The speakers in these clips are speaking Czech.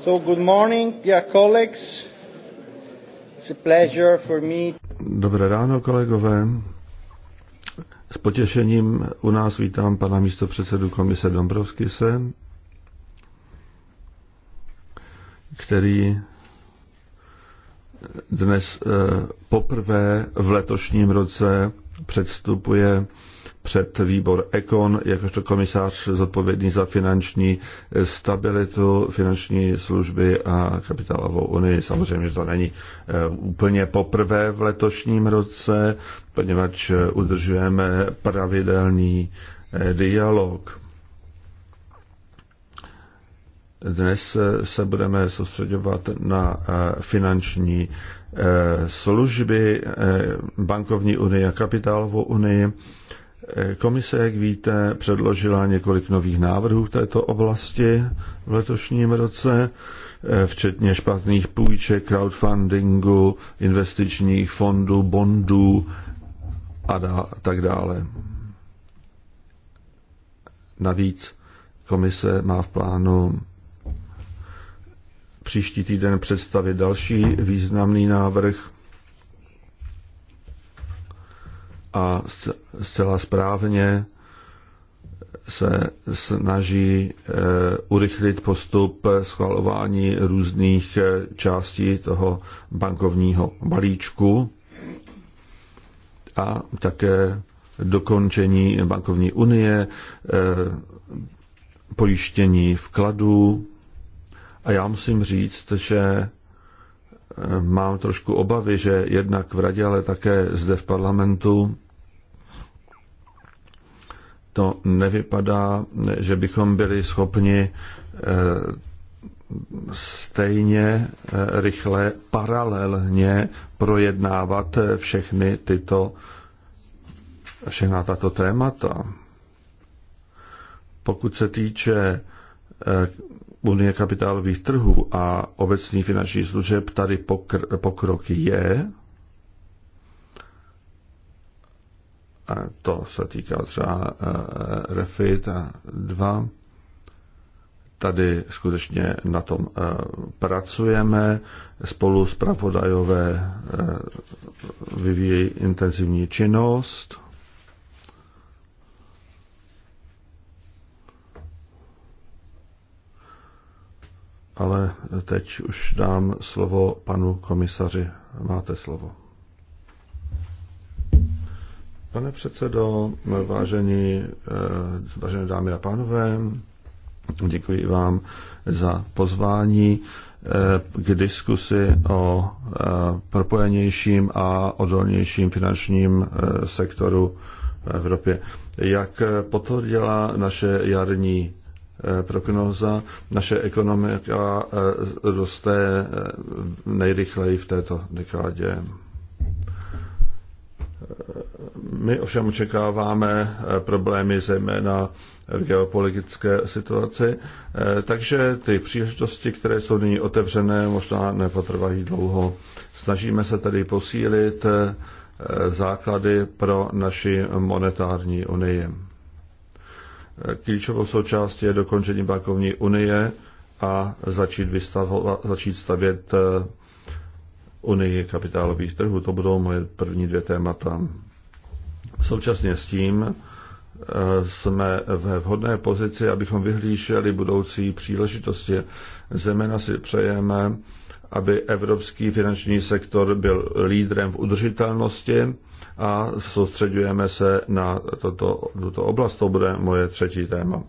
So good morning, dear colleagues. It's a pleasure for me. Dobré ráno, kolegové. S potěšením u nás vítám pana místopředsedu komise Dombrovskise, který dnes eh, poprvé v letošním roce předstupuje před výbor Ekon, jakožto komisář zodpovědný za finanční stabilitu, finanční služby a kapitálovou unii. Samozřejmě, že to není eh, úplně poprvé v letošním roce, poněvadž eh, udržujeme pravidelný eh, dialog. Dnes se budeme soustředovat na finanční služby, bankovní unii a kapitálovou unii Komise, jak víte, předložila několik nových návrhů v této oblasti v letošním roce, eh, včetně špatných půjček, crowdfundingu, investičních fondů, bondů a dá, tak dále. Navíc komise má v plánu příští týden představit další významný návrh a zcela správně se snaží eh, urychlit postup schvalování různých eh, částí toho bankovního balíčku a také dokončení bankovní unie, eh, pojištění vkladů. A já musím říct, že mám trošku obavy, že jednak v radě, ale také zde v parlamentu to nevypadá, že bychom byli schopni eh, stejně eh, rychle, paralelně projednávat eh, všechny tyto, všechna tato témata. Pokud se týče Unie kapitálových trhů a obecných finanční služeb tady pokr- pokrok je. A to se týká třeba e, Refit 2. Tady skutečně na tom e, pracujeme. Spolu s pravodajové e, vyvíjí intenzivní činnost ale teď už dám slovo panu komisaři. Máte slovo. Pane předsedo, vážení, eh, vážené dámy a pánové, děkuji vám za pozvání eh, k diskusi o eh, propojenějším a odolnějším finančním sektoru v Evropě. Jak potvrdila naše jarní Eh, prognóza. Naše ekonomika eh, roste eh, nejrychleji v této dekádě. My ovšem očekáváme problémy zejména v geopolitické situaci, takže ty příležitosti, které jsou nyní otevřené, možná nepotrvají dlouho. Snažíme se tedy posílit základy pro naši monetární unii. Klíčovou součástí je dokončení bankovní unie a začít, vystavovat, začít stavět eh, unii kapitálových trhů. To budou moje první dvě témata. Současně s tím eh, jsme ve vhodné pozici, abychom vyhlíželi budoucí příležitosti. Zemena si přejeme, aby evropský finanční sektor byl lídrem v udržitelnosti a soustředujeme se na toto, tuto oblast. To bude moje třetí téma.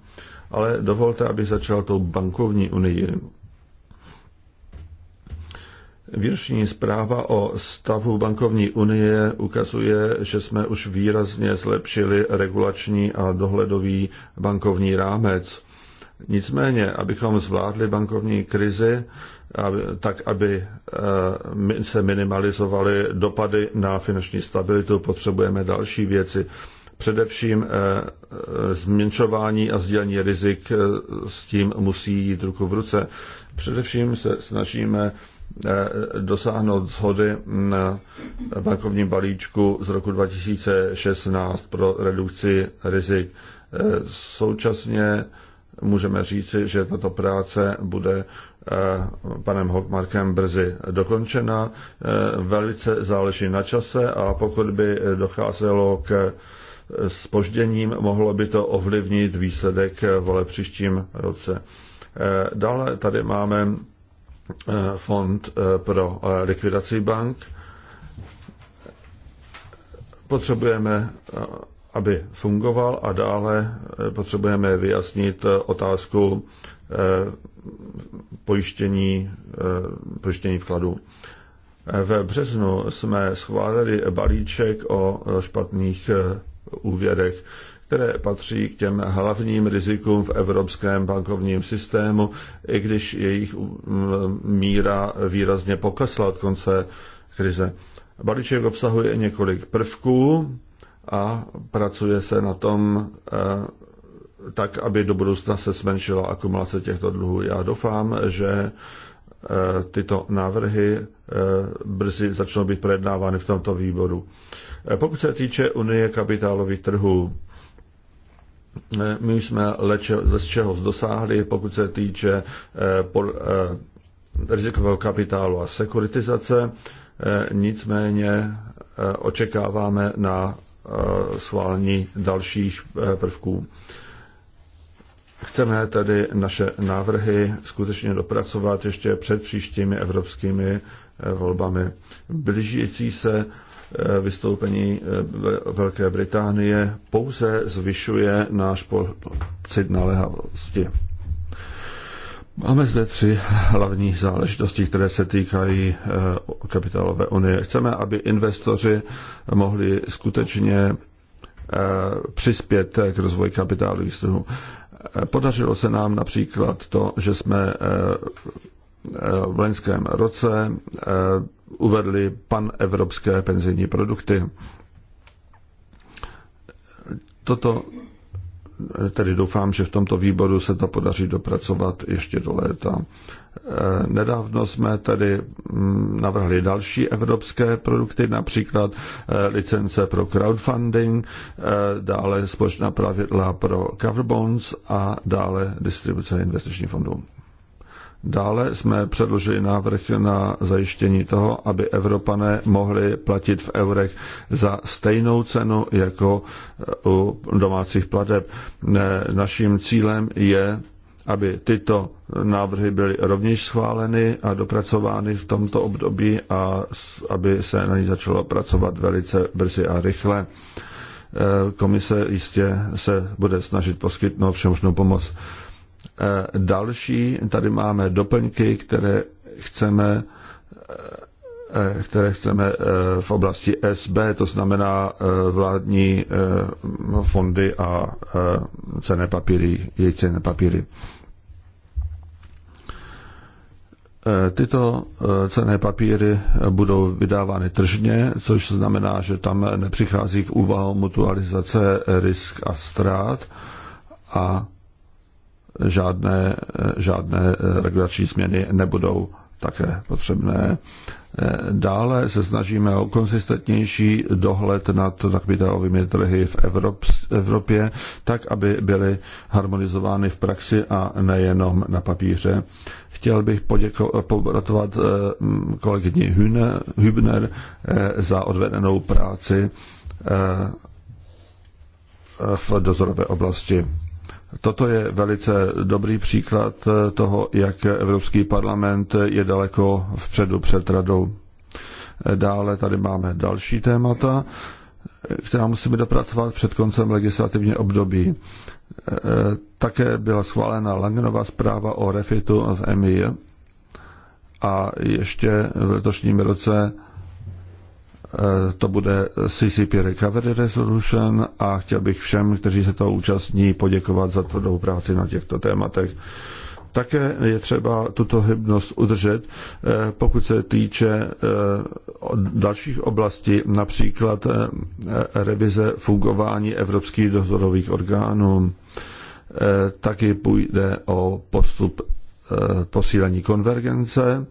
Ale dovolte, abych začal tou bankovní unii. Výroční zpráva o stavu bankovní unie ukazuje, že jsme už výrazně zlepšili regulační a dohledový bankovní rámec. Nicméně, abychom zvládli bankovní krizi, tak aby eh, se minimalizovaly dopady na finanční stabilitu, potřebujeme další věci. Především eh, eh, zmenšování a sdělení rizik s tím musí jít ruku v ruce. Především se snažíme dosáhnout shody na bankovním balíčku z roku 2016 pro redukci rizik. Současně můžeme říci, že tato práce bude eh, panem Hockmarkem brzy dokončena. Eh, velice záleží na čase a pokud by docházelo k spožděním, mohlo by to ovlivnit výsledek vole příštím roce. Eh, dále tady máme fond pro likvidaci bank. Potřebujeme aby fungoval a dále eh, potřebujeme vyjasnit eh, otázku eh, pojištění, pojištění vkladu. V březnu jsme schválili balíček o špatných úvěrech, které patří k těm hlavním rizikům v evropském bankovním systému, i když jejich mm, míra výrazně poklesla od konce krize. Balíček obsahuje několik prvků, a pracuje se na tom eh, tak, aby do budoucna se zmenšila akumulace těchto dluhů. Já doufám, že eh, tyto návrhy eh, brzy začnou být projednávány v tomto výboru. Pokud se týče Unie kapitálových trhů, my jsme leče, z čeho dosáhli, pokud se týče por, rizikového kapitálu a sekuritizace, nicméně očekáváme na Eh, schválení dalších eh, prvků. Chceme tedy naše návrhy skutečně dopracovat ještě před příštími evropskými eh, volbami. Blížící se vystoupení Velké Británie pouze zvyšuje náš pocit naléhavosti. Máme zde tři hlavní záležitosti, které se týkají eh, kapitálové unie. Chceme, aby investoři mohli skutečně eh, přispět k rozvoji kapitálových trhů. Eh, podařilo se nám například to, že jsme v loňském roce uvedli panevropské penzijní produkty. Toto tedy doufám, že v tomto výboru se to podaří dopracovat ještě do léta. E, nedávno jsme tedy mm, navrhli další evropské produkty, například e, licence pro crowdfunding, e, dále společná pravidla pro cover bonds a dále distribuce investičních fondů. Dále jsme předložili návrh na zajištění toho, aby Evropané mohli platit v eurech za stejnou cenu jako eh, u domácích plateb. Eh, naším cílem je, aby tyto návrhy byly rovněž schváleny a dopracovány v tomto období a aby se na ní začalo pracovat velice brzy a rychle. Eh, komise jistě se bude snažit poskytnout všemožnou pomoc. Eh, další, tady máme doplňky, které chceme eh, eh, které chceme v oblasti SB, to znamená vládní fondy a cené papíry, jejich cené papíry. Tyto cené papíry budou vydávány tržně, což znamená, že tam nepřichází v úvahu mutualizace risk a ztrát a žádné, žádné eh, regulační změny nebudou také potřebné. Eh, dále se snažíme o konsistentnější dohled nad kapitálovými trhy v Evropě, tak, aby byly harmonizovány v praxi a nejenom na papíře. Chtěl bych poděkovat eh, kolegyni Hübner za odvedenou práci v dozorové oblasti. Toto je velice dobrý příklad eh, toho, jak Evropský parlament eh, je daleko vpředu před radou. Eh, dále tady máme další témata, která musíme dopracovat před koncem legislativního období. Také byla schválena Langenová zpráva o refitu v EMI a ještě v letošním roce Eh, to bude CCP Recovery Resolution a chtěl bych všem, kteří se toho účastní, poděkovat za tvrdou práci na těchto tématech. Také je třeba tuto hybnost udržet, eh, pokud se týče eh, dalších oblastí, například revize fungování evropských dozorových orgánů. Taky půjde o postup posílení konvergence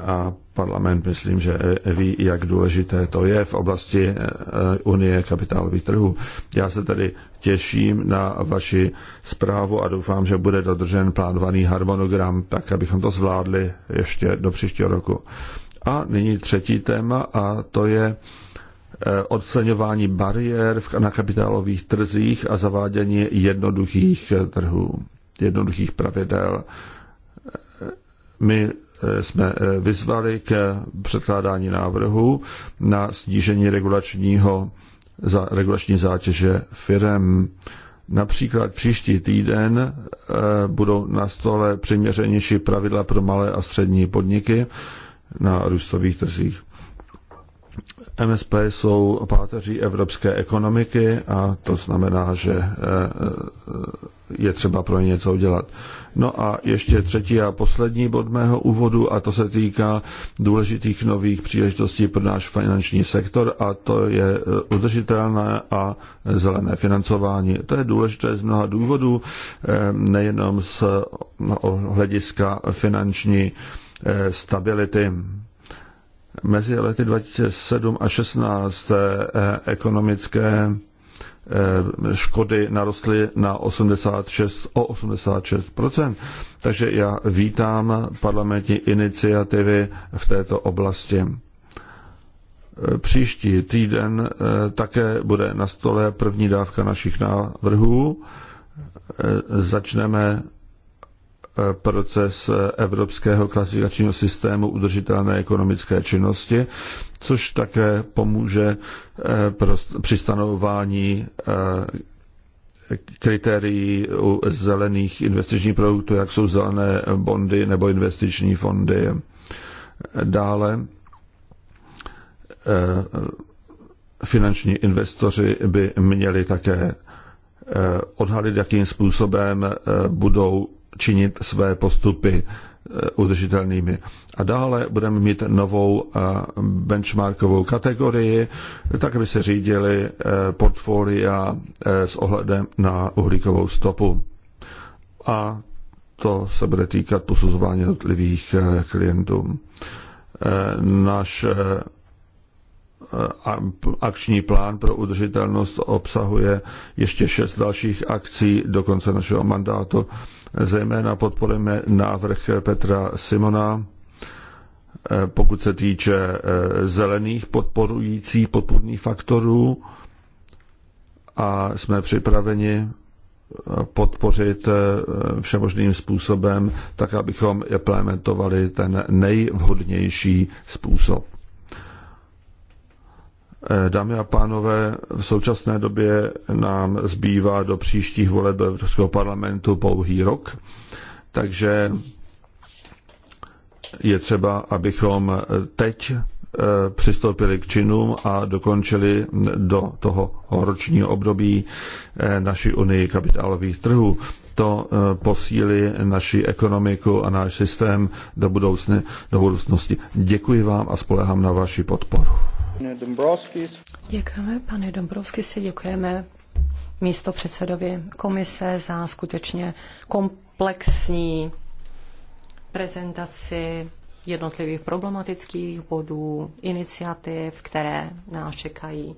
a parlament, myslím, že ví, jak důležité to je v oblasti eh, Unie kapitálových trhů. Já se tedy těším na vaši zprávu a doufám, že bude dodržen plánovaný harmonogram, tak abychom to zvládli ještě do příštího roku. A nyní třetí téma a to je eh, odstraňování bariér na kapitálových trzích a zavádění jednoduchých trhů, jednoduchých pravidel. My eh, jsme eh, vyzvali k předkládání návrhu na snížení regulačního, za, regulační zátěže firem. Například příští týden eh, budou na stole přiměřenější pravidla pro malé a střední podniky na růstových trzích. MSP jsou páteří evropské ekonomiky a to znamená, že eh, eh, je třeba pro ně něco udělat. No a ještě třetí a poslední bod mého úvodu a to se týká důležitých nových příležitostí pro náš finanční sektor a to je eh, udržitelné a zelené financování. To je důležité z mnoha důvodů, nejenom z no, hlediska finanční stability mezi lety 2007 a 16 eh, ekonomické eh, škody narostly na 86, o 86%. Takže já vítám parlamentní iniciativy v této oblasti. Eh, příští týden také bude na stole první dávka našich návrhů. Začneme proces Evropského klasifikačního systému udržitelné ekonomické činnosti, což také pomůže eh, při stanovování eh, kritérií u zelených investičních produktů, jak jsou zelené bondy nebo investiční fondy. Dále eh, finanční investoři by měli také odhalit, jakým způsobem budou činit své postupy eh, udržitelnými. A dále budeme mít novou eh, benchmarkovou kategorii, tak aby se řídili eh, portfolia s ohledem na uhlíkovou stopu. A to se bude týkat posuzování jednotlivých klientů. Náš akční plán pro udržitelnost obsahuje ještě šest dalších akcí do konce našeho mandátu Zejména podporujeme návrh Petra Simona, eh, pokud se týče eh, zelených podporujících podpůrných faktorů a jsme připraveni podpořit eh, všemožným způsobem, tak abychom implementovali ten nejvhodnější způsob. Eh, dámy a pánové, v současné době nám zbývá do příštích voleb Evropského parlamentu pouhý rok, takže je třeba, abychom teď eh, přistoupili k činům a dokončili do toho ročního období eh, naší unii kapitálových trhů. To posílí naši ekonomiku a náš systém do, budoucny, do budoucnosti. Děkuji vám a spolehám na vaši podporu. Děkujeme, pane Dombrovský, si děkujeme místo předsedovi komise za skutečně komplexní prezentaci jednotlivých problematických bodů, iniciativ, které nás čekají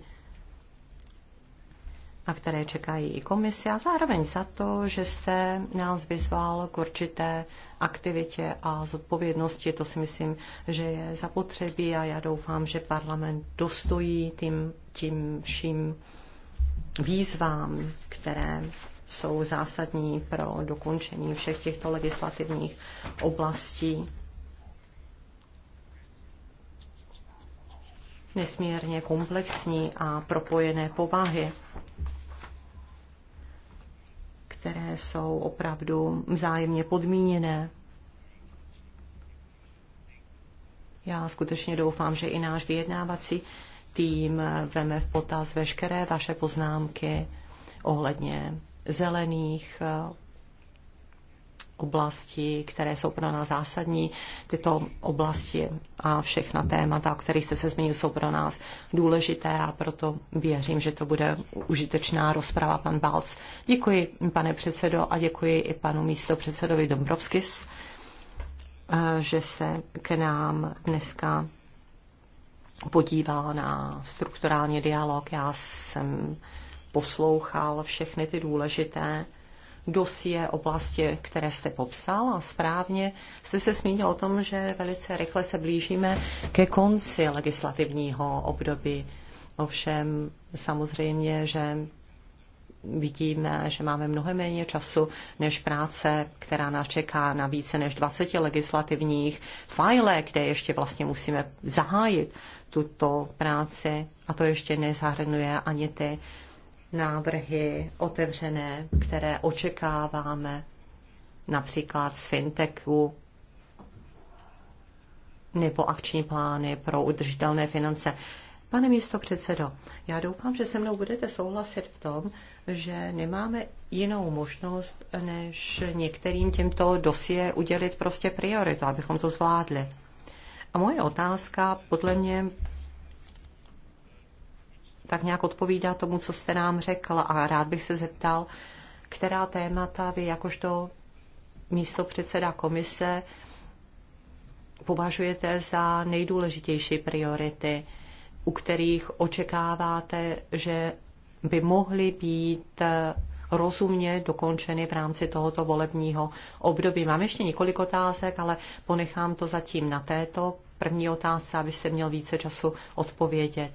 a které čekají i komise a zároveň za to, že jste nás vyzval k určité aktivitě a zodpovědnosti. To si myslím, že je zapotřebí a já doufám, že parlament dostojí tím, tím vším výzvám, které jsou zásadní pro dokončení všech těchto legislativních oblastí. Nesmírně komplexní a propojené povahy které jsou opravdu vzájemně podmíněné. Já skutečně doufám, že i náš vyjednávací tým veme v potaz veškeré vaše poznámky ohledně zelených oblasti, které jsou pro nás zásadní. Tyto oblasti a všechna témata, o kterých jste se zmínil, jsou pro nás důležité a proto věřím, že to bude užitečná rozprava, pan Balc. Děkuji, pane předsedo, a děkuji i panu místopředsedovi Dombrovskis, eh, že se k nám dneska podíval na strukturální dialog. Já jsem poslouchal všechny ty důležité dosie oblasti, které jste popsal a správně jste se zmínil o tom, že velice rychle se blížíme ke konci legislativního období. Ovšem samozřejmě, že vidíme, že máme mnohem méně času než práce, která nás čeká na více než 20 legislativních file, kde ještě vlastně musíme zahájit tuto práci a to ještě nezahrnuje ani ty návrhy otevřené, které očekáváme, například z fintechu, nebo akční plány pro udržitelné finance. Pane místo předsedo, já doufám, že se mnou budete souhlasit v tom, že nemáme jinou možnost, než některým těmto dosie udělit prostě prioritu, abychom to zvládli. A moje otázka podle mě tak nějak odpovídá tomu, co jste nám řekl a rád bych se zeptal, která témata vy jakožto místo předseda komise považujete za nejdůležitější priority, u kterých očekáváte, že by mohly být rozumně dokončeny v rámci tohoto volebního období. Mám ještě několik otázek, ale ponechám to zatím na této první otázce, abyste měl více času odpovědět.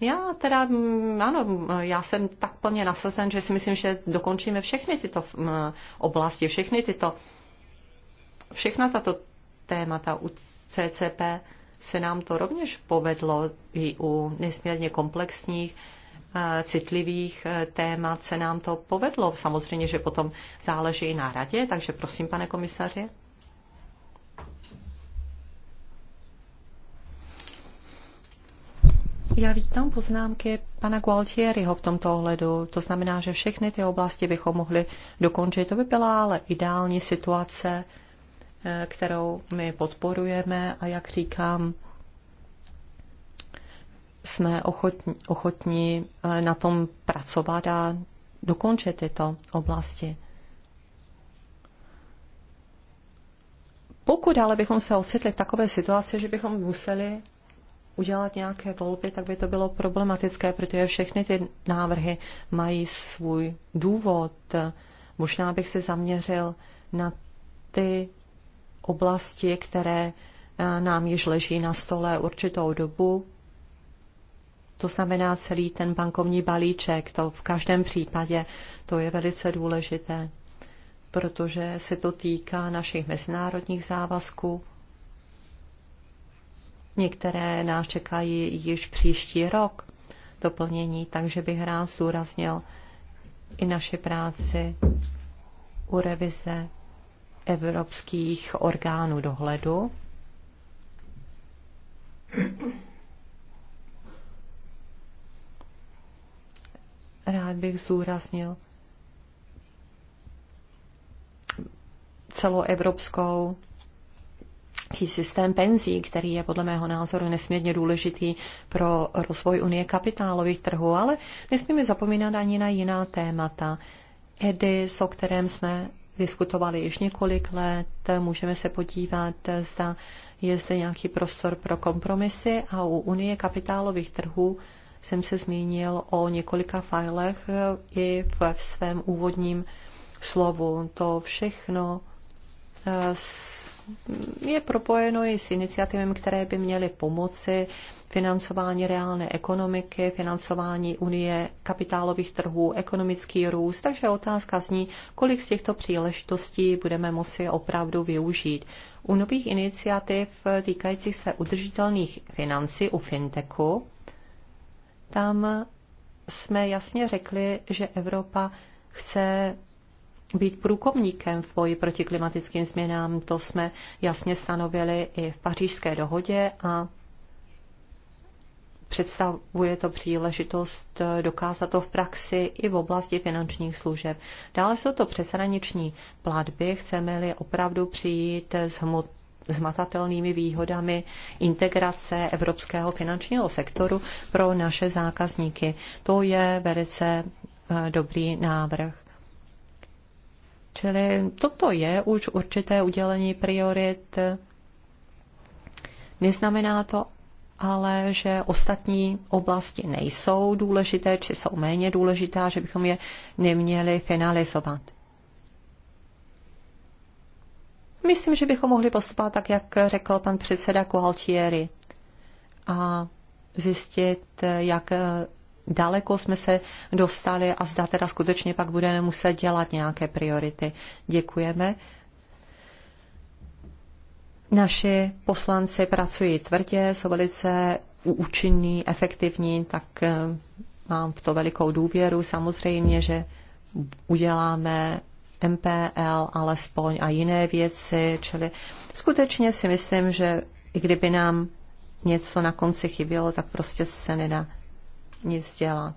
Já teda, mm, ano, mm, já jsem tak plně nasazen, že si myslím, že dokončíme všechny tyto mm, oblasti, všechny tyto, všechna tato témata u CCP se nám to rovněž povedlo i u nesmírně komplexních eh, citlivých eh, témat se nám to povedlo. Samozřejmě, že potom záleží i na radě, takže prosím, pane komisaři. Já vítám poznámky pana Gualtieriho v tomto ohledu. To znamená, že všechny ty oblasti bychom mohli dokončit. To by byla ale ideální situace, eh, kterou my podporujeme a jak říkám, jsme ochotní, ochotní eh, na tom pracovat a dokončit tyto oblasti. Pokud ale bychom se ocitli v takové situaci, že bychom museli udělat nějaké volby, tak by to bylo problematické, protože všechny ty návrhy mají svůj důvod. Možná bych se zaměřil na ty oblasti, které eh, nám již leží na stole určitou dobu. To znamená celý ten bankovní balíček, to v každém případě, to je velice důležité, protože se to týká našich mezinárodních závazků, Některé nás čekají již příští rok doplnění, takže bych rád zdůraznil i naši práci u revize evropských orgánů dohledu. Rád bych zúraznil celoevropskou systém penzí, který je podle mého názoru nesmírně důležitý pro rozvoj unie kapitálových trhů, ale nesmíme zapomínat ani na jiná témata. EDIS, o kterém jsme diskutovali již několik let, můžeme se podívat, zda je zde nějaký prostor pro kompromisy a u Unie kapitálových trhů jsem se zmínil o několika filech i v svém úvodním slovu. To všechno eh, je propojeno i s iniciativami, které by měly pomoci financování reálné ekonomiky, financování unie kapitálových trhů, ekonomický růst. Takže otázka zní, kolik z těchto příležitostí budeme moci opravdu využít. U nových iniciativ týkajících se udržitelných financí u fintechu, tam jsme jasně řekli, že Evropa chce být průkomníkem v boji proti klimatickým změnám. To jsme jasně stanovili i v pařížské dohodě a představuje to příležitost eh, dokázat to v praxi i v oblasti finančních služeb. Dále jsou to přeshraniční platby, chceme-li opravdu přijít s hmot zmatatelnými výhodami integrace evropského finančního sektoru pro naše zákazníky. To je velice eh, dobrý návrh. Čili toto je už určité udělení priorit. Neznamená to ale, že ostatní oblasti nejsou důležité, či jsou méně důležité, že bychom je neměli finalizovat. Myslím, že bychom mohli postupovat tak, jak řekl pan předseda Kualtieri a zjistit, jak daleko jsme se dostali a zda teda skutečně pak budeme muset dělat nějaké priority. Děkujeme. Naši poslanci pracují tvrdě, jsou velice účinní, efektivní, tak eh, mám v to velikou důvěru. Samozřejmě, že uděláme MPL alespoň a jiné věci, čili skutečně si myslím, že i kdyby nám něco na konci chybělo, tak prostě se nedá nic dělat.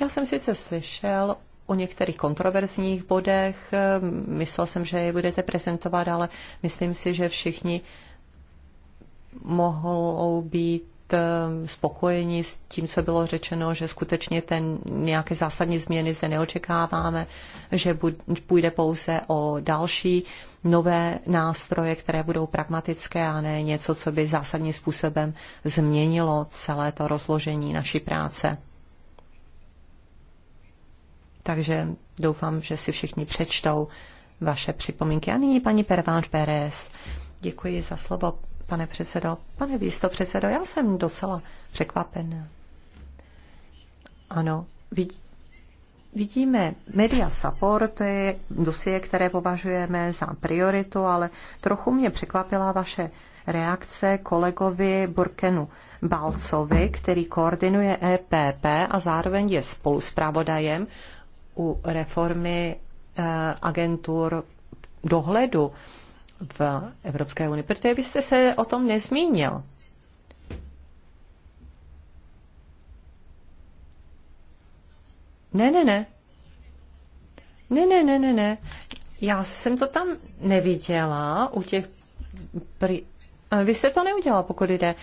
Já jsem sice slyšel o některých kontroverzních bodech, myslel jsem, že je budete prezentovat, ale myslím si, že všichni mohou být Eh, spokojeni s tím, co bylo řečeno, že skutečně ten nějaké zásadní změny zde neočekáváme, že půjde pouze o další nové nástroje, které budou pragmatické a ne něco, co by zásadním způsobem změnilo celé to rozložení naší práce. Takže doufám, že si všichni přečtou vaše připomínky. A nyní paní Perváč Pérez. Děkuji za slovo, pane předsedo. Pane předsedo, já jsem docela překvapen. Ano, vidí, Vidíme media support, to je dosie, které považujeme za prioritu, ale trochu mě překvapila vaše reakce kolegovi Burkenu Balcovi, který koordinuje EPP a zároveň je spoluspravodajem u reformy eh, agentur dohledu v Evropské unii, protože byste se o tom nezmínil. Ne, ne, ne. Ne, ne, ne, ne, ne. Já jsem to tam neviděla u těch... Pri... Eh, vy jste to neudělal, pokud jde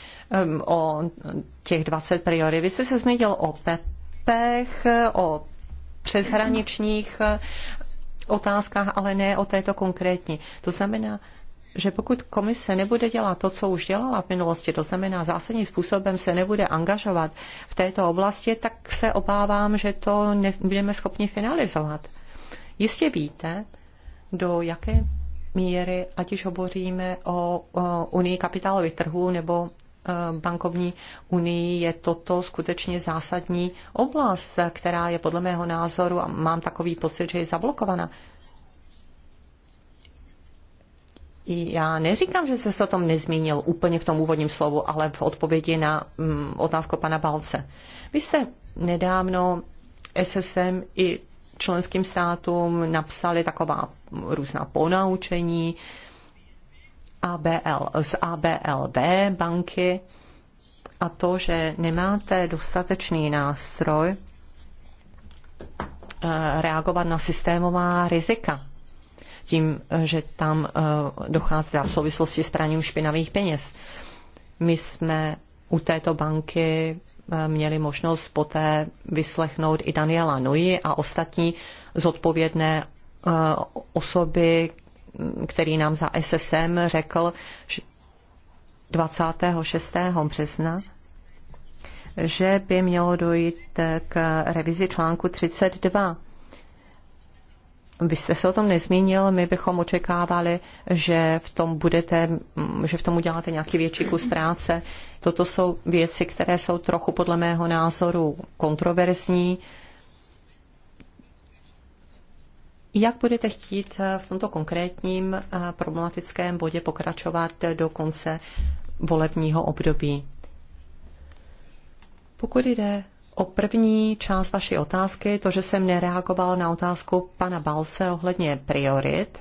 um, o těch 20 priory. Vy jste se zmínil o pepech, o přeshraničních otázkách, ale ne o této konkrétní. To znamená, že pokud komise nebude dělat to, co už dělala v minulosti, to znamená zásadním způsobem se nebude angažovat v této oblasti, tak se obávám, že to nebudeme schopni finalizovat. Jistě víte, do jaké míry, ať už hovoříme o, o unii kapitálových trhů nebo Eh, bankovní unii je toto skutečně zásadní oblast, která je podle mého názoru, a mám takový pocit, že je zablokovaná. Já neříkám, že jste se o tom nezmínil úplně v tom úvodním slovu, ale v odpovědi na mm, otázku pana Balce. Vy jste nedávno SSM i členským státům napsali taková různá ponaučení, uh, ABL, z ABLB banky a to, že nemáte dostatečný nástroj eh, reagovat na systémová rizika tím, že tam eh, dochází v souvislosti s praním špinavých peněz. My jsme u této banky eh, měli možnost poté vyslechnout i Daniela Nui a ostatní zodpovědné osoby, který nám za SSM řekl 26. března, že by mělo dojít k revizi článku 32. Vy jste se o tom nezmínil, my bychom očekávali, že v tom budete, že v tom uděláte nějaký větší kus práce. Toto jsou věci, které jsou trochu podle mého názoru kontroverzní. Jak budete chtít eh, v tomto konkrétním eh, problematickém bodě pokračovat do konce volebního období? Pokud jde o první část vaší otázky, to, že jsem nereagoval na otázku pana Balce ohledně priorit,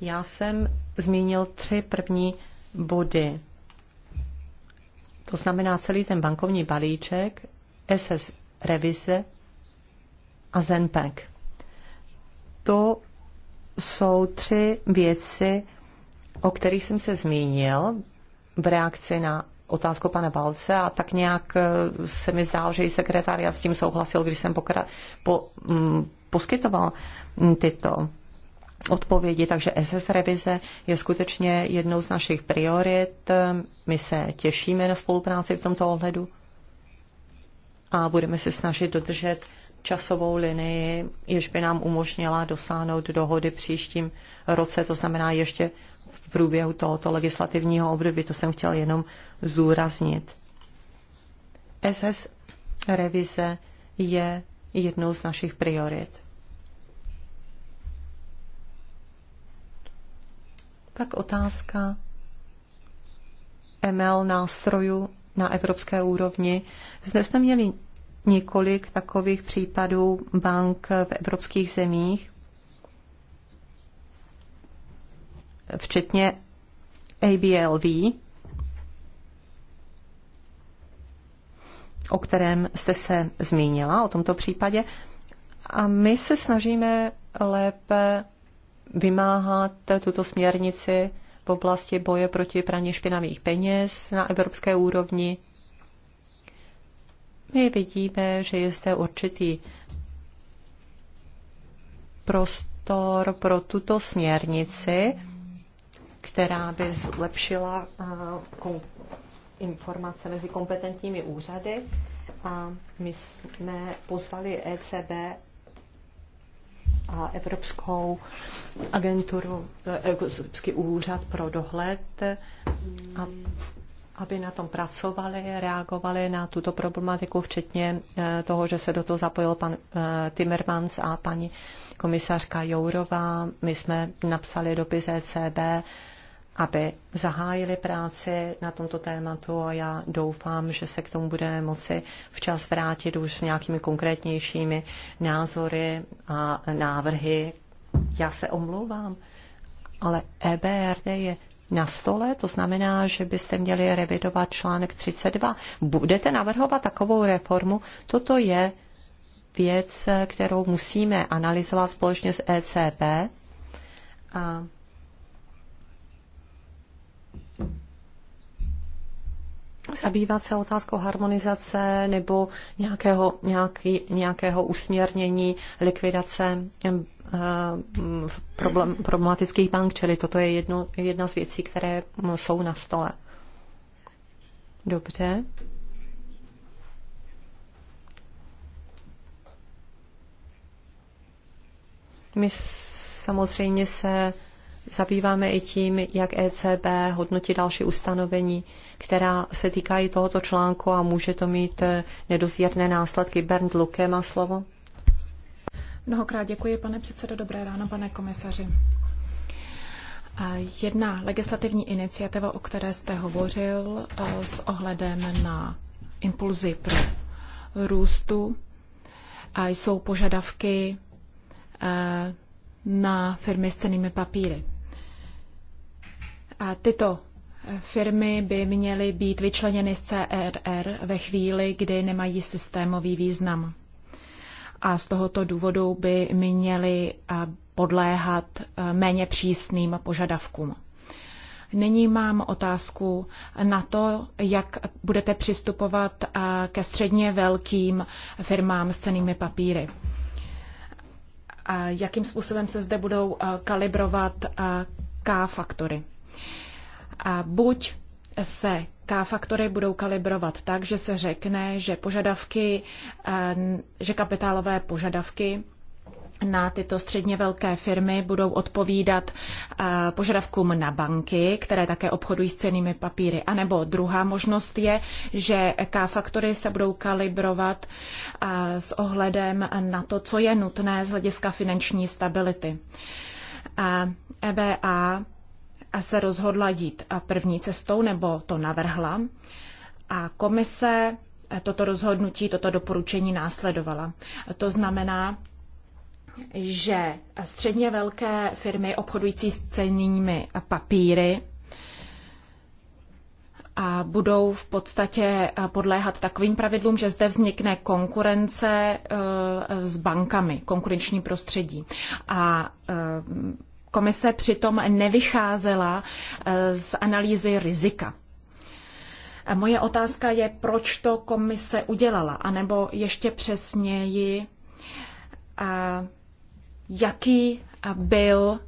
já jsem zmínil tři první body. To znamená celý ten bankovní balíček, SS revize a Zenpek to jsou tři věci, o kterých jsem se zmínil v reakci na otázku pana Balce a tak nějak eh, se mi zdál, že i sekretariat s tím souhlasil, když jsem pokra- po, mm, poskytoval mm, tyto odpovědi. Takže SS revize je skutečně jednou z našich priorit. My se těšíme na spolupráci v tomto ohledu a budeme se snažit dodržet časovou linii, jež by nám umožnila dosáhnout dohody příštím roce, to znamená ještě v průběhu tohoto legislativního období. To jsem chtěl jenom zúraznit. SS revize je jednou z našich priorit. Pak otázka ML nástrojů na evropské úrovni. Zde jsme měli několik takových případů bank v evropských zemích, včetně ABLV, o kterém jste se zmínila, o tomto případě. A my se snažíme lépe vymáhat tuto směrnici v oblasti boje proti praní špinavých peněz na evropské úrovni. My vidíme, že je zde určitý prostor pro tuto směrnici, která by zlepšila eh, informace mezi kompetentními úřady. A my jsme pozvali ECB a Evropskou agenturu, eh, Evropský úřad pro dohled a aby na tom pracovali, reagovali na tuto problematiku, včetně eh, toho, že se do toho zapojil pan eh, Timmermans a paní komisařka Jourová. My jsme napsali dopis ECB, aby zahájili práci na tomto tématu a já doufám, že se k tomu budeme moci včas vrátit už s nějakými konkrétnějšími názory a návrhy. Já se omlouvám, ale EBRD je na stole, to znamená, že byste měli revidovat článek 32. Budete navrhovat takovou reformu? Toto je věc, kterou musíme analyzovat společně s ECB. A zabývat se otázkou harmonizace nebo nějakého, nějaký, nějakého usměrnění likvidace Eh, problem, problematický bank, čili toto je jedno, jedna z věcí, které jsou na stole. Dobře. My samozřejmě se zabýváme i tím, jak ECB hodnotí další ustanovení, která se týkají tohoto článku a může to mít eh, nedozírné následky. Bernd Luke má slovo. Mnohokrát děkuji, pane předsedo. Dobré ráno, pane komisaři. Jedna legislativní iniciativa, o které jste hovořil e, s ohledem na impulzy pro růstu, jsou požadavky e, na firmy s cenými papíry. A tyto firmy by měly být vyčleněny z CRR e ve chvíli, kdy nemají systémový význam a z tohoto důvodu by měly eh, podléhat eh, méně přísným požadavkům. Nyní mám otázku na to, jak budete přistupovat eh, ke středně velkým firmám s cenými papíry. Jakým způsobem se zde budou kalibrovat K faktory? Buď se k faktory budou kalibrovat tak, že se řekne, že požadavky, eh, že kapitálové požadavky na tyto středně velké firmy budou odpovídat eh, požadavkům na banky, které také obchodují s cenými papíry. A nebo druhá možnost je, že K-faktory se budou kalibrovat eh, s ohledem na to, co je nutné z hlediska finanční stability. EBA e se rozhodla jít první cestou, nebo to navrhla. A komise toto rozhodnutí, toto doporučení následovala. To znamená, že středně velké firmy obchodující s cennými papíry a budou v podstatě podléhat takovým pravidlům, že zde vznikne konkurence e, s bankami, konkurenční prostředí. A e, Komise přitom nevycházela eh, z analýzy rizika. A moje otázka je, proč to komise udělala, anebo ještě přesněji, jaký byl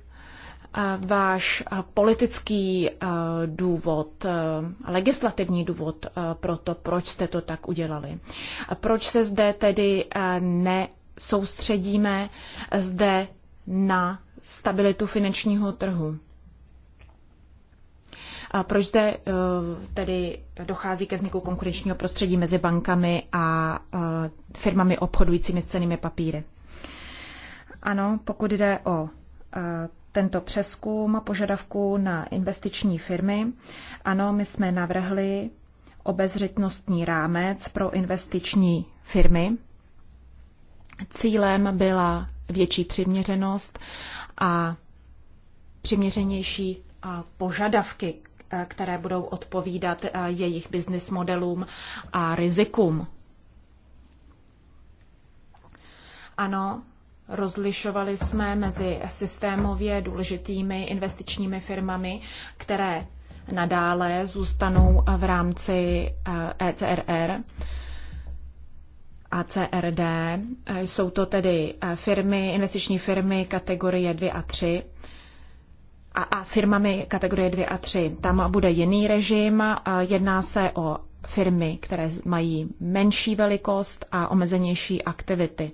váš politický důvod, legislativní důvod pro to, proč jste to tak udělali. Proč se zde tedy nesoustředíme zde na stabilitu finančního trhu. A proč zde eh, tedy dochází ke vzniku konkurenčního prostředí mezi bankami a eh, firmami obchodujícími s cenými papíry? Ano, pokud jde o eh, tento přeskum požadavku na investiční firmy, ano, my jsme navrhli obezřetnostní rámec pro investiční firmy. Cílem byla větší přiměřenost a přiměřenější požadavky, které budou odpovídat jejich business modelům a rizikům. Ano, rozlišovali jsme mezi systémově důležitými investičními firmami, které nadále zůstanou v rámci ECRR a CRD. Eh, jsou to tedy eh, firmy, investiční firmy kategorie 2 a 3 a, a firmami kategorie 2 a 3. Tam bude jiný režim, eh, jedná se o firmy, které mají menší velikost a omezenější aktivity.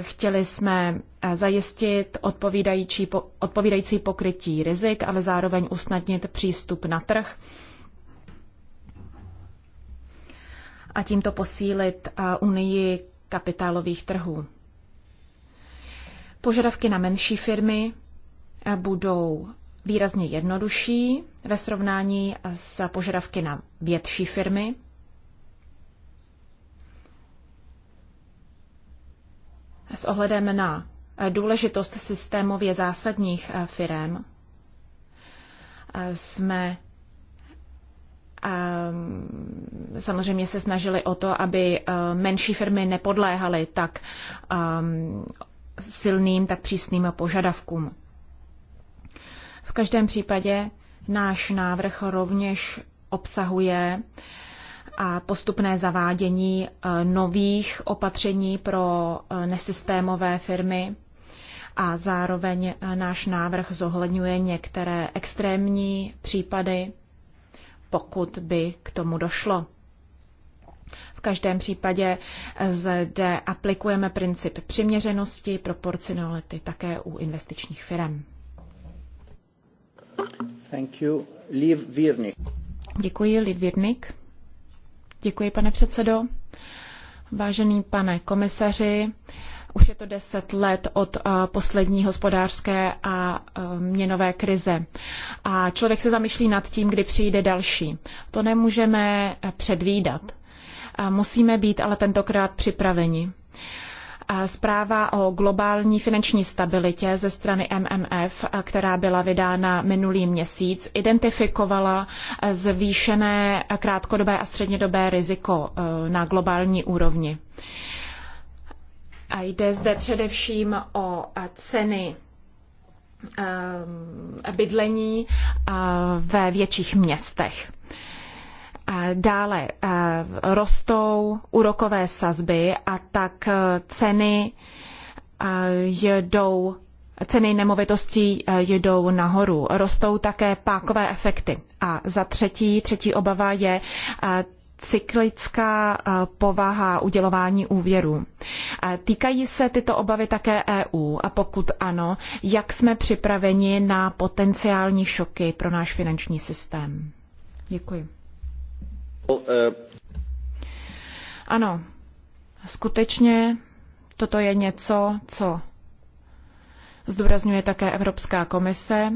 Chtěli jsme zajistit odpovídající, odpovídající pokrytí rizik, ale zároveň usnadnit přístup na trh a tímto posílit unii kapitálových trhů. Požadavky na menší firmy budou výrazně jednodušší ve srovnání s požadavky na větší firmy. S ohledem na důležitost systémově zásadních firm jsme samozřejmě se snažili o to, aby e, menší firmy nepodléhaly tak e, silným, tak přísným požadavkům. V každém případě náš návrh rovněž obsahuje a postupné zavádění e, nových opatření pro nesystémové firmy a zároveň náš návrh zohledňuje některé extrémní případy pokud by k tomu došlo. V každém případě zde aplikujeme princip přiměřenosti, proporcionality také u investičních firm. Thank you. Liv Děkuji, Liv Virnik. Děkuji, pane předsedo. Vážený pane komisaři, už je to deset let od eh, poslední hospodářské a eh, měnové krize. A člověk se zamýšlí nad tím, kdy přijde další. To nemůžeme eh, předvídat. Musíme být ale tentokrát připraveni. Zpráva o globální finanční stabilitě ze strany MMF, která byla vydána minulý měsíc, identifikovala zvýšené krátkodobé a střednědobé riziko na globální úrovni. A jde zde především o eh, ceny eh, bydlení eh, ve větších městech. Dále rostou úrokové sazby a tak ceny jdou ceny nemovitostí jdou nahoru. Rostou také pákové efekty. A za třetí, třetí obava je cyklická eh, povaha udělování úvěru. Týkají se tyto obavy také EU a pokud ano, jak jsme připraveni na potenciální šoky pro náš finanční systém? Děkuji. Ano, skutečně toto je něco, co zdůrazňuje také Evropská komise.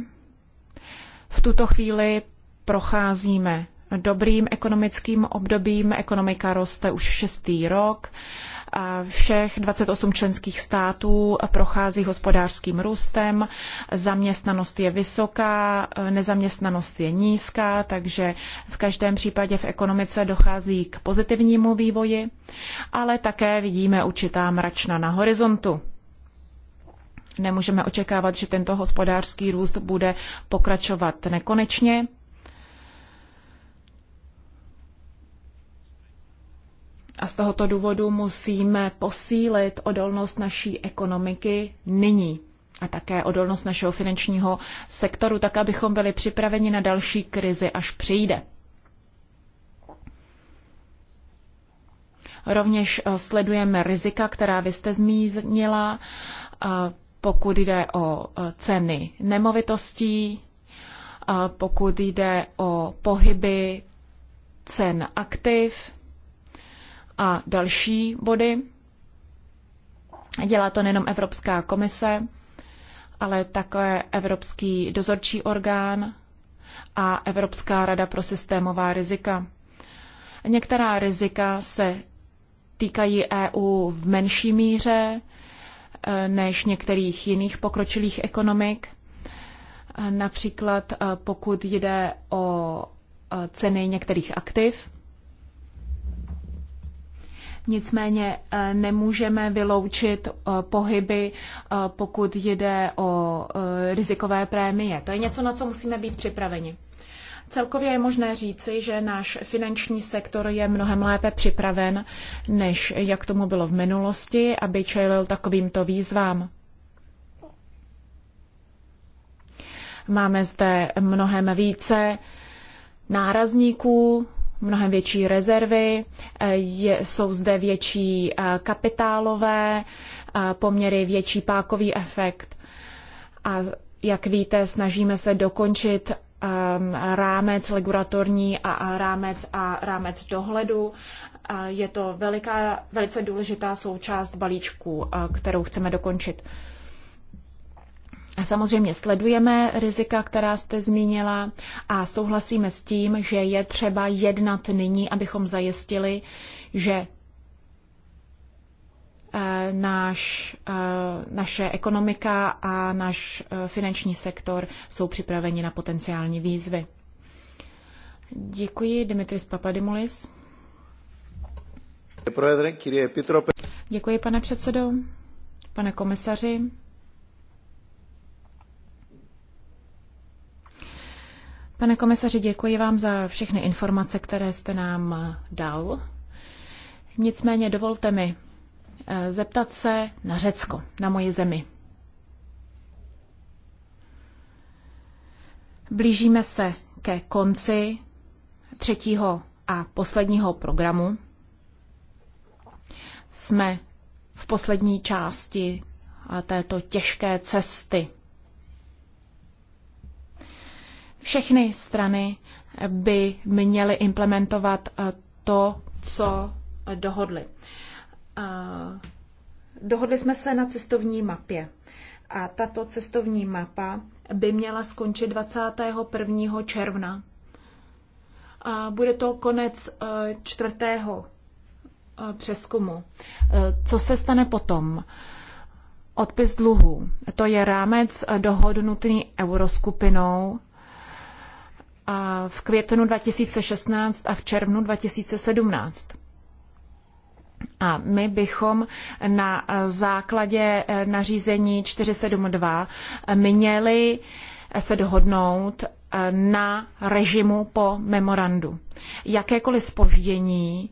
V tuto chvíli procházíme dobrým ekonomickým obdobím. Ekonomika roste už šestý rok. Všech 28 členských států prochází hospodářským růstem, zaměstnanost je vysoká, nezaměstnanost je nízká, takže v každém případě v ekonomice dochází k pozitivnímu vývoji, ale také vidíme určitá mračna na horizontu nemůžeme očekávat, že tento hospodářský růst bude pokračovat nekonečně. A z tohoto důvodu musíme posílit odolnost naší ekonomiky nyní a také odolnost našeho finančního sektoru, tak abychom byli připraveni na další krizi, až přijde. Rovněž eh, sledujeme rizika, která vy jste zmínila, eh, pokud jde o eh, ceny nemovitostí, pokud jde o pohyby cen aktiv a další body. Dělá to nejenom Evropská komise, ale také Evropský dozorčí orgán a Evropská rada pro systémová rizika. Některá rizika se týkají EU v menší míře e, než některých jiných pokročilých ekonomik. E, například e, pokud jde o ceny některých aktiv, Nicméně eh, nemůžeme vyloučit eh, pohyby, eh, pokud jde o rizikové prémie. To je něco, na co musíme být připraveni. Celkově je možné říci, že náš finanční sektor je mnohem lépe připraven, než jak tomu bylo v minulosti, aby čelil takovýmto výzvám. Máme zde mnohem více nárazníků, mnohem větší rezervy, eh, je, jsou zde větší eh, kapitálové eh, poměry, větší pákový efekt. A jak víte, snažíme se dokončit ehm, rámec regulatorní a rámec a rámec dohledu. Je to veliká, velice důležitá součást balíčku, kterou chceme dokončit. Samozřejmě sledujeme rizika, která jste zmínila a souhlasíme s tím, že je třeba jednat nyní, abychom zajistili, že eh, náš, eh, naše ekonomika a náš eh, finanční sektor jsou připraveni na potenciální výzvy. Děkuji, Dimitris Papadimulis. Děkuji, pane předsedo, pane komisaři. Pane komisaři, děkuji vám za všechny informace, které jste nám eh, dal. Nicméně dovolte mi eh, zeptat se na Řecko, na moji zemi. Blížíme se ke konci třetího a posledního programu. Jsme v poslední části eh, této těžké cesty Všechny strany by měly implementovat eh, to, co eh, dohodly. Eh, dohodli jsme se na cestovní mapě. A tato cestovní mapa by měla skončit 21. června. A bude to konec čtvrtého přeskumu. Co se stane potom? Odpis dluhů. To je rámec dohodnutý euroskupinou v květnu 2016 a v červnu 2017. A my bychom na základě eh, nařízení 472 měli se dohodnout eh, na režimu po memorandu. Jakékoliv spoždění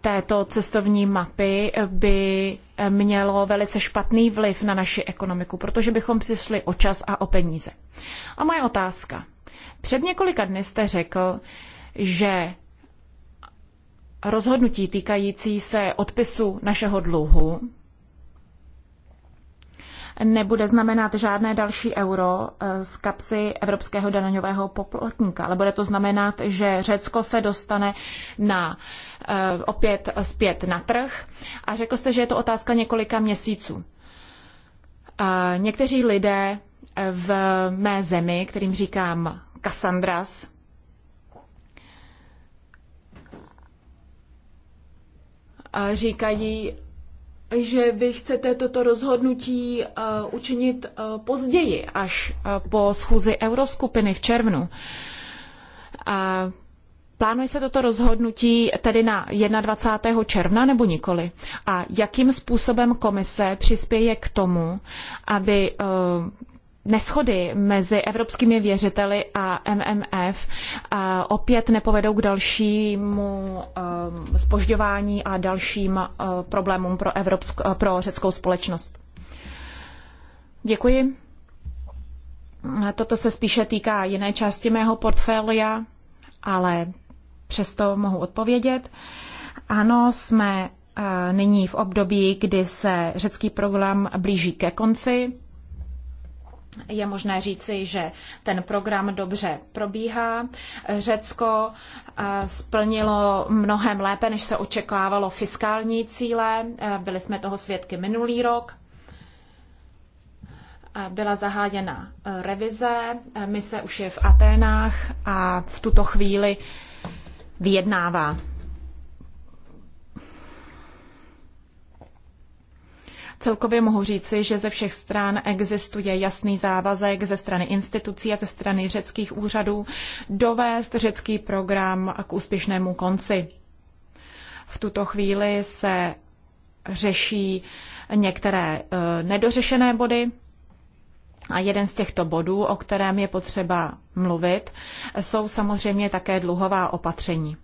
této cestovní mapy eh, by mělo velice špatný vliv na naši ekonomiku, protože bychom přišli o čas a o peníze. A moje otázka. Před několika dny jste řekl, že rozhodnutí týkající se odpisu našeho dluhu nebude znamenat žádné další euro eh, z kapsy evropského daňového poplatníka, ale bude to znamenat, že Řecko se dostane na, eh, opět zpět na trh a řekl jste, že je to otázka několika měsíců. Eh, někteří lidé v mé zemi, kterým říkám Cassandras. A říkají, že vy chcete toto rozhodnutí eh, učinit eh, později, až eh, po schůzi euroskupiny v červnu. A plánuje se toto rozhodnutí tedy na 21. června nebo nikoli? A jakým způsobem komise přispěje k tomu, aby neschody mezi evropskými věřiteli a MMF opět nepovedou k dalšímu spožďování um, a dalším uh, problémům pro, evropsk- uh, pro řeckou společnost. Děkuji. Toto se spíše týká jiné části mého portfolia, ale přesto mohu odpovědět. Ano, jsme uh, nyní v období, kdy se řecký program blíží ke konci je možné říci, že ten program dobře probíhá. Řecko eh, splnilo mnohem lépe, než se očekávalo fiskální cíle. Eh, byli jsme toho svědky minulý rok. Eh, byla zahájena revize, My se už je v Aténách a v tuto chvíli vyjednává. Celkově mohu říci, že ze všech stran existuje jasný závazek ze strany institucí a ze strany řeckých úřadů dovést řecký program k úspěšnému konci. V tuto chvíli se řeší některé e, nedořešené body, a jeden z těchto bodů, o kterém je potřeba mluvit, jsou samozřejmě také dluhová opatření.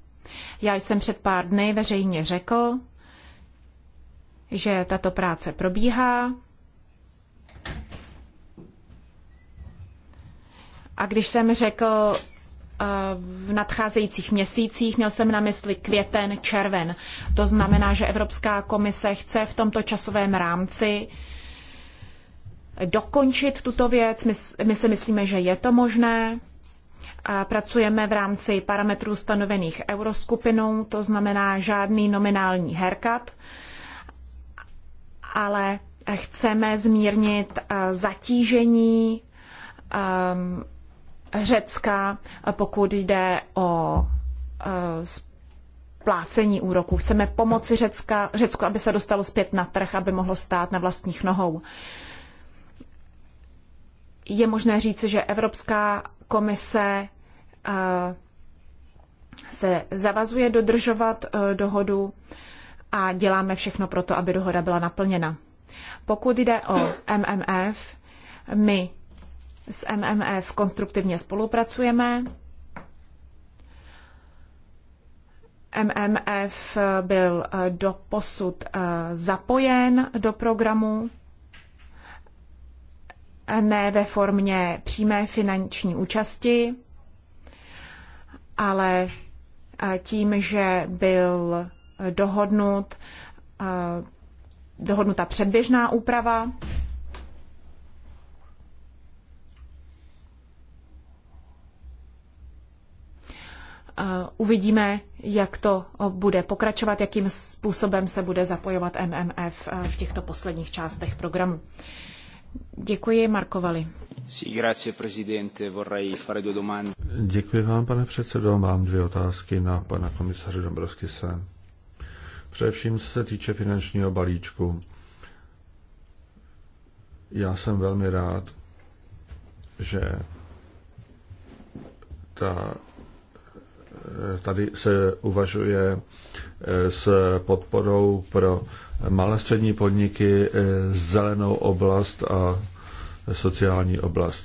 Já jsem před pár dny veřejně řekl, že tato práce probíhá. A když jsem řekl eh, v nadcházejících měsících, měl jsem na mysli květen, červen. To znamená, že Evropská komise chce v tomto časovém rámci dokončit tuto věc. My, my si myslíme, že je to možné. A pracujeme v rámci parametrů stanovených euroskupinou, to znamená žádný nominální herkat ale chceme zmírnit eh, zatížení eh, Řecka, pokud jde o eh, splácení úroků. Chceme pomoci Řecka, Řecku, aby se dostalo zpět na trh, aby mohlo stát na vlastních nohou. Je možné říci, že Evropská komise se zavazuje dodržovat dohodu a děláme všechno pro to, aby dohoda byla naplněna. Pokud jde o MMF, my s MMF konstruktivně spolupracujeme. MMF byl eh, do posud eh, zapojen do programu, ne ve formě přímé finanční účasti, ale eh, tím, že byl dohodnut, eh, dohodnuta předběžná úprava. Eh, uvidíme, jak to eh, bude pokračovat, jakým způsobem se bude zapojovat MMF v těchto posledních částech programu. Děkuji, Markovali. Děkuji vám, pane předsedo. Mám dvě otázky na pana komisaře Dombrovskise. Především co se týče finančního balíčku. Já jsem velmi rád, že ta, tady se uvažuje eh, s podporou pro malé střední podniky, eh, zelenou oblast a sociální oblast.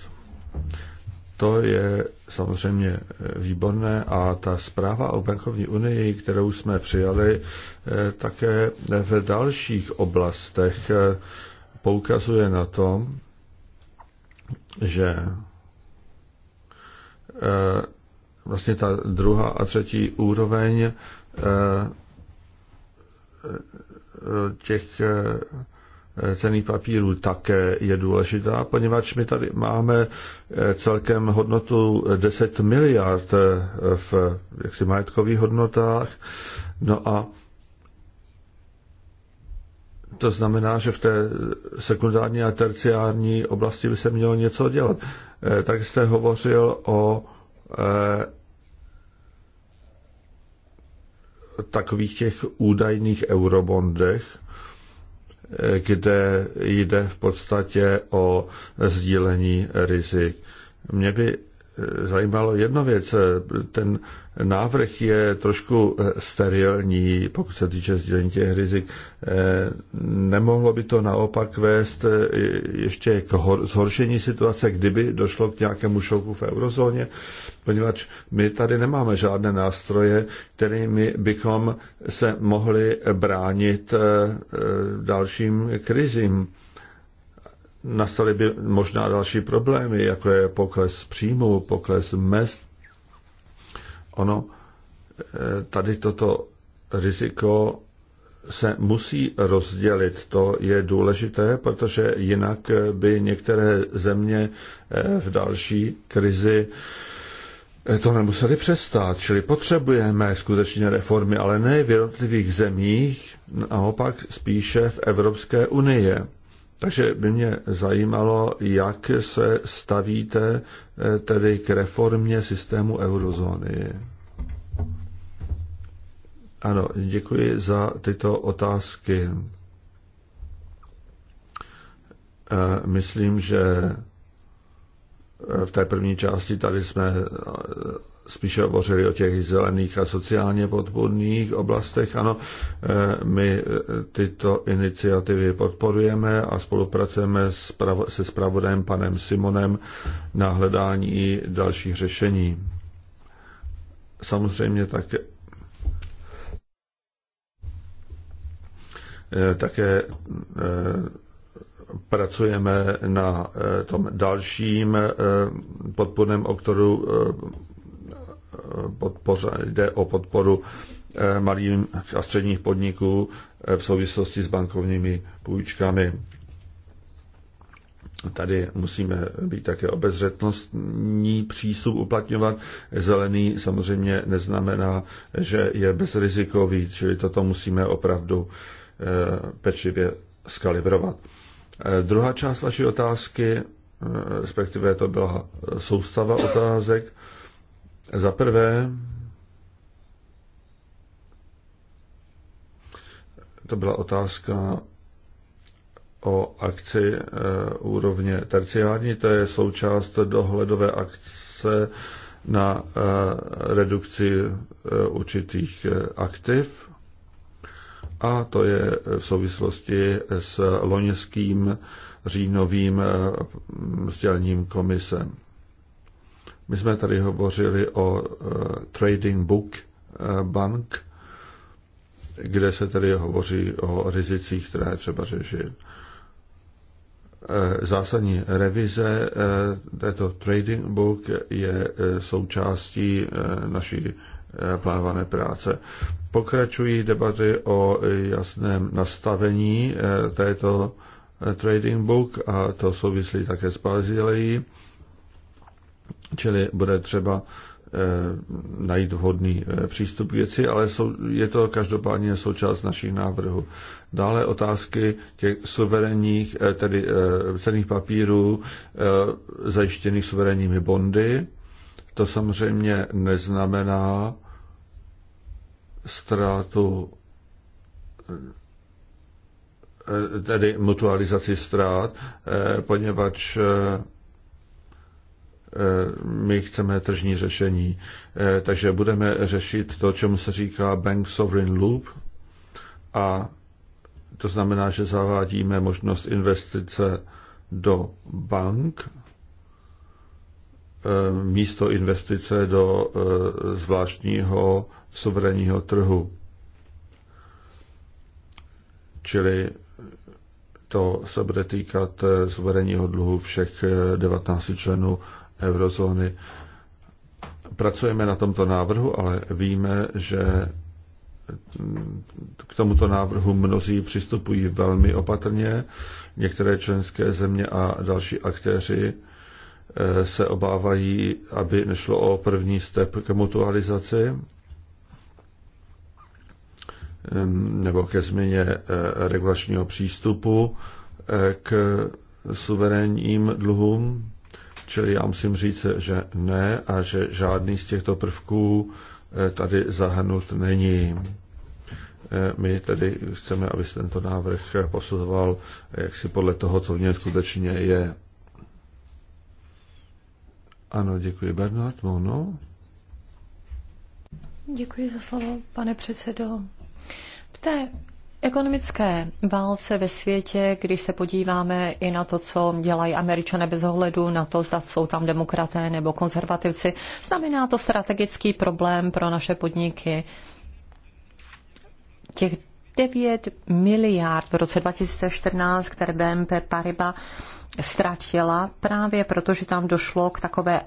To je samozřejmě eh, výborné a ta zpráva o bankovní unii, kterou jsme přijali, eh, také v dalších oblastech eh, poukazuje na to, že vlastně ta druhá a třetí úroveň těch cených papíru také je důležitá, poněvadž my tady máme eh, celkem hodnotu 10 miliard eh, v jaksi majetkových hodnotách. No a to znamená, že v té sekundární a terciární oblasti by se mělo něco dělat. Eh, tak jste hovořil o takových těch údajných eurobondech, kde jde v podstatě o sdílení rizik. Mě by zajímalo jedna věc. Ten návrh je trošku sterilní, pokud se týče sdělení těch rizik. Nemohlo by to naopak vést ještě k zhoršení situace, kdyby došlo k nějakému šoku v eurozóně, poněvadž my tady nemáme žádné nástroje, kterými bychom se mohli bránit eh, dalším krizím nastaly by možná další problémy, jako je pokles příjmu, pokles mest. Ono, e, tady toto riziko se musí rozdělit. To je důležité, protože jinak by některé země e, v další krizi e, to nemuseli přestát. Čili potřebujeme skutečně reformy, ale ne v jednotlivých zemích, naopak spíše v Evropské unii. Takže by mě zajímalo, jak se stavíte eh, tedy k reformě systému eurozóny. Ano, děkuji za tyto otázky. Eh, myslím, že v té první části tady jsme eh, spíše hovořili o těch zelených a sociálně podpůrných oblastech. Ano, eh, my eh, tyto iniciativy podporujeme a spolupracujeme se spravodajem panem Simonem na hledání dalších řešení. Samozřejmě také eh, také pracujeme na tom dalším podpůrném oktoru podpoře, jde o podporu eh, malým a středních podniků eh, v souvislosti s bankovními půjčkami. Tady musíme být také obezřetnostní přístup uplatňovat. Zelený samozřejmě neznamená, že je bezrizikový, čili toto musíme opravdu eh, pečlivě skalibrovat. Druhá část vaší otázky, respektive to byla soustava otázek, za prvé, to byla otázka o akci eh, úrovně terciární, to je součást dohledové akce na eh, redukci eh, určitých aktiv a to je v souvislosti s loňským říjnovým sdělením komisem. My jsme tady hovořili o eh, trading book eh, bank, kde se tedy hovoří o rizicích, které je třeba řešit. Eh, zásadní revize této trading book je součástí naší plánované práce. Pokračují debaty o jasném nastavení této trading book a to souvislí také s Bazilejí Čili bude třeba eh, najít vhodný eh, přístup k věci, ale jsou, je to každopádně součást našich návrhů. Dále otázky těch suverénních, eh, tedy cených papírů zajištěných suverenními bondy. To samozřejmě neznamená ztrátu tedy mutualizaci ztrát, poněvadž Eh, my chceme tržní řešení. Eh, takže budeme řešit to, čemu se říká Bank Sovereign Loop a to znamená, že zavádíme možnost investice do bank eh, místo investice do zvláštního suverénního trhu. Čili to se bude týkat suverénního dluhu všech 19 členů eurozóny. Pracujeme na tomto návrhu, ale víme, že k tomuto návrhu mnozí přistupují velmi opatrně. Některé členské země a další aktéři eh, se obávají, aby nešlo o první step k mutualizaci ehm, nebo ke změně eh, regulačního přístupu eh, k suverénním dluhům. Čili já musím říct, že ne a že žádný z těchto prvků eh, tady zahrnut není. Eh, my tedy chceme, aby se tento návrh posuzoval eh, jaksi podle toho, co v něm skutečně je. Ano, děkuji Bernard Mono. Děkuji za slovo, pane předsedo. V té ekonomické válce ve světě, když se podíváme i na to, co dělají američané bez ohledu na to, zda jsou tam demokraté nebo konzervativci, znamená to strategický problém pro naše podniky. Těch 9 miliard v roce 2014, které BNP Paribas ztratila právě proto, že tam došlo k takové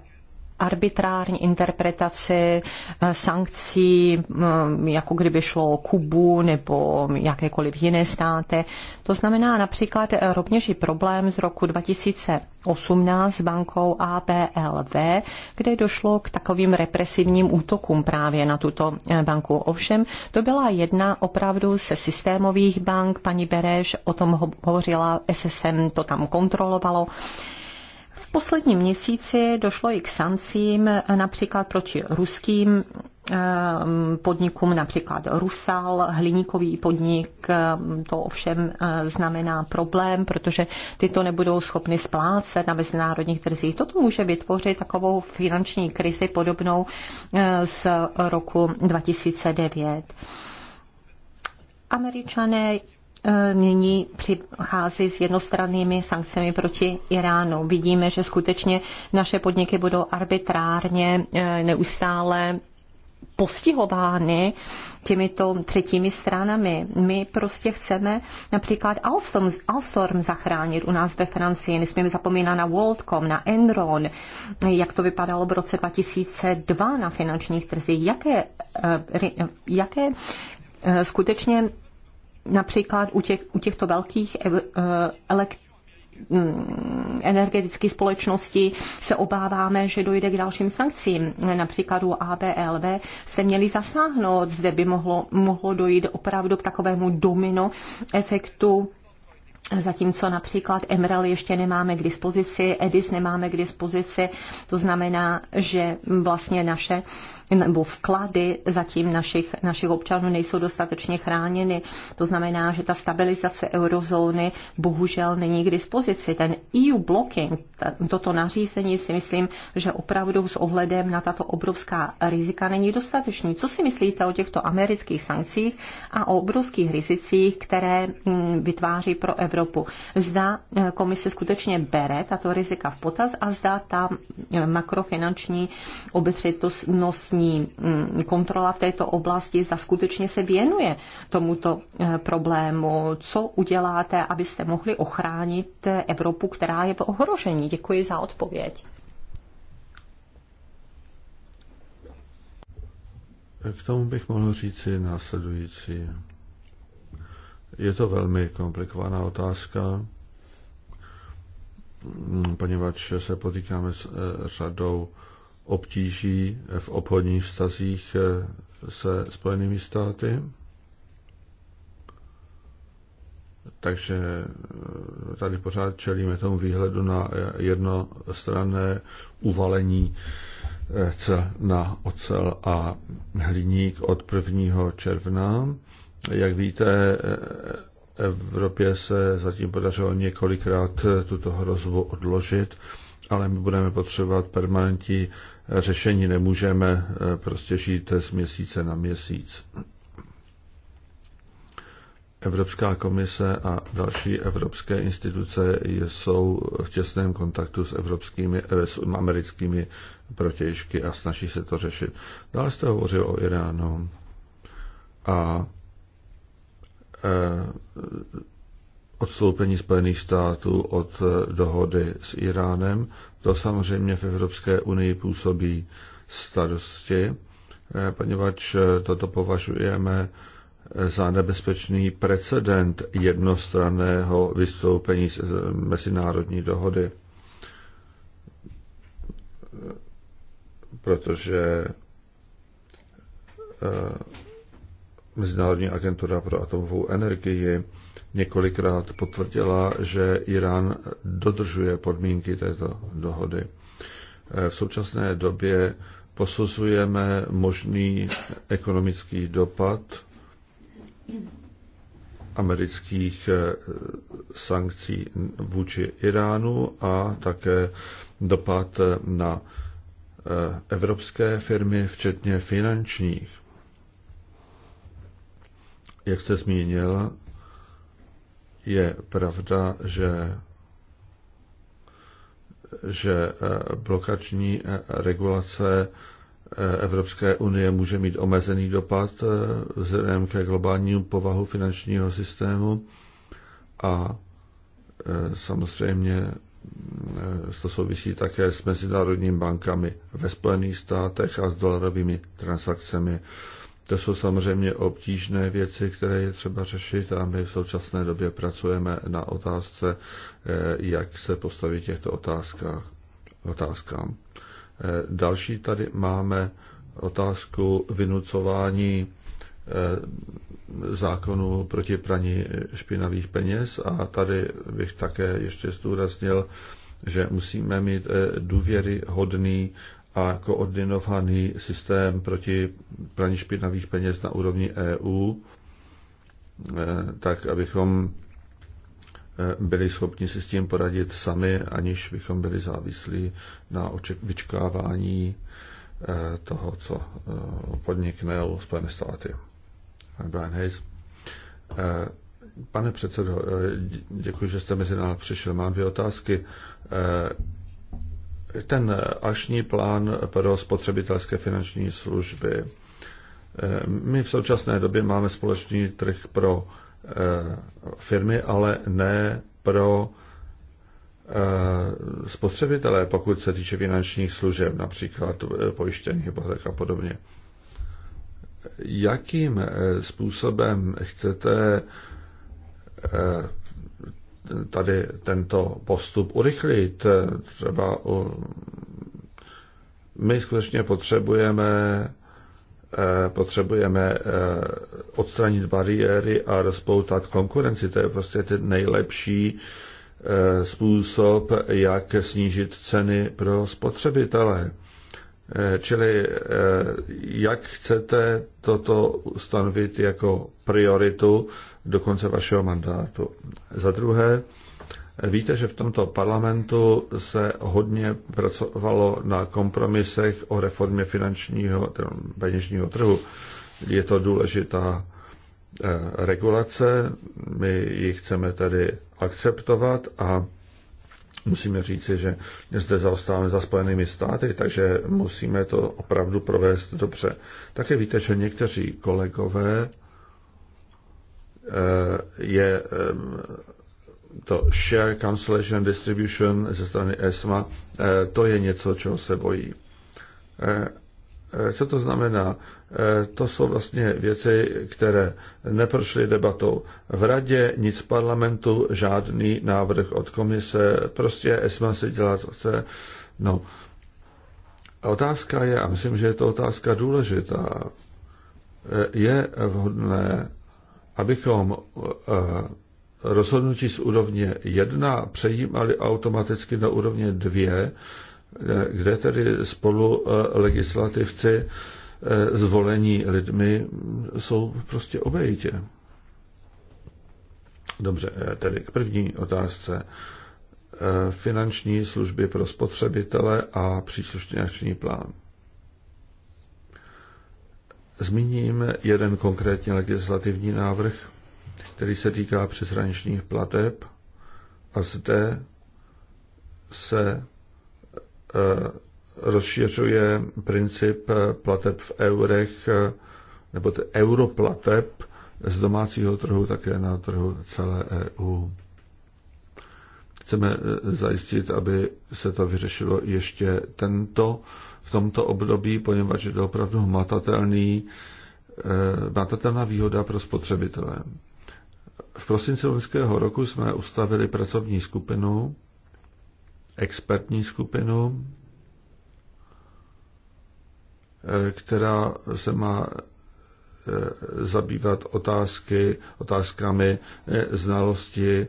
arbitrární interpretaci eh, sankcí, mm, jako kdyby šlo o Kubu nebo jakékoliv jiné státy. To znamená například eh, rovněž i problém z roku 2018 s bankou ABLV, kde došlo k takovým represivním útokům právě na tuto eh, banku. Ovšem, to byla jedna opravdu se systémových bank, paní Bereš o tom hovořila, SSM to tam kontrolovalo posledním měsíci došlo i k sankcím například proti ruským ehm, podnikům, například Rusal, hliníkový podnik, ehm, to ovšem eh, znamená problém, protože tyto nebudou schopny splácet na mezinárodních trzích. Toto může vytvořit takovou finanční krizi podobnou eh, z roku 2009. Američané Eh, nyní přichází s jednostrannými sankcemi proti Iránu. Vidíme, že skutečně naše podniky budou arbitrárně eh, neustále postihovány těmito třetími stranami. My prostě chceme například Alstom, Alstom zachránit u nás ve Francii. Nesmíme zapomínat na WorldCom, na Enron, jak to vypadalo v roce 2002 na finančních trzích, jaké, eh, jaké skutečně například u, těch, u těchto velkých eh, elekt mm, energetické společnosti se obáváme, že dojde k dalším sankcím. Například u ABLV se měli zasáhnout. Zde by mohlo, mohlo dojít opravdu k takovému domino efektu Zatímco například Emerald ještě nemáme k dispozici, Edis nemáme k dispozici, to znamená, že vlastně naše nebo vklady zatím našich, našich občanů nejsou dostatečně chráněny. To znamená, že ta stabilizace eurozóny bohužel není k dispozici. Ten EU blocking, toto nařízení si myslím, že opravdu s ohledem na tato obrovská rizika není dostatečný. Co si myslíte o těchto amerických sankcích a o obrovských rizicích, které mm, vytváří pro Evropu? Zda e, komise skutečně bere tato rizika v potaz a zda ta e, makrofinanční obezřetnostní národní mm, kontrola v této oblasti, zda skutečně se věnuje tomuto eh, problému. Co uděláte, abyste mohli ochránit eh, Evropu, která je v ohrožení? Děkuji za odpověď. K tomu bych mohl říci následující. Je to velmi komplikovaná otázka, mm, poněvadž se potýkáme s eh, řadou obtíží v obchodních vztazích eh, se Spojenými státy. Takže eh, tady pořád čelíme tomu výhledu na eh, jednostranné uvalení na ocel a hliník od 1. června. Jak víte, Evropě se zatím podařilo několikrát tuto hrozbu odložit, ale my budeme potřebovat permanentní řešení. Nemůžeme eh, prostě žít z měsíce na měsíc. Evropská komise a další evropské instituce jsou v těsném kontaktu s evropskými, eh, s americkými protějšky a snaží se to řešit. Dále jste hovořil o Iránu a eh, odstoupení Spojených států od eh, dohody s Iránem. To samozřejmě v Evropské unii působí starosti, eh, poněvadž eh, toto považujeme za nebezpečný precedent jednostranného vystoupení z mezinárodní dohody. Protože Mezinárodní agentura pro atomovou energii několikrát potvrdila, že Irán dodržuje podmínky této dohody. Eh, v současné době posuzujeme možný ekonomický dopad amerických eh, sankcí vůči Iránu a také dopad eh, na evropské firmy, včetně finančních. Jak jste zmínil, je pravda, že že eh, blokační eh, regulace eh, Evropské unie může mít omezený dopad vzhledem ke globálnímu povahu finančního systému a samozřejmě to souvisí také s mezinárodními bankami ve Spojených státech a s dolarovými transakcemi. To jsou samozřejmě obtížné věci, které je třeba řešit a my v současné době pracujeme na otázce, eh, jak se postavit těchto otázkách, otázkám. Eh, další tady máme otázku vynucování eh, zákonu proti praní špinavých peněz a tady bych také ještě zdůraznil, že musíme mít důvěryhodný a koordinovaný systém proti praní špinavých peněz na úrovni EU, eh, tak abychom eh, byli schopni si s tím poradit sami, aniž bychom byli závislí na vyčkávání eh, toho, co podniknou Spojené státy. Brian Hayes. Pane předsedo, děkuji, že jste mezi námi přišel. Mám dvě otázky ten ažní plán pro spotřebitelské finanční služby. Eh, my v současné době máme společný trh pro eh, firmy, ale ne pro eh, spotřebitelé, pokud se týče finančních služeb, například pojištění, hypoték a podobně. Jakým způsobem chcete tady tento postup urychlit. Třeba my skutečně potřebujeme eh, potřebujeme eh, odstranit bariéry a rozpoutat konkurenci. To je prostě ten nejlepší eh, způsob, jak snížit ceny pro spotřebitele. Čili jak chcete toto stanovit jako prioritu do konce vašeho mandátu. Za druhé, víte, že v tomto parlamentu se hodně pracovalo na kompromisech o reformě finančního, peněžního trhu. Je to důležitá eh, regulace, my ji chceme tedy akceptovat a musíme říci, že zde zaostáváme za Spojenými státy, takže musíme to opravdu provést dobře. Také víte, že někteří kolegové Eh, je eh, to Share Cancellation Distribution ze strany ESMA, eh, to je něco, čeho se bojí. Co to znamená? To jsou vlastně věci, které neprošly debatou v radě, nic parlamentu, žádný návrh od komise, prostě ESMA si dělá, co chce. No. Otázka je, a myslím, že je to otázka důležitá, je vhodné abychom eh, rozhodnutí z úrovně 1 přejímali automaticky na úrovně 2, eh, kde tedy spolu eh, legislativci zvolení lidmi jsou prostě obejitě. Dobře, tedy k první otázce. Finanční služby pro spotřebitele a příslušný akční plán. Zmíním jeden konkrétní legislativní návrh, který se týká přeshraničních plateb a zde se eh, rozšiřuje princip eh, plateb v eurech eh, nebo europlateb z domácího trhu také na trhu celé EU. Chceme zajistit, aby se to vyřešilo ještě tento v tomto období, poněvadž je to opravdu hmatatelný, eh, hmatatelná výhoda pro spotřebitele. V prosinci loňského roku jsme ustavili pracovní skupinu, expertní skupinu, eh, která se má eh, zabývat otázky, otázkami znalosti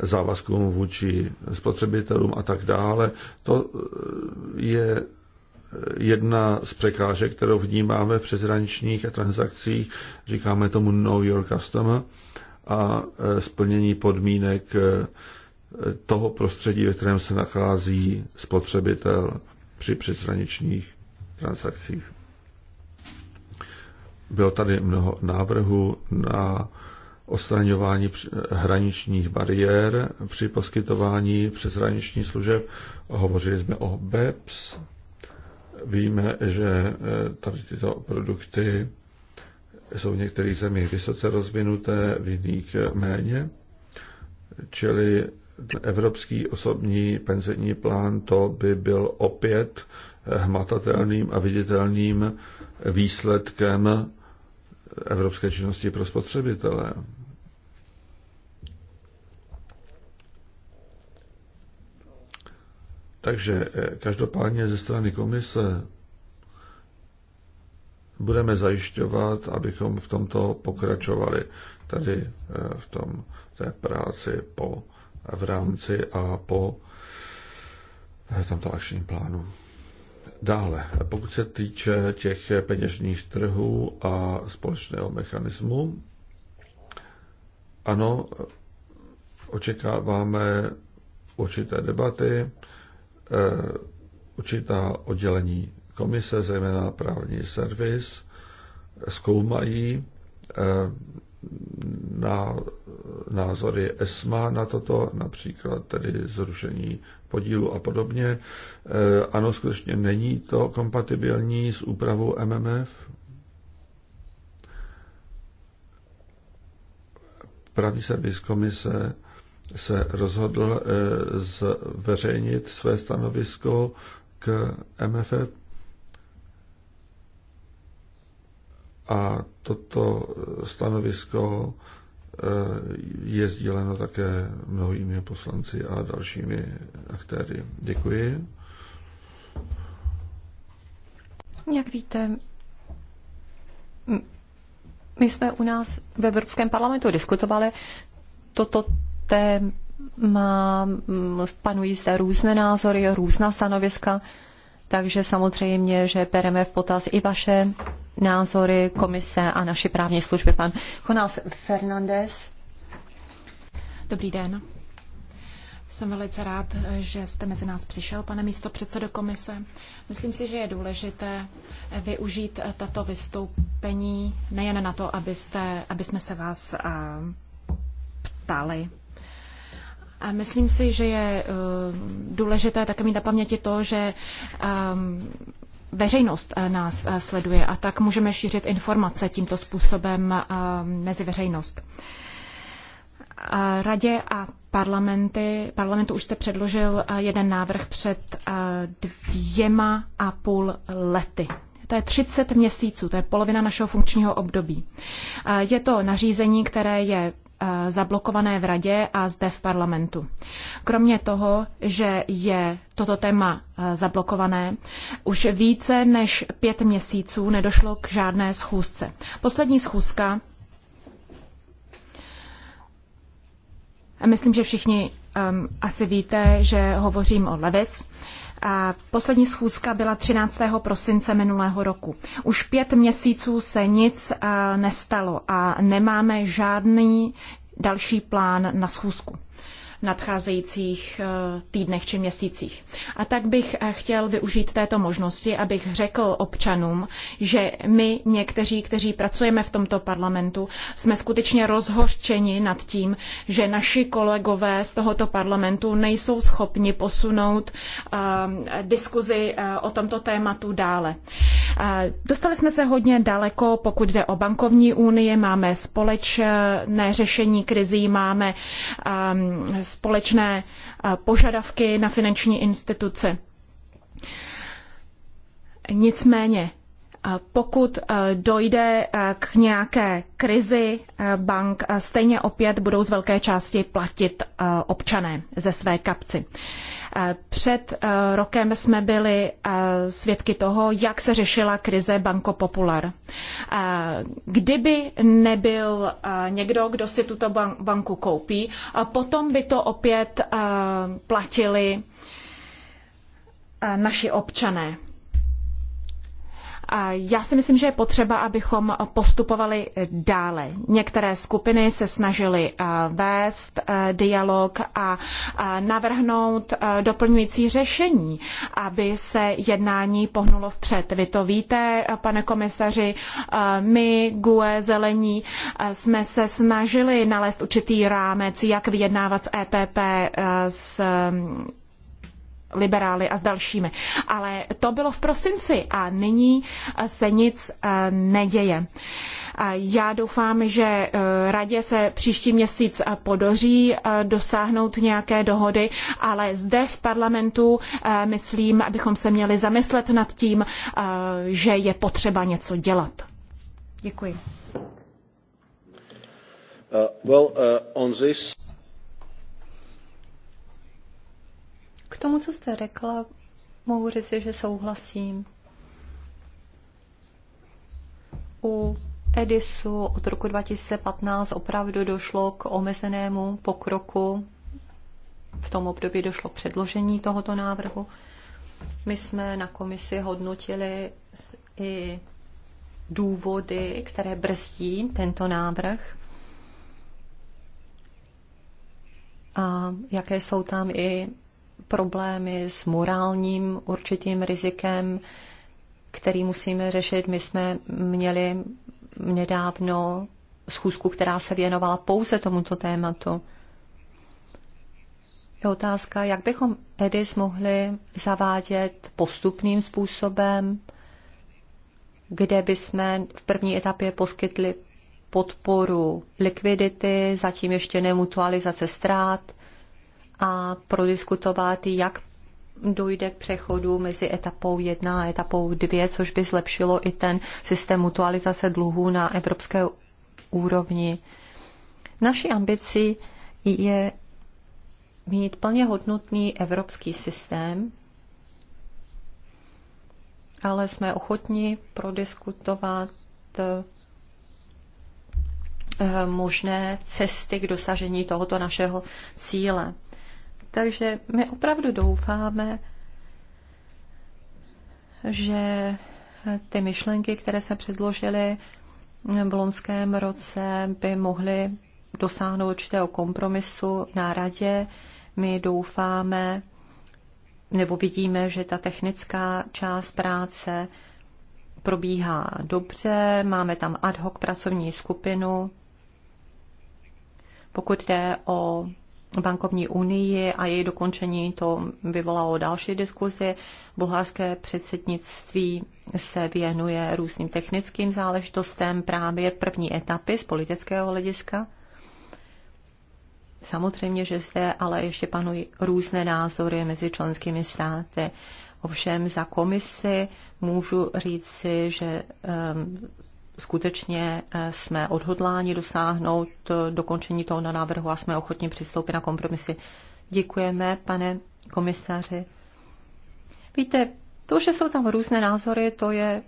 závazkům vůči spotřebitelům a tak dále. To eh, je eh, jedna z překážek, kterou vnímáme v přeshraničních transakcích, říkáme tomu know your customer a eh, splnění podmínek toho prostředí, ve kterém se nachází spotřebitel při přeshraničních transakcích. Bylo tady mnoho návrhů na odstraňování hraničních bariér při poskytování přeshraničních služeb. Hovořili jsme o BEPS. Víme, že e, tady tyto produkty jsou v některých zemích vysoce rozvinuté, v jiných e, méně. Čili evropský osobní penzijní plán to by byl opět hmatatelným a viditelným výsledkem evropské činnosti pro spotřebitele. Takže eh, každopádně ze strany komise budeme zajišťovat, abychom v tomto pokračovali tady eh, v tom, té práci po, v rámci a po eh, tomto akčním plánu. Dále, pokud se týče těch peněžních trhů a společného mechanismu, ano, očekáváme určité debaty, eh, určitá oddělení komise, zejména právní servis, zkoumají eh, na názory ESMA na toto, například tedy zrušení podílu a podobně. E, ano, skutečně není to kompatibilní s úpravou MMF? Pravý servis komise se rozhodl e, zveřejnit své stanovisko k MFF a toto stanovisko eh, je sdíleno také mnohými poslanci a dalšími aktéry. Děkuji. Jak víte, my jsme u nás v Evropském parlamentu diskutovali toto téma, panují zde různé názory, různá stanoviska, takže samozřejmě, že bereme v potaz i vaše názory komise a naše právní služby. Pan Jonas Fernandez. Dobrý den. Jsem velice rád, že jste mezi nás přišel, pane místo předsedo komise. Myslím si, že je důležité využít tato vystoupení nejen na to, abyste, aby jsme se vás eh, ptali. A myslím si, že je eh, důležité také mít na paměti to, že ehm, veřejnost eh, nás eh, sleduje a tak můžeme šířit informace tímto způsobem eh, mezi veřejnost. Radě a parlamenty, parlamentu už jste předložil jeden návrh před dvěma a půl lety. To je 30 měsíců, to je polovina našeho funkčního období. Je to nařízení, které je Eh, zablokované v radě a zde v parlamentu. Kromě toho, že je toto téma eh, zablokované, už více než pět měsíců nedošlo k žádné schůzce. Poslední schůzka, myslím, že všichni um, asi víte, že hovořím o Leves. Poslední schůzka byla 13. prosince minulého roku. Už pět měsíců se nic eh, nestalo a nemáme žádný další plán na schůzku nadcházejících eh, týdnech či měsících. A tak bych eh, chtěl využít této možnosti, abych řekl občanům, že my někteří, kteří pracujeme v tomto parlamentu, jsme skutečně rozhořčeni nad tím, že naši kolegové z tohoto parlamentu nejsou schopni posunout uh, diskuzi uh, o tomto tématu dále. Uh, dostali jsme se hodně daleko, pokud jde o bankovní unii, máme společné řešení krizí, máme um, společné eh, požadavky na finanční instituce. Nicméně, eh, pokud eh, dojde k nějaké krizi bank, stejně opět budou z velké části platit občané ze své kapci. Eh, před eh, rokem jsme byli eh, svědky toho, jak se řešila krize Banco Popular. Kdyby nebyl někdo, kdo si tuto banku koupí, potom by to opět platili naši občané. Já si myslím, že je potřeba, abychom postupovali dále. Některé skupiny se snažily eh, vést eh, dialog a eh, navrhnout doplňující řešení, aby se jednání pohnulo vpřed. Vy to víte, pane komisaři, my, GUE, Zelení, jsme se snažili nalézt určitý rámec, jak vyjednávat s EPP, s liberály a s dalšími. Ale to bylo v prosinci a nyní eh, se nic eh, neděje. Eh, já doufám, že radě se příští měsíc podaří dosáhnout nějaké dohody, ale zde v parlamentu myslím, abychom se měli zamyslet nad tím, že je potřeba něco dělat. Děkuji. Uh, well, uh, on this... K tomu, co jste řekla, mohu říct, že souhlasím. U Edisu od roku 2015 opravdu došlo k omezenému pokroku. V tom období došlo k předložení tohoto návrhu. My jsme na komisi hodnotili i důvody, které brzdí tento návrh. A jaké jsou tam i problémy s morálním určitým rizikem, který musíme řešit. My jsme měli nedávno schůzku, která se věnovala pouze tomuto tématu. Je otázka, jak bychom EDIS mohli zavádět postupným způsobem, kde bychom v první etapě poskytli podporu likvidity, zatím ještě nemutualizace ztrát, a prodiskutovat, jak dojde k přechodu mezi etapou 1 a etapou 2, což by zlepšilo i ten systém mutualizace dluhů na evropské úrovni. Naší ambicí je mít plně hodnotný evropský systém, ale jsme ochotni prodiskutovat eh, možné cesty k dosažení tohoto našeho cíle. Takže my opravdu doufáme, že ty myšlenky, které se předložily v loňském roce, by mohly dosáhnout určitého kompromisu na radě. My doufáme, nebo vidíme, že ta technická část práce probíhá dobře, máme tam ad hoc pracovní skupinu. Pokud jde o bankovní unii a její dokončení to vyvolalo další diskuzi. Bulharské předsednictví se věnuje různým technickým záležitostem právě první etapy z politického hlediska. Samozřejmě, že zde ale ještě panují různé názory mezi členskými státy. Ovšem za komisi můžu říci, že ehm, skutečně eh, jsme odhodláni dosáhnout eh, dokončení toho návrhu a jsme ochotni přistoupit na kompromisy. Děkujeme, pane komisaři. Víte, to, že jsou tam různé názory, to je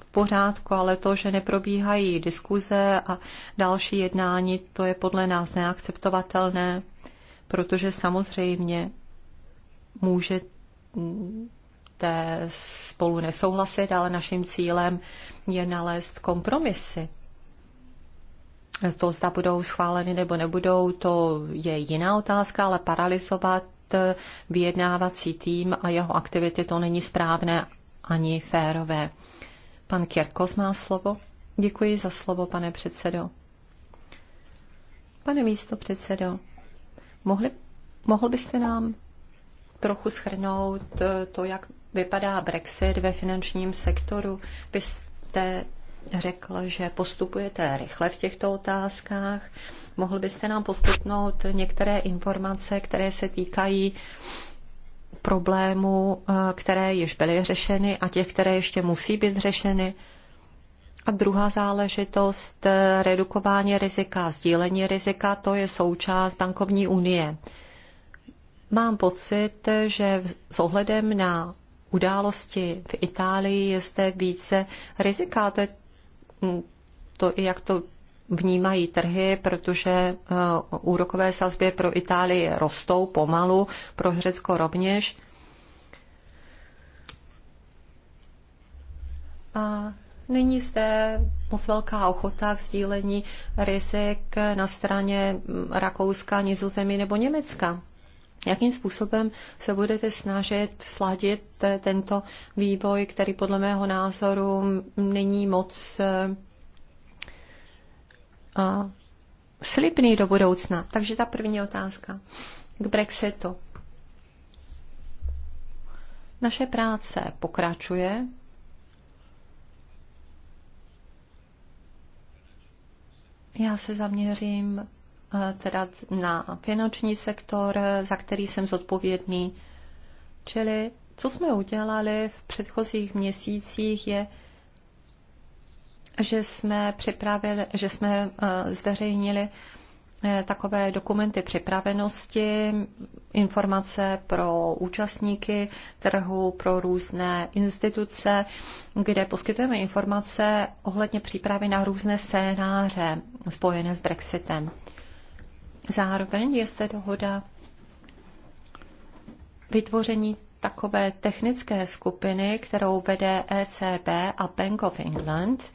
v pořádku, ale to, že neprobíhají diskuze a další jednání, to je podle nás neakceptovatelné, protože samozřejmě může můžete spolu nesouhlasit, ale naším cílem je nalézt kompromisy. To zda budou schváleny nebo nebudou, to je jiná otázka, ale paralizovat eh, vyjednávací tým a jeho aktivity, to není správné ani férové. Pan Kirkos má slovo. Děkuji za slovo, pane předsedo. Pane místo předsedo, mohli, mohl byste nám trochu schrnout eh, to, jak vypadá Brexit ve finančním sektoru. Vy jste řekl, že postupujete rychle v těchto otázkách. Mohl byste nám poskytnout některé informace, které se týkají problémů, eh, které již byly řešeny a těch, které ještě musí být řešeny? A druhá záležitost, eh, redukování rizika, sdílení rizika, to je součást bankovní unie. Mám pocit, že s ohledem na události v Itálii, je zde více riziká. To, je mm, to i jak to vnímají trhy, protože eh, úrokové sazby pro Itálii rostou pomalu, pro Řecko rovněž. A není zde moc velká ochota k sdílení rizik na straně mm, Rakouska, Nizozemí nebo Německa. Jakým způsobem se budete snažit sladit tento vývoj, který podle mého názoru není moc eh, slibný do budoucna? Takže ta první otázka k Brexitu. Naše práce pokračuje. Já se zaměřím Eh, teda na finanční sektor, za který jsem zodpovědný. Čili co jsme udělali v předchozích měsících je, že jsme připravili, že jsme eh, zveřejnili eh, takové dokumenty připravenosti, informace pro účastníky trhu, pro různé instituce, kde poskytujeme informace ohledně přípravy na různé scénáře spojené s Brexitem. Zároveň je zde dohoda vytvoření takové technické skupiny, kterou vede ECB a Bank of England,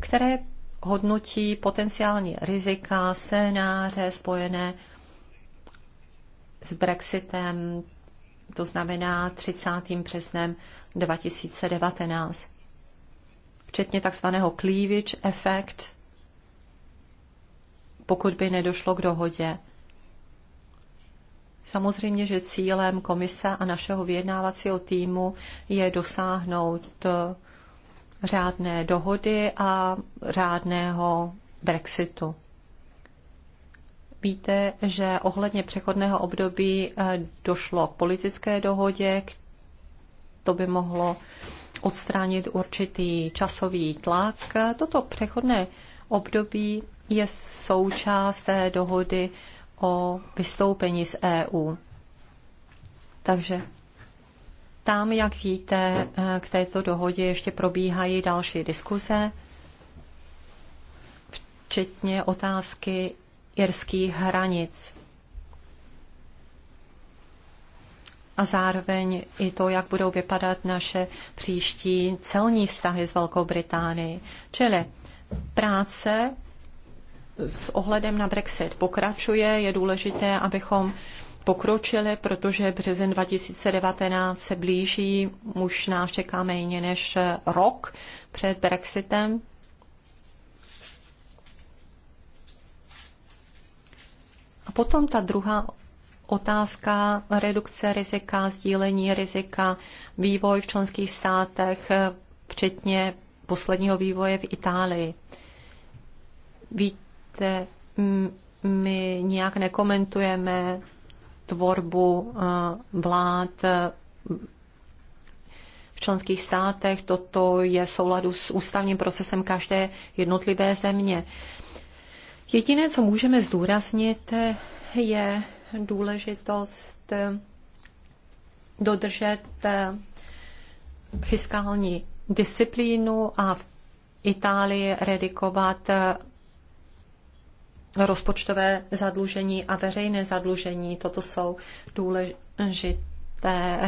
které hodnotí potenciální rizika, scénáře spojené s Brexitem, to znamená 30. březnem 2019. Včetně takzvaného cleavage effect, pokud by nedošlo k dohodě. Samozřejmě, že cílem komise a našeho vyjednávacího týmu je dosáhnout eh, řádné dohody a řádného Brexitu. Víte, že ohledně přechodného období eh, došlo k politické dohodě, to by mohlo odstránit určitý časový tlak. Toto přechodné období je součást té dohody o vystoupení z EU. Takže tam, jak víte, eh, k této dohodě ještě probíhají další diskuze, včetně otázky irských hranic. A zároveň i to, jak budou vypadat naše příští celní vztahy s Velkou Británií. Čili práce s ohledem na Brexit pokračuje. Je důležité, abychom pokročili, protože březen 2019 se blíží, už nás čeká méně než rok před Brexitem. A potom ta druhá otázka redukce rizika, sdílení rizika, vývoj v členských státech, včetně posledního vývoje v Itálii. Víte, víte, my nějak nekomentujeme tvorbu vlád v členských státech. Toto je v souladu s ústavním procesem každé jednotlivé země. Jediné, co můžeme zdůraznit, je důležitost e, dodržet e, fiskální disciplínu a v Itálii redikovat e, rozpočtové zadlužení a veřejné zadlužení. Toto jsou důležité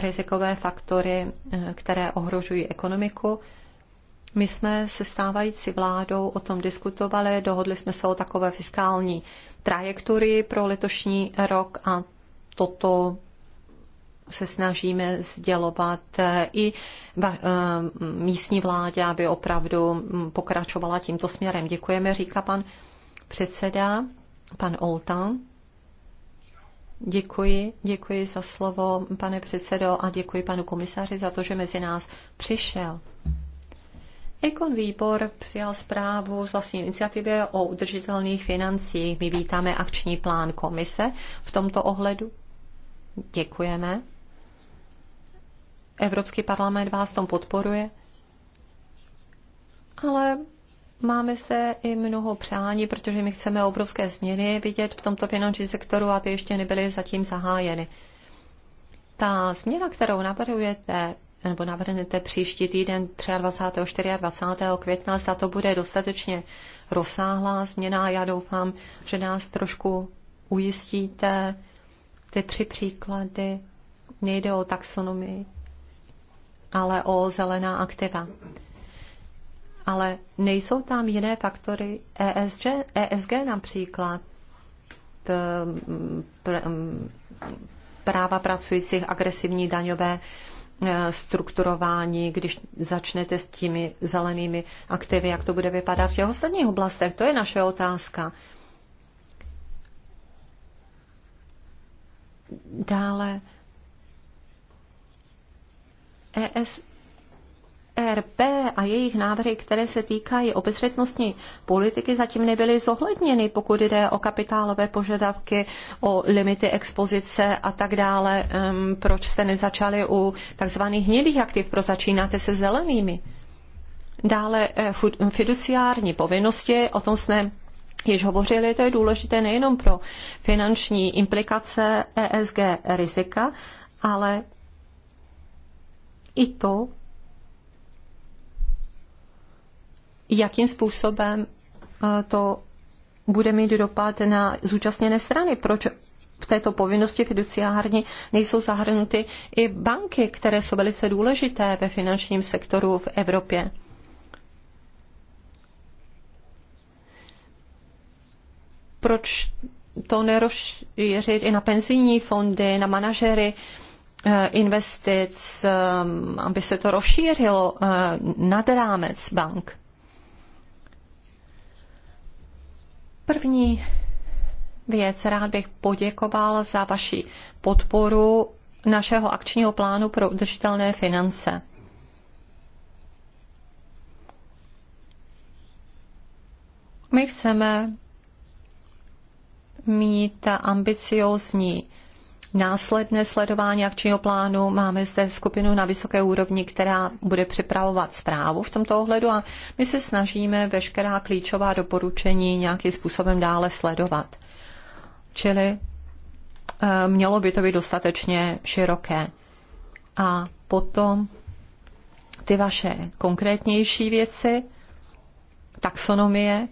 rizikové faktory, eh, které ohrožují ekonomiku. My jsme se stávající vládou o tom diskutovali, dohodli jsme se o takové fiskální trajektorii pro letošní rok a toto se snažíme sdělovat eh, i eh, místní vládě, aby opravdu mm, pokračovala tímto směrem. Děkujeme, říká pan Předseda, pan Oltan. Děkuji, děkuji za slovo, pane předsedo, a děkuji panu komisaři za to, že mezi nás přišel. Ekon výbor přijal zprávu z vlastní iniciativy o udržitelných financích. My vítáme akční plán komise v tomto ohledu. Děkujeme. Evropský parlament vás tom podporuje. Ale Máme se i mnoho přání, protože my chceme obrovské změny vidět v tomto finančním sektoru a ty ještě nebyly zatím zahájeny. Ta změna, kterou navrhujete, nebo navrhnete příští týden 23. 24. května, zda to bude dostatečně rozsáhlá změna. Já doufám, že nás trošku ujistíte. Ty tři příklady nejde o taxonomii, ale o zelená aktiva ale nejsou tam jiné faktory ESG, ESG například, eh, mm, práva pracujících, agresivní daňové eh, strukturování, když začnete s těmi zelenými aktivy, jak to bude vypadat v těch ostatních oblastech. To je naše otázka. Dále ES. ERP a jejich návrhy, které se týkají obezřetnostní politiky, zatím nebyly zohledněny, pokud jde o kapitálové požadavky, o limity expozice a tak dále. Ehm, proč jste nezačali u tzv. hnědých aktiv, pro začínáte se zelenými? Dále eh, fiduciární povinnosti, o tom jsme již hovořili, to je důležité nejenom pro finanční implikace ESG rizika, ale i to, jakým způsobem eh, to bude mít dopad na zúčastněné strany. Proč v této povinnosti fiduciární nejsou zahrnuty i banky, které jsou velice důležité ve finančním sektoru v Evropě. Proč to nerozšířit i na penzijní fondy, na manažery eh, investic, eh, aby se to rozšířilo nad rámec bank? První věc, rád bych poděkoval za vaši podporu našeho akčního plánu pro udržitelné finance. My chceme mít ambiciózní následné sledování akčního plánu. Máme zde skupinu na vysoké úrovni, která bude připravovat zprávu v tomto ohledu a my se snažíme veškerá klíčová doporučení nějakým způsobem dále sledovat. Čili eh, mělo by to být dostatečně široké. A potom ty vaše konkrétnější věci, taxonomie.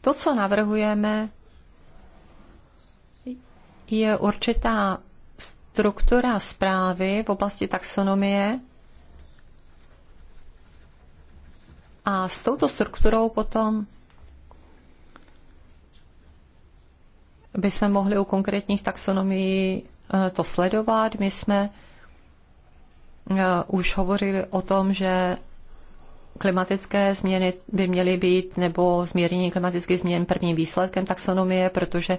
To, co navrhujeme, je určitá struktura zprávy v oblasti taxonomie a s touto strukturou potom jsme mohli u konkrétních taxonomií eh, to sledovat. My jsme eh, už hovořili o tom, že klimatické změny by měly být, nebo zmírnění klimatických změn prvním výsledkem taxonomie, protože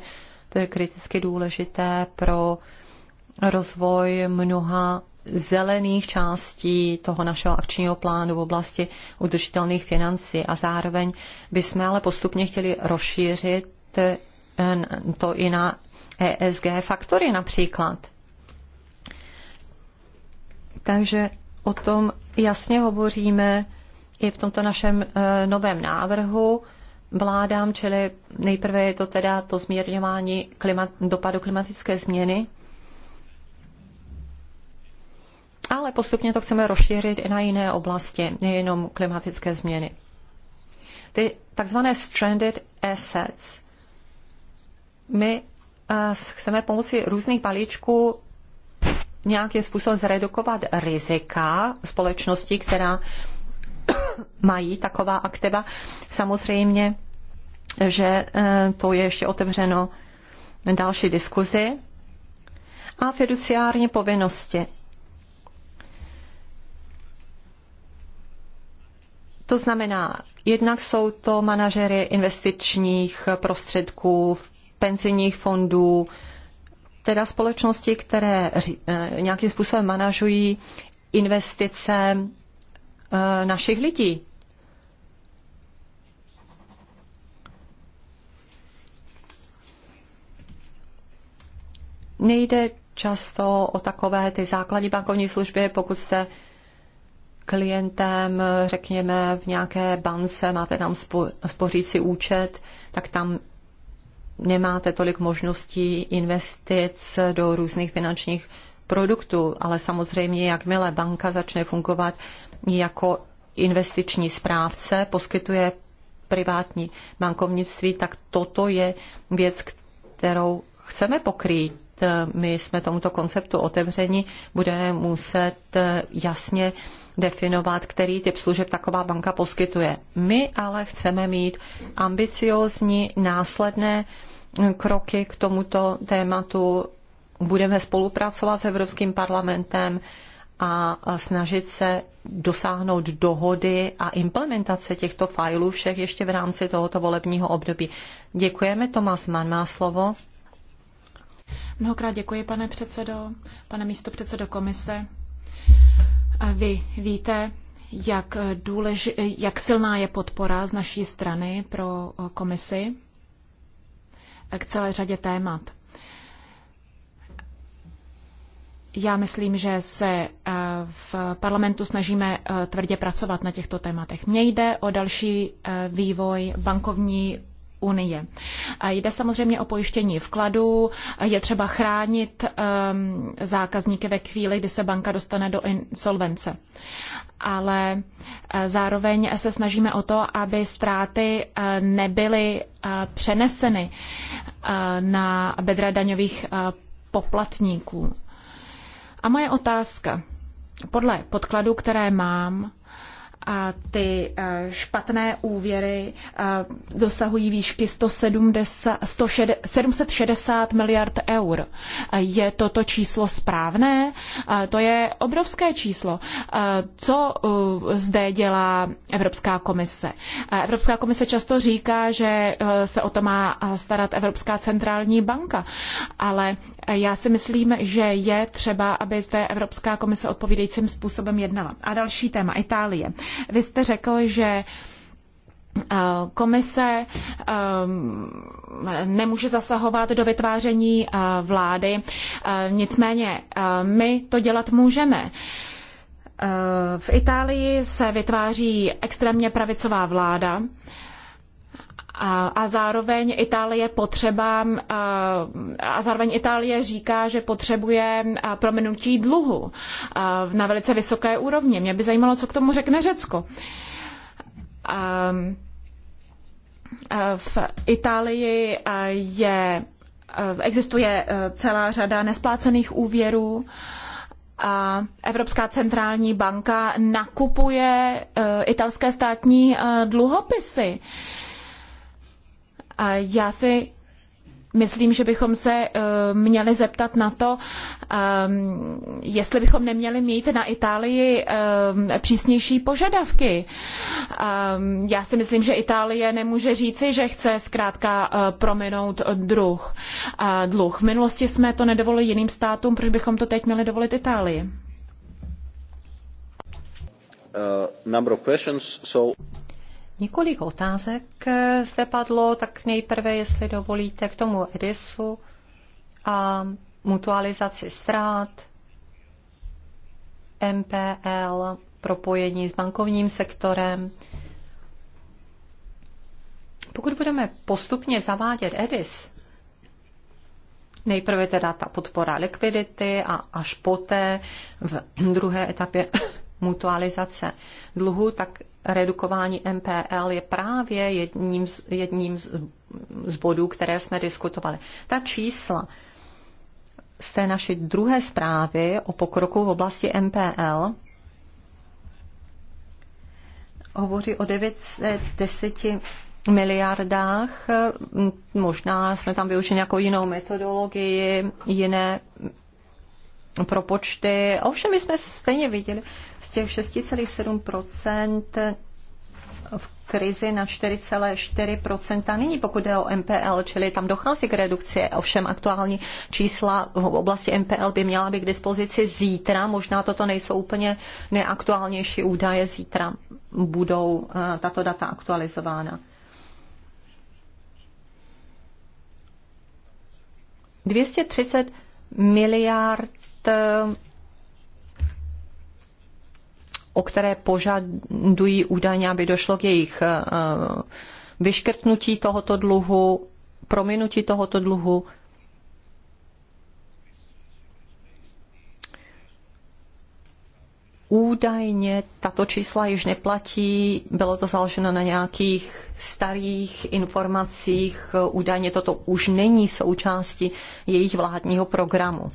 to je kriticky důležité pro rozvoj mnoha zelených částí toho našeho akčního plánu v oblasti udržitelných financí a zároveň bychom ale postupně chtěli rozšířit eh, to i na ESG faktory například. Takže o tom jasně hovoříme i v tomto našem eh, novém návrhu vládám, čili nejprve je to teda to změrňování klimat, dopadu klimatické změny, ale postupně to chceme rozšířit i na jiné oblasti, nejenom klimatické změny. Ty takzvané stranded assets. My eh, chceme pomocí různých balíčků nějakým způsobem zredukovat rizika společnosti, která mají taková aktiva. Samozřejmě, že eh, to je ještě otevřeno další diskuzi. A fiduciární povinnosti. To znamená, jednak jsou to manažery investičních prostředků, penzijních fondů, teda společnosti, které eh, nějakým způsobem manažují investice Eh, našich lidí. Nejde často o takové ty základní bankovní služby, pokud jste klientem, řekněme, v nějaké bance, máte tam spořící účet, tak tam nemáte tolik možností investic do různých finančních produktů, ale samozřejmě, jakmile banka začne fungovat jako investiční správce poskytuje privátní bankovnictví, tak toto je věc, kterou chceme pokrýt. My jsme tomuto konceptu otevřeni, budeme muset jasně definovat, který typ služeb taková banka poskytuje. My ale chceme mít ambiciózní následné kroky k tomuto tématu. Budeme spolupracovat s Evropským parlamentem, a snažit se dosáhnout dohody a implementace těchto fajlů všech ještě v rámci tohoto volebního období. Děkujeme, Tomas Mann má slovo. Mnohokrát děkuji, pane předsedo, pane místo předsedo komise. A vy víte, jak, důlež, jak silná je podpora z naší strany pro komisi k celé řadě témat. Já myslím, že se eh, v parlamentu snažíme eh, tvrdě pracovat na těchto tématech. Mně jde o další eh, vývoj bankovní unie. Jde samozřejmě o pojištění vkladů, je třeba chránit ehm, zákazníky ve chvíli, kdy se banka dostane do insolvence. Ale zároveň se snažíme o to, aby ztráty nebyly přeneseny na bedra daňových poplatníků. A moje otázka. Podle podkladů, které mám, ty eh, špatné úvěry eh, dosahují výšky 170, 160, 760 miliard eur. Eh, je toto číslo správné? To je obrovské číslo. Co zde dělá Evropská komise? Evropská komise často říká, že se o to má starat Evropská centrální banka, ale já si myslím, že je třeba, aby zde Evropská komise odpovídajícím způsobem jednala. A další téma, Itálie. Vy jste řekl, že eh, Komise eh, nemůže zasahovat do vytváření eh, vlády, nicméně my to dělat můžeme. V Itálii se vytváří extrémně pravicová vláda a zároveň Itálie potřeba, a zároveň Itálie říká, že potřebuje prominutí dluhu na velice vysoké úrovni. Mě by zajímalo, co k tomu řekne Řecko. V Itálii je, existuje e, celá řada nesplácených úvěrů. A Evropská centrální banka nakupuje e, italské státní e, dluhopisy. Já si myslím, že bychom se eh, měli zeptat na to, ehm, jestli bychom neměli mít na Itálii ehm, přísnější požadavky. Ehm, já si myslím, že Itálie nemůže říci, že chce zkrátka eh, prominout druh, eh, dluh. V minulosti jsme to nedovolili jiným státům, proč bychom to teď měli dovolit Itálii? Uh, so... Několik otázek eh, zde padlo, tak nejprve, jestli dovolíte, k tomu Edisu a mutualizaci strát, MPL, propojení s bankovním sektorem. Pokud budeme postupně zavádět EDIS, nejprve teda ta podpora likvidity a až poté v druhé etapě mutualizace dluhu, tak redukování MPL je právě jedním z, jedním z bodů, které jsme diskutovali. Ta čísla z té naší druhé zprávy o pokroku v oblasti MPL hovoří o 910 miliardách. Možná jsme tam využili nějakou jinou metodologii, jiné propočty. Ovšem, my jsme stejně viděli, těch 6,7 v krizi na 4,4 nyní, pokud jde o MPL, čili tam dochází k redukci. Ovšem aktuální čísla v oblasti MPL by měla být k dispozici zítra. Možná toto nejsou úplně neaktuálnější údaje. Zítra budou eh, tato data aktualizována. 230 miliard eh, o které požadují údajně, aby došlo k jejich eh, vyškrtnutí tohoto dluhu, prominutí tohoto dluhu. Údajně tato čísla již neplatí, bylo to založeno na nějakých starých informacích, údajně toto už není součástí jejich vládního programu.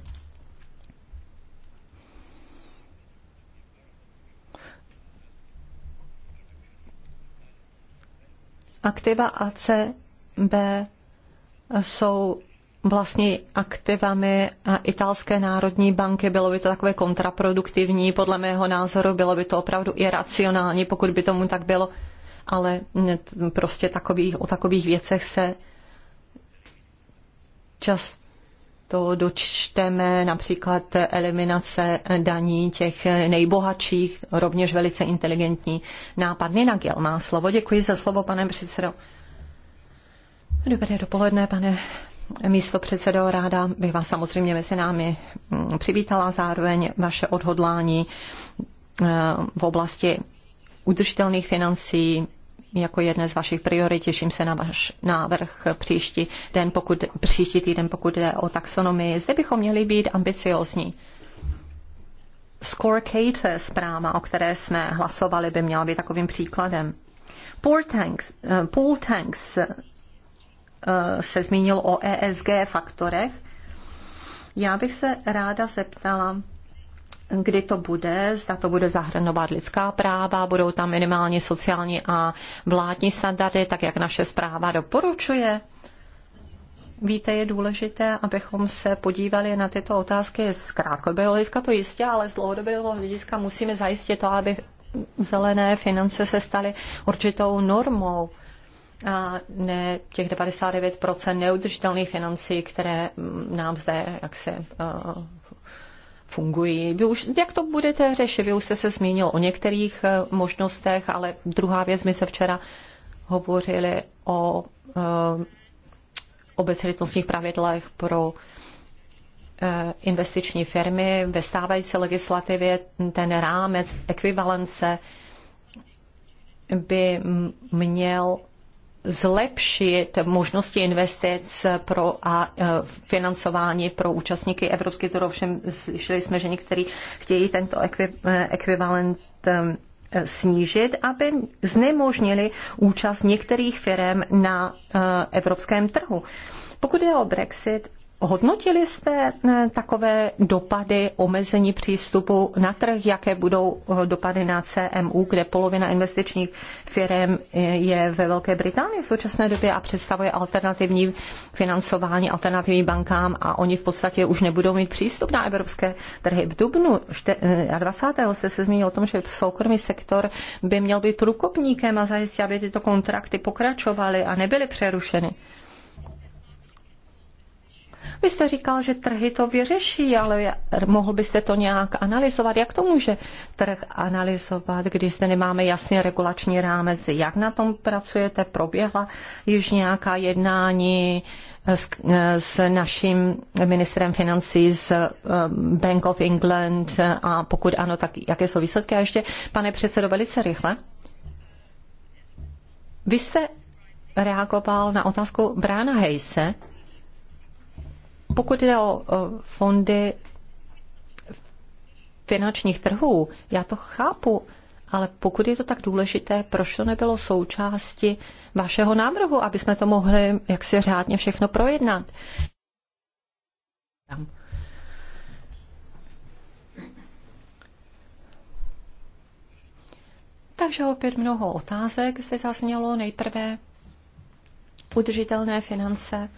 Aktiva B jsou vlastně aktivami italské národní banky. Bylo by to takové kontraproduktivní, podle mého názoru bylo by to opravdu iracionální, pokud by tomu tak bylo. Ale prostě takových, o takových věcech se často to dočteme například eliminace daní těch nejbohatších, rovněž velice inteligentní nápad. Nina Gil má slovo. Děkuji za slovo, pane předsedo. Dobré dopoledne, pane místo předsedo. Ráda bych vás samozřejmě mezi námi mm, přivítala zároveň vaše odhodlání eh, v oblasti udržitelných financí, jako jedné z vašich priorit. Těším se na váš návrh příští, den, pokud, příští týden, pokud jde o taxonomii. Zde bychom měli být ambiciozní. Scorecate zpráva, o které jsme hlasovali, by měla být takovým příkladem. Eh, pool tanks, pool eh, tanks se zmínil o ESG faktorech. Já bych se ráda zeptala, kdy to bude, zda to bude zahrnovat lidská práva, budou tam minimální sociální a vládní standardy, tak jak naše zpráva doporučuje. Víte, je důležité, abychom se podívali na tyto otázky z krátkodobého hlediska, to jistě, ale z dlouhodobého hlediska musíme zajistit to, aby zelené finance se staly určitou normou a ne těch 99% neudržitelných financí, které nám zde jak se uh, fungují. Vy už, jak to budete řešit? Vy už jste se zmínil o některých eh, možnostech, ale druhá věc, my se včera hovořili o e, eh, obecnostních pravidlech pro eh, investiční firmy. Ve stávající legislativě ten rámec ekvivalence by měl zlepšit možnosti investic pro a e, financování pro účastníky evropské trhu. Ovšem slyšeli jsme, že někteří chtějí tento e, ekvivalent e, snížit, aby znemožnili účast některých firm na evropském trhu. Pokud je o Brexit, Hodnotili jste eh, takové dopady omezení přístupu na trh, jaké budou eh, dopady na CMU, kde polovina investičních firm eh, je ve Velké Británii v současné době a představuje alternativní financování alternativním bankám a oni v podstatě už nebudou mít přístup na evropské trhy. V Dubnu 20. jste se zmínil o tom, že soukromý sektor by měl být průkopníkem a zajistit, aby tyto kontrakty pokračovaly a nebyly přerušeny. Vy jste říkal, že trhy to vyřeší, ale mohl byste to nějak analyzovat. Jak to může trh analyzovat, když zde nemáme jasný regulační rámec? Jak na tom pracujete? Proběhla již nějaká jednání s, s naším ministrem financí z eh, Bank of England a pokud ano, tak jaké jsou výsledky? A ještě, pane předsedo, velice rychle. Vy jste reagoval na otázku Brána Hejse, pokud jde o fondy finančních trhů, já to chápu, ale pokud je to tak důležité, proč to nebylo součástí vašeho návrhu, aby jsme to mohli jaksi řádně všechno projednat? Takže opět mnoho otázek zde zaznělo. Nejprve udržitelné finance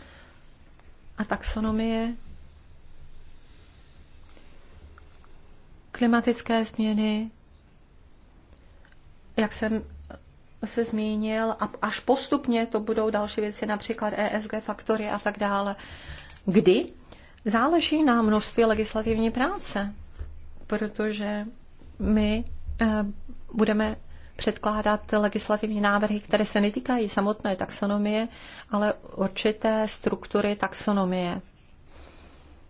a taxonomie, klimatické změny, jak jsem se zmínil, a až postupně to budou další věci, například ESG faktory a tak dále. Kdy? Záleží na množství legislativní práce, protože my eh, budeme předkládat legislativní návrhy, které se netýkají samotné taxonomie, ale určité struktury taxonomie.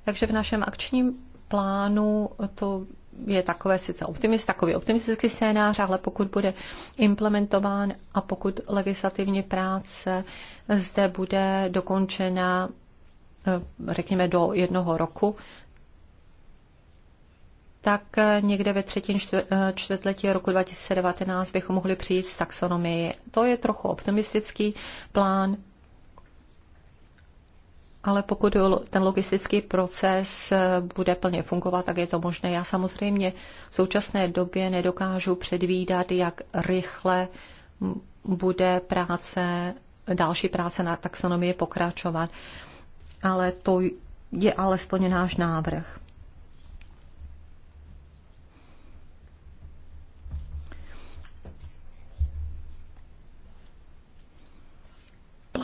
Takže v našem akčním plánu to je takové sice optimist, takový optimistický scénář, ale pokud bude implementován a pokud legislativní práce zde bude dokončena, eh, řekněme, do jednoho roku, tak někde ve třetím eh, čtvrtletí roku 2019 bychom mohli přijít s taxonomii. To je trochu optimistický plán, ale pokud ten logistický proces eh, bude plně fungovat, tak je to možné. Já samozřejmě v současné době nedokážu předvídat, jak rychle bude práce, další práce na taxonomii pokračovat, ale to je alespoň náš návrh.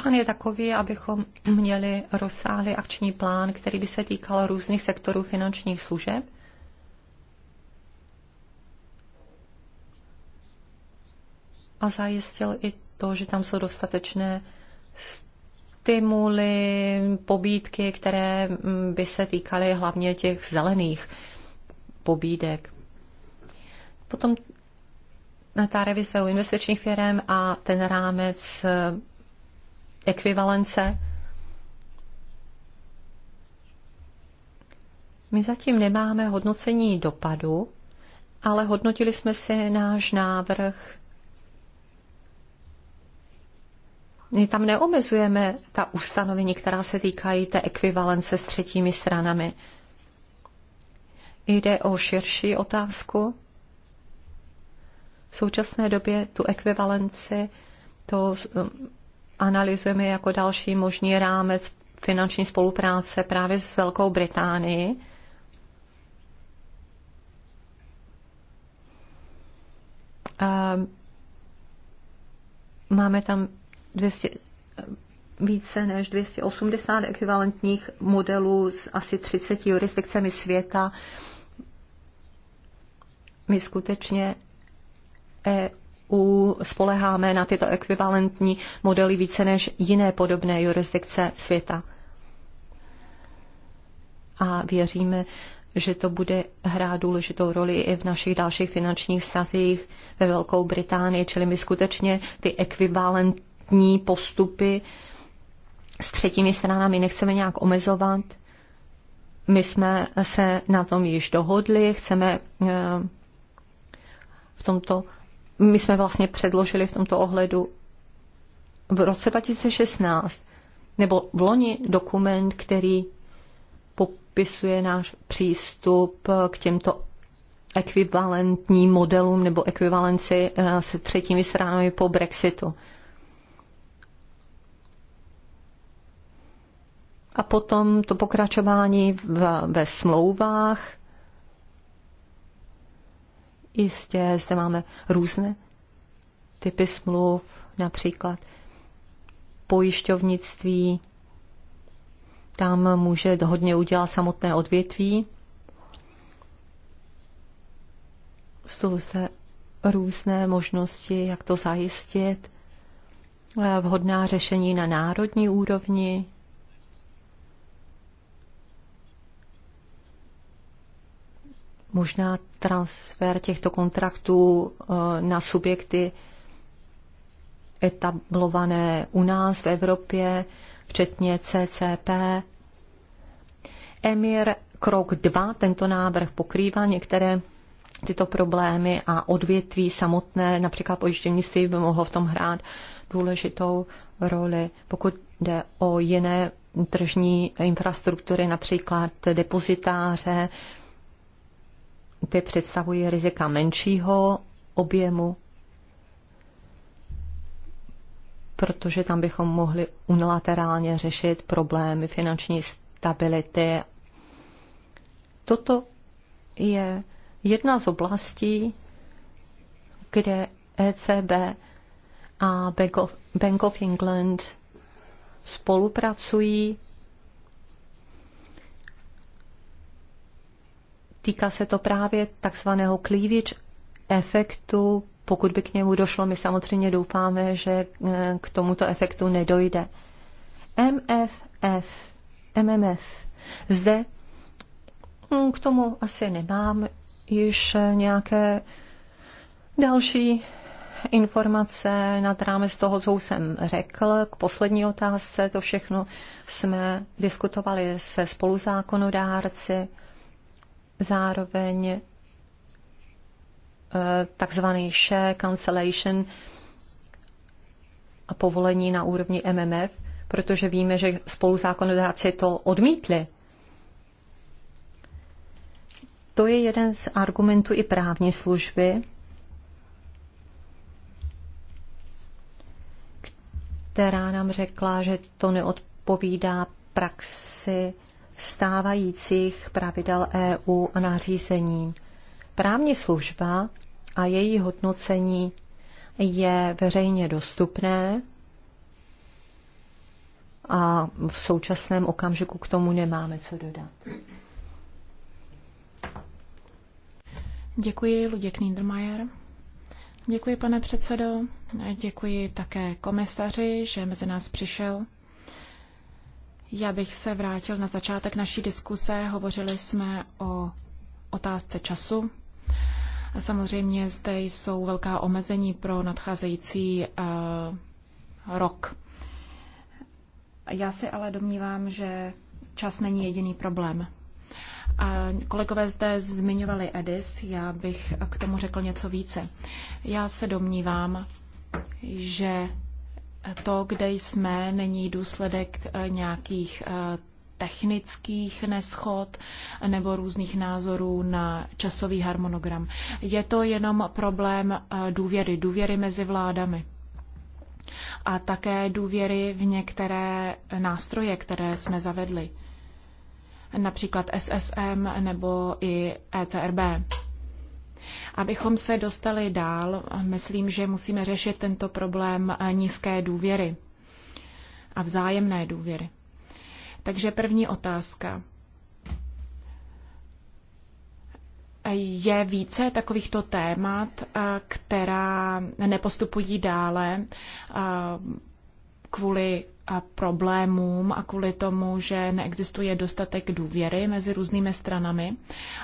plán je takový, abychom měli rozsáhlý akční plán, který by se týkal různých sektorů finančních služeb. A zajistil i to, že tam jsou dostatečné stimuly, pobídky, které mm, by se týkaly hlavně těch zelených pobídek. Potom ta revize u investičních firm a ten rámec ekvivalence. My zatím nemáme hodnocení dopadu, ale hodnotili jsme si náš návrh. My tam neomezujeme ta ustanovení, která se týkají té ekvivalence s třetími stranami. Jde o širší otázku. V současné době tu ekvivalenci to analyzujeme jako další možný rámec finanční spolupráce právě s Velkou Británií. Máme tam 200, více než 280 ekvivalentních modelů z asi 30 jurisdikcemi světa. My skutečně eh, EU spoleháme na tyto ekvivalentní modely více než jiné podobné jurisdikce světa. A věříme, že to bude hrát důležitou roli i v našich dalších finančních vztazích ve Velkou Británii, čili my skutečně ty ekvivalentní postupy s třetími stranami nechceme nějak omezovat. My jsme se na tom již dohodli, chceme eh, v tomto my jsme vlastně předložili v tomto ohledu v roce 2016, nebo v loni dokument, který popisuje náš přístup k těmto ekvivalentním modelům nebo ekvivalenci eh, se třetími stranami po Brexitu. A potom to pokračování v, ve smlouvách Jistě, zde máme různé typy smluv, například pojišťovnictví, tam může hodně udělat samotné odvětví. Jsou zde různé možnosti, jak to zajistit. Vhodná řešení na národní úrovni, možná transfer těchto kontraktů eh, na subjekty etablované u nás v Evropě, včetně CCP. Emir krok 2, tento návrh pokrývá některé tyto problémy a odvětví samotné, například si by mohlo v tom hrát důležitou roli. Pokud jde o jiné tržní infrastruktury, například depozitáře, ty představují rizika menšího objemu, protože tam bychom mohli unilaterálně řešit problémy finanční stability. Toto je jedna z oblastí, kde ECB a Bank of, Bank of England spolupracují Týká se to právě takzvaného klívič efektu. Pokud by k němu došlo, my samozřejmě doufáme, že eh, k tomuto efektu nedojde. MFF, MMF. Zde hm, k tomu asi nemám již nějaké další informace nad rámec toho, co jsem řekl. K poslední otázce to všechno jsme diskutovali se spoluzákonodárci zároveň eh, takzvaný share cancellation a povolení na úrovni MMF, protože víme, že spoluzákonodáci to odmítli. To je jeden z argumentů i právní služby, která nám řekla, že to neodpovídá praxi stávajících pravidel EU a nařízení. Právní služba a její hodnocení je veřejně dostupné a v současném okamžiku k tomu nemáme co dodat. Děkuji, Luděk Niedermayer. Děkuji, pane předsedo. Děkuji také komisaři, že mezi nás přišel. Já bych se vrátil na začátek naší diskuse. Hovořili jsme o otázce času. Samozřejmě zde jsou velká omezení pro nadcházející uh, rok. Já si ale domnívám, že čas není jediný problém. A kolegové zde zmiňovali EDIS, já bych k tomu řekl něco více. Já se domnívám, že to, kde jsme, není důsledek eh, nějakých eh, technických neschod nebo různých názorů na časový harmonogram. Je to jenom problém eh, důvěry, důvěry mezi vládami a také důvěry v některé nástroje, které jsme zavedli, například SSM nebo i ECRB. Abychom se dostali dál, myslím, že musíme řešit tento problém eh, nízké důvěry a vzájemné důvěry. Takže první otázka. Je více takovýchto témat, eh, která nepostupují dále eh, kvůli problémům a kvůli tomu, že neexistuje dostatek důvěry mezi různými stranami.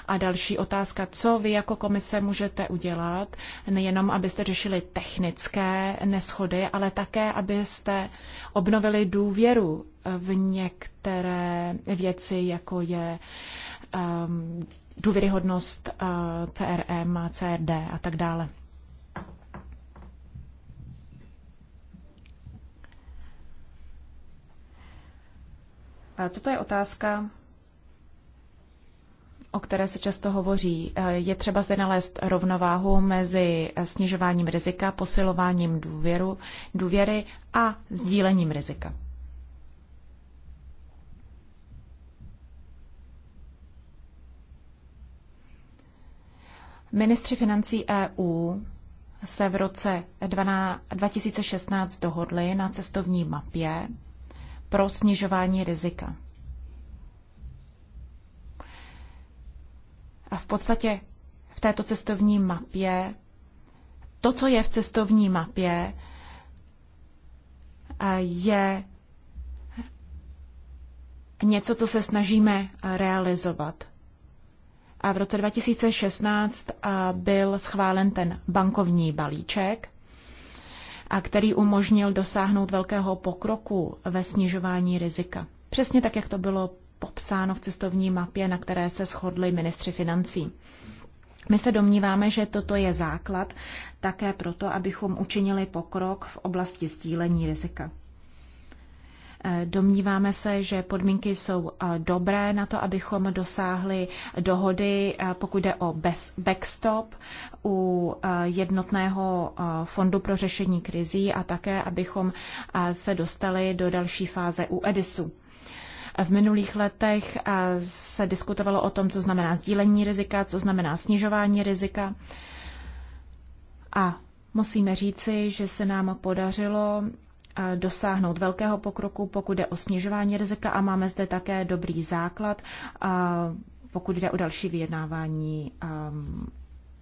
A další otázka, co vy jako komise můžete udělat, nejenom abyste řešili technické neschody, ale také, abyste obnovili důvěru v některé věci, jako je um, důvěryhodnost uh, CRM, CRD a tak dále. Toto je otázka, o které se často hovoří. E, je třeba zde nalézt rovnováhu mezi snižováním rizika, posilováním důvěru, důvěry a sdílením rizika. Ministři financí EU se v roce 2016 dohodli na cestovní mapě pro snižování rizika. A v podstatě v této cestovní mapě, to, co je v cestovní mapě, eh, je něco, co se snažíme realizovat. A v roce 2016 eh, byl schválen ten bankovní balíček a který umožnil dosáhnout velkého pokroku ve snižování rizika. Přesně tak, jak to bylo popsáno v cestovní mapě, na které se shodli ministři financí. My se domníváme, že toto je základ také proto, abychom učinili pokrok v oblasti sdílení rizika. Domníváme se, že podmínky jsou eh, dobré na to, abychom dosáhli dohody, eh, pokud jde o backstop u eh, jednotného fondu pro řešení krizí a také, abychom se dostali do další fáze u EDISu. V minulých letech se diskutovalo o tom, co znamená sdílení rizika, co znamená snižování rizika. A musíme říci, že se nám podařilo dosáhnout velkého pokroku, pokud jde o snižování rizika a máme zde také dobrý základ, pokud jde o další vyjednávání um,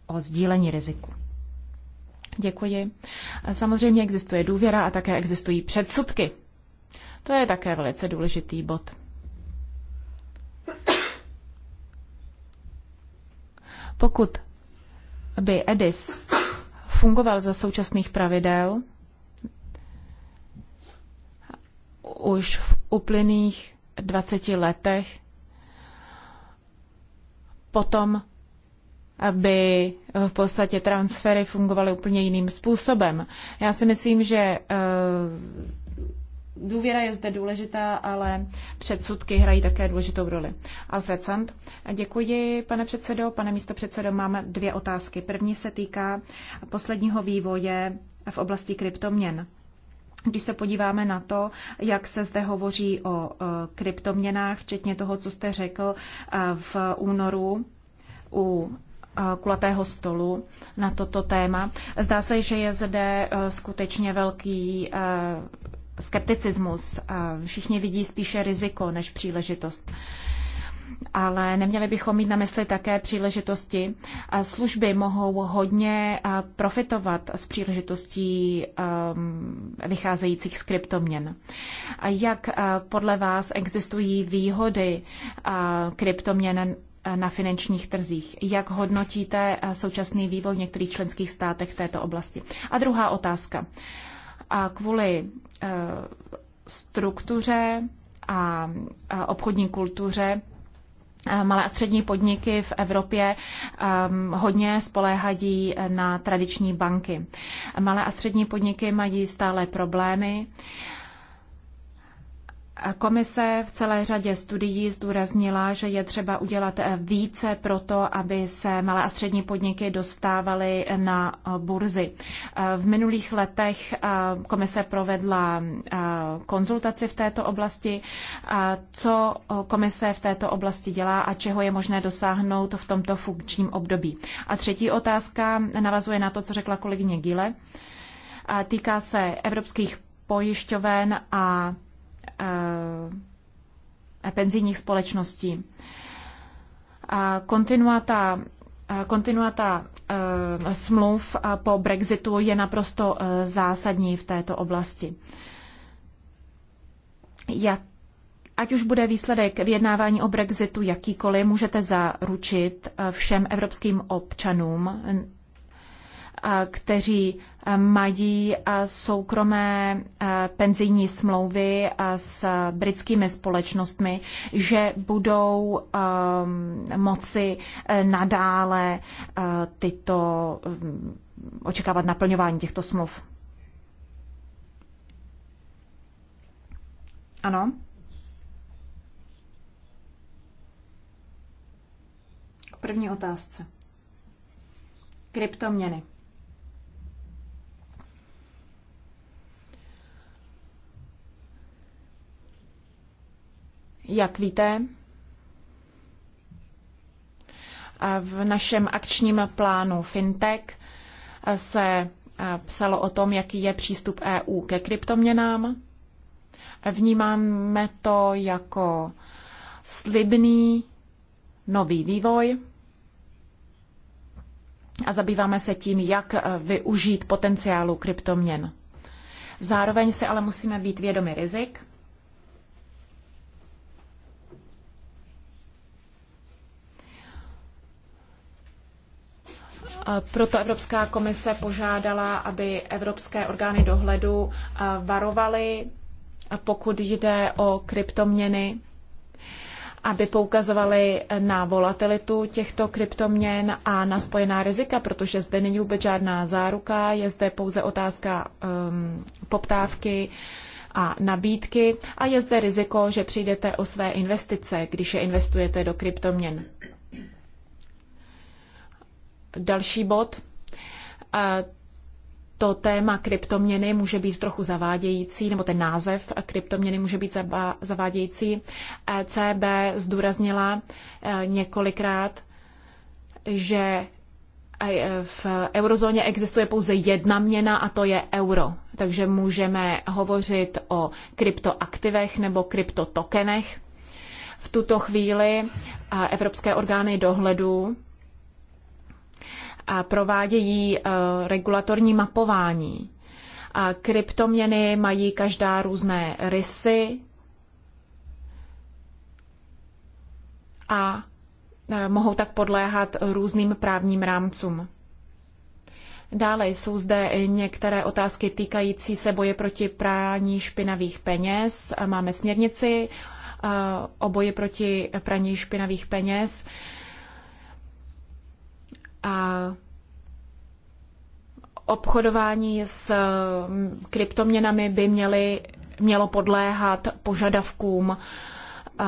o sdílení riziku. Děkuji. Samozřejmě existuje důvěra a také existují předsudky. To je také velice důležitý bod. Pokud by Edis fungoval za současných pravidel, už v uplyných 20 letech potom aby v podstatě transfery fungovaly úplně jiným způsobem. Já si myslím, že eh, důvěra je zde důležitá, ale předsudky hrají také důležitou roli. Alfred Sand, děkuji, pane předsedo. Pane místo předsedo, mám dvě otázky. První se týká posledního vývoje v oblasti kryptoměn. Když se podíváme na to, jak se zde hovoří o e, kryptoměnách, včetně toho, co jste řekl e, v únoru u e, kulatého stolu na toto téma, zdá se, že je zde skutečně velký skepticismus. Všichni vidí spíše riziko než příležitost ale neměli bychom mít na mysli také příležitosti. Služby mohou hodně profitovat z příležitostí um, vycházejících z kryptoměn. Jak podle vás existují výhody kryptoměn na finančních trzích. Jak hodnotíte současný vývoj v některých členských státech v této oblasti? A druhá otázka. kvůli e, struktuře a obchodní kultuře Eh, malé a střední podniky v Evropě um, hodně spoléhají eh, na tradiční banky. Malé a střední podniky mají stále problémy. Uh, Komise v celé řadě studií zdůraznila, že je třeba udělat více pro to, aby se malé a střední podniky dostávaly na burzy. V minulých letech eh, komise provedla eh, konzultaci v této oblasti. Eh, co komise v této oblasti dělá a čeho je možné dosáhnout v tomto funkčním období? A třetí otázka navazuje na to, co řekla kolegyně Gile. Týká se evropských pojišťoven a Eh, eh, penzijních společností. a Kontinuata eh, Kontinuata smluv po Brexitu je naprosto zásadní v této oblasti. Jak, ať už bude výsledek vyjednávání o Brexitu jakýkoliv, můžete zaručit všem evropským občanům kteří eh, mají eh, soukromé eh, penzijní smlouvy s britskými společnostmi, že budou ehm, moci nadále tyto mm, očekávat naplňování těchto smluv. Ano? K první otázce. Kryptoměny. Jak víte, v našem akčním plánu FinTech se psalo o tom, jaký je přístup EU ke kryptoměnám. Vnímáme to jako slibný nový vývoj a zabýváme se tím, jak využít potenciálu kryptoměn. Zároveň se ale musíme být vědomi rizik Proto Evropská komise požádala, aby evropské orgány dohledu varovaly, pokud jde o kryptoměny, aby poukazovali na volatilitu těchto kryptoměn a na spojená rizika, protože zde není vůbec žádná záruka, je zde pouze otázka um, poptávky a nabídky a je zde riziko, že přijdete o své investice, když je investujete do kryptoměn. Další bod. To téma kryptoměny může být trochu zavádějící, nebo ten název kryptoměny může být zavádějící. ECB zdůraznila e, několikrát, že e, v eurozóně existuje pouze jedna měna a to je euro. Takže můžeme hovořit o kryptoaktivech nebo kryptotokenech. V tuto chvíli e, evropské orgány dohledu provádějí eh, regulatorní mapování. A kryptoměny mají každá různé rysy a eh, mohou tak podléhat různým právním rámcům. Dále jsou zde některé otázky týkající se boje proti prání špinavých peněz. Máme směrnici eh, o boji proti praní špinavých peněz obchodování s mm, kryptoměnami by měly, mělo podléhat požadavkům eh,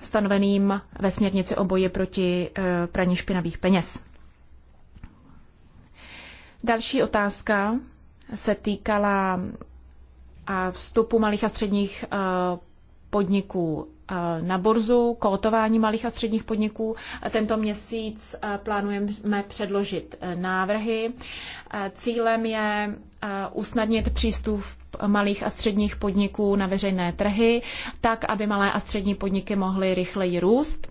stanoveným ve směrnici o boji proti eh, praní špinavých peněz. Další otázka se týkala eh, vstupu malých a středních podniků Eh, na burzu, kotování malých a středních podniků. Tento měsíc eh, plánujeme předložit eh, návrhy. Cílem je usnadnit přístup malých a středních podniků na veřejné trhy, tak, aby malé a střední podniky mohly rychleji růst.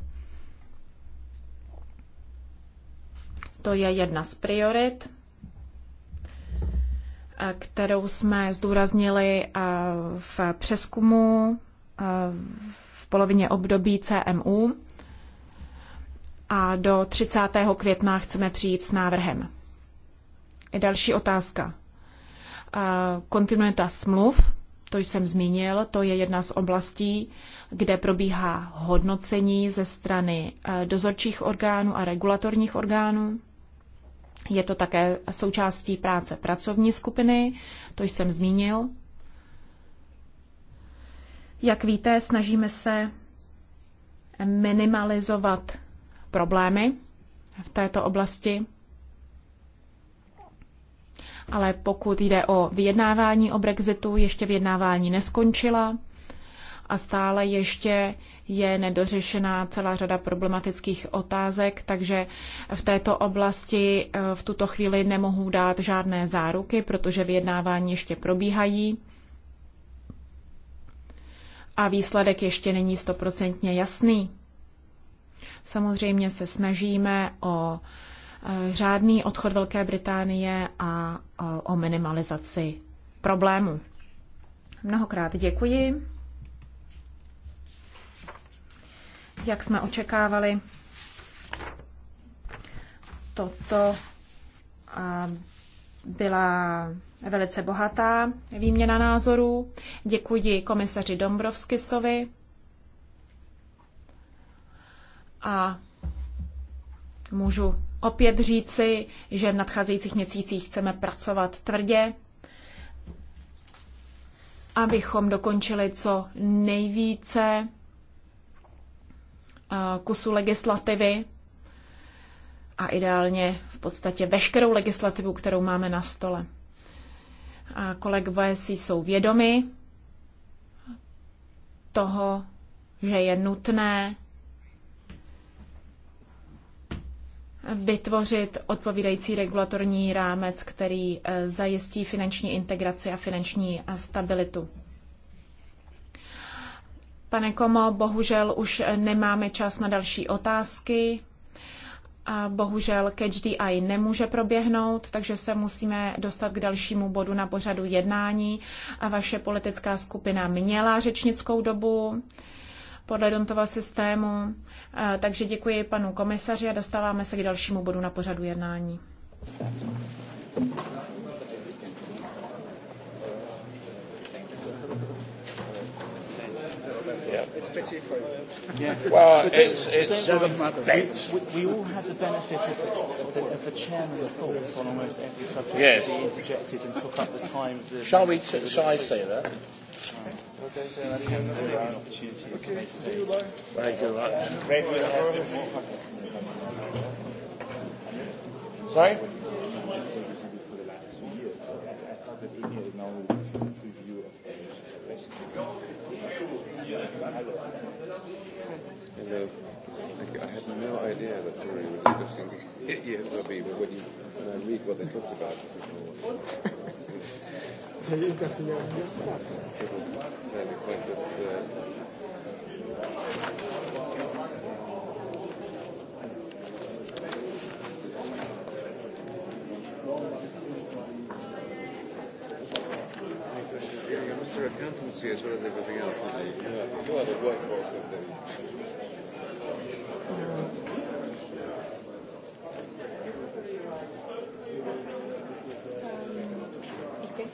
To je jedna z priorit kterou jsme zdůraznili v přeskumu polovině období CMU a do 30. května chceme přijít s návrhem. I další otázka. Kontinuita smluv, to jsem zmínil, to je jedna z oblastí, kde probíhá hodnocení ze strany e, dozorčích orgánů a regulatorních orgánů. Je to také součástí práce pracovní skupiny, to jsem zmínil. Jak víte, snažíme se minimalizovat problémy v této oblasti. Ale pokud jde o vyjednávání o Brexitu, ještě vyjednávání neskončila a stále ještě je nedořešená celá řada problematických otázek, takže v této oblasti eh, v tuto chvíli nemohu dát žádné záruky, protože vyjednávání ještě probíhají a výsledek ještě není stoprocentně jasný. Samozřejmě se snažíme o e, řádný odchod Velké Británie a e, o minimalizaci problému. Mnohokrát děkuji. Jak jsme očekávali, toto byla velice bohatá výměna názorů. Děkuji komisaři Dombrovskisovi a můžu opět říci, že v nadcházejících měsících chceme pracovat tvrdě, abychom dokončili co nejvíce eh, kusu legislativy a ideálně v podstatě veškerou legislativu, kterou máme na stole a kolegové si jsou vědomi toho, že je nutné vytvořit odpovídající regulatorní rámec, který eh, zajistí finanční integraci a finanční eh, stabilitu. Pane Komo, bohužel už eh, nemáme čas na další otázky. A bohužel Catch the Eye nemůže proběhnout, takže se musíme dostat k dalšímu bodu na pořadu jednání. A vaše politická skupina měla řečnickou dobu podle Dontova systému. A, takže děkuji panu komisaři a dostáváme se k dalšímu bodu na pořadu jednání. Yeah pity for you. Yes. Well, but it's, it doesn't matter. It's, we, we all have the benefit of the, of the, of the chairman's thoughts on almost every subject. Yes. He interjected and took up the time. Of the shall we? T- shall I say that? Okay. Very Sorry? that India Hello. I had no idea that Tory was Yes, ESRB, but when, you, when I read what they talked about before, don't interfere with your stuff. Fairly pointless. Uh, uh your accountancy as well as everything else. Yeah. You are the workhorse of the Ich denke,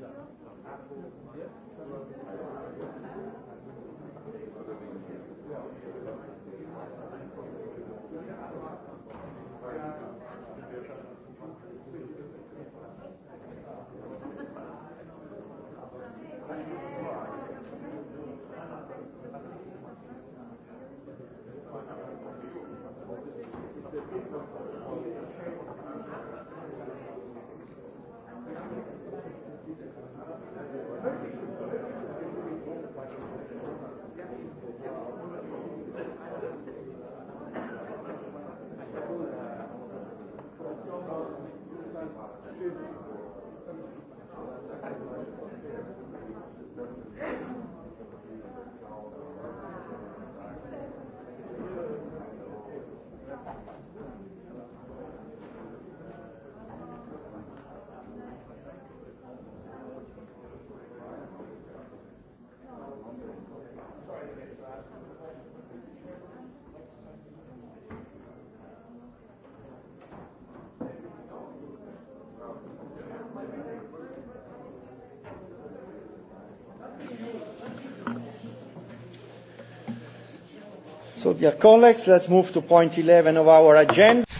Yeah.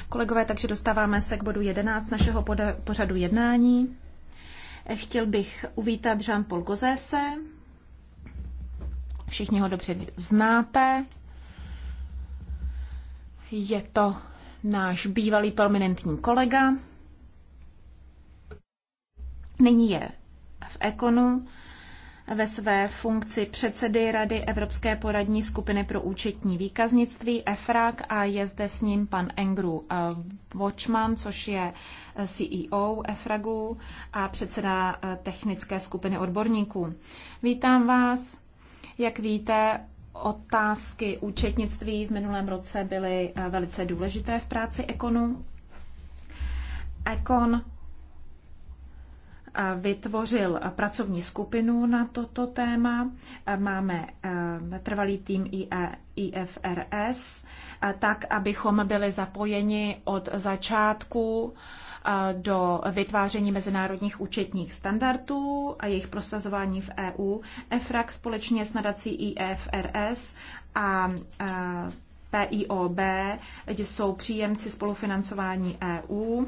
Kolegové, takže dostáváme se k bodu 11 našeho pořadu jednání. Chtěl bych uvítat Jean-Paul Gozese. Všichni ho dobře znáte. Je to náš bývalý prominentní kolega. Nyní je v Ekonu ve své funkci předsedy Rady Evropské poradní skupiny pro účetní výkaznictví EFRAG a je zde s ním pan Engru eh, Watchman, což je eh, CEO EFRAGu a předseda eh, technické skupiny odborníků. Vítám vás. Jak víte, otázky účetnictví v minulém roce byly velice důležité v práci ECONU. Econ vytvořil pracovní skupinu na toto téma. Máme e, trvalý tým IFRS, e, tak abychom byli zapojeni od začátku e, do vytváření mezinárodních účetních standardů a jejich prosazování v EU. EFRAG společně s nadací IFRS a PIOB jsou příjemci spolufinancování EU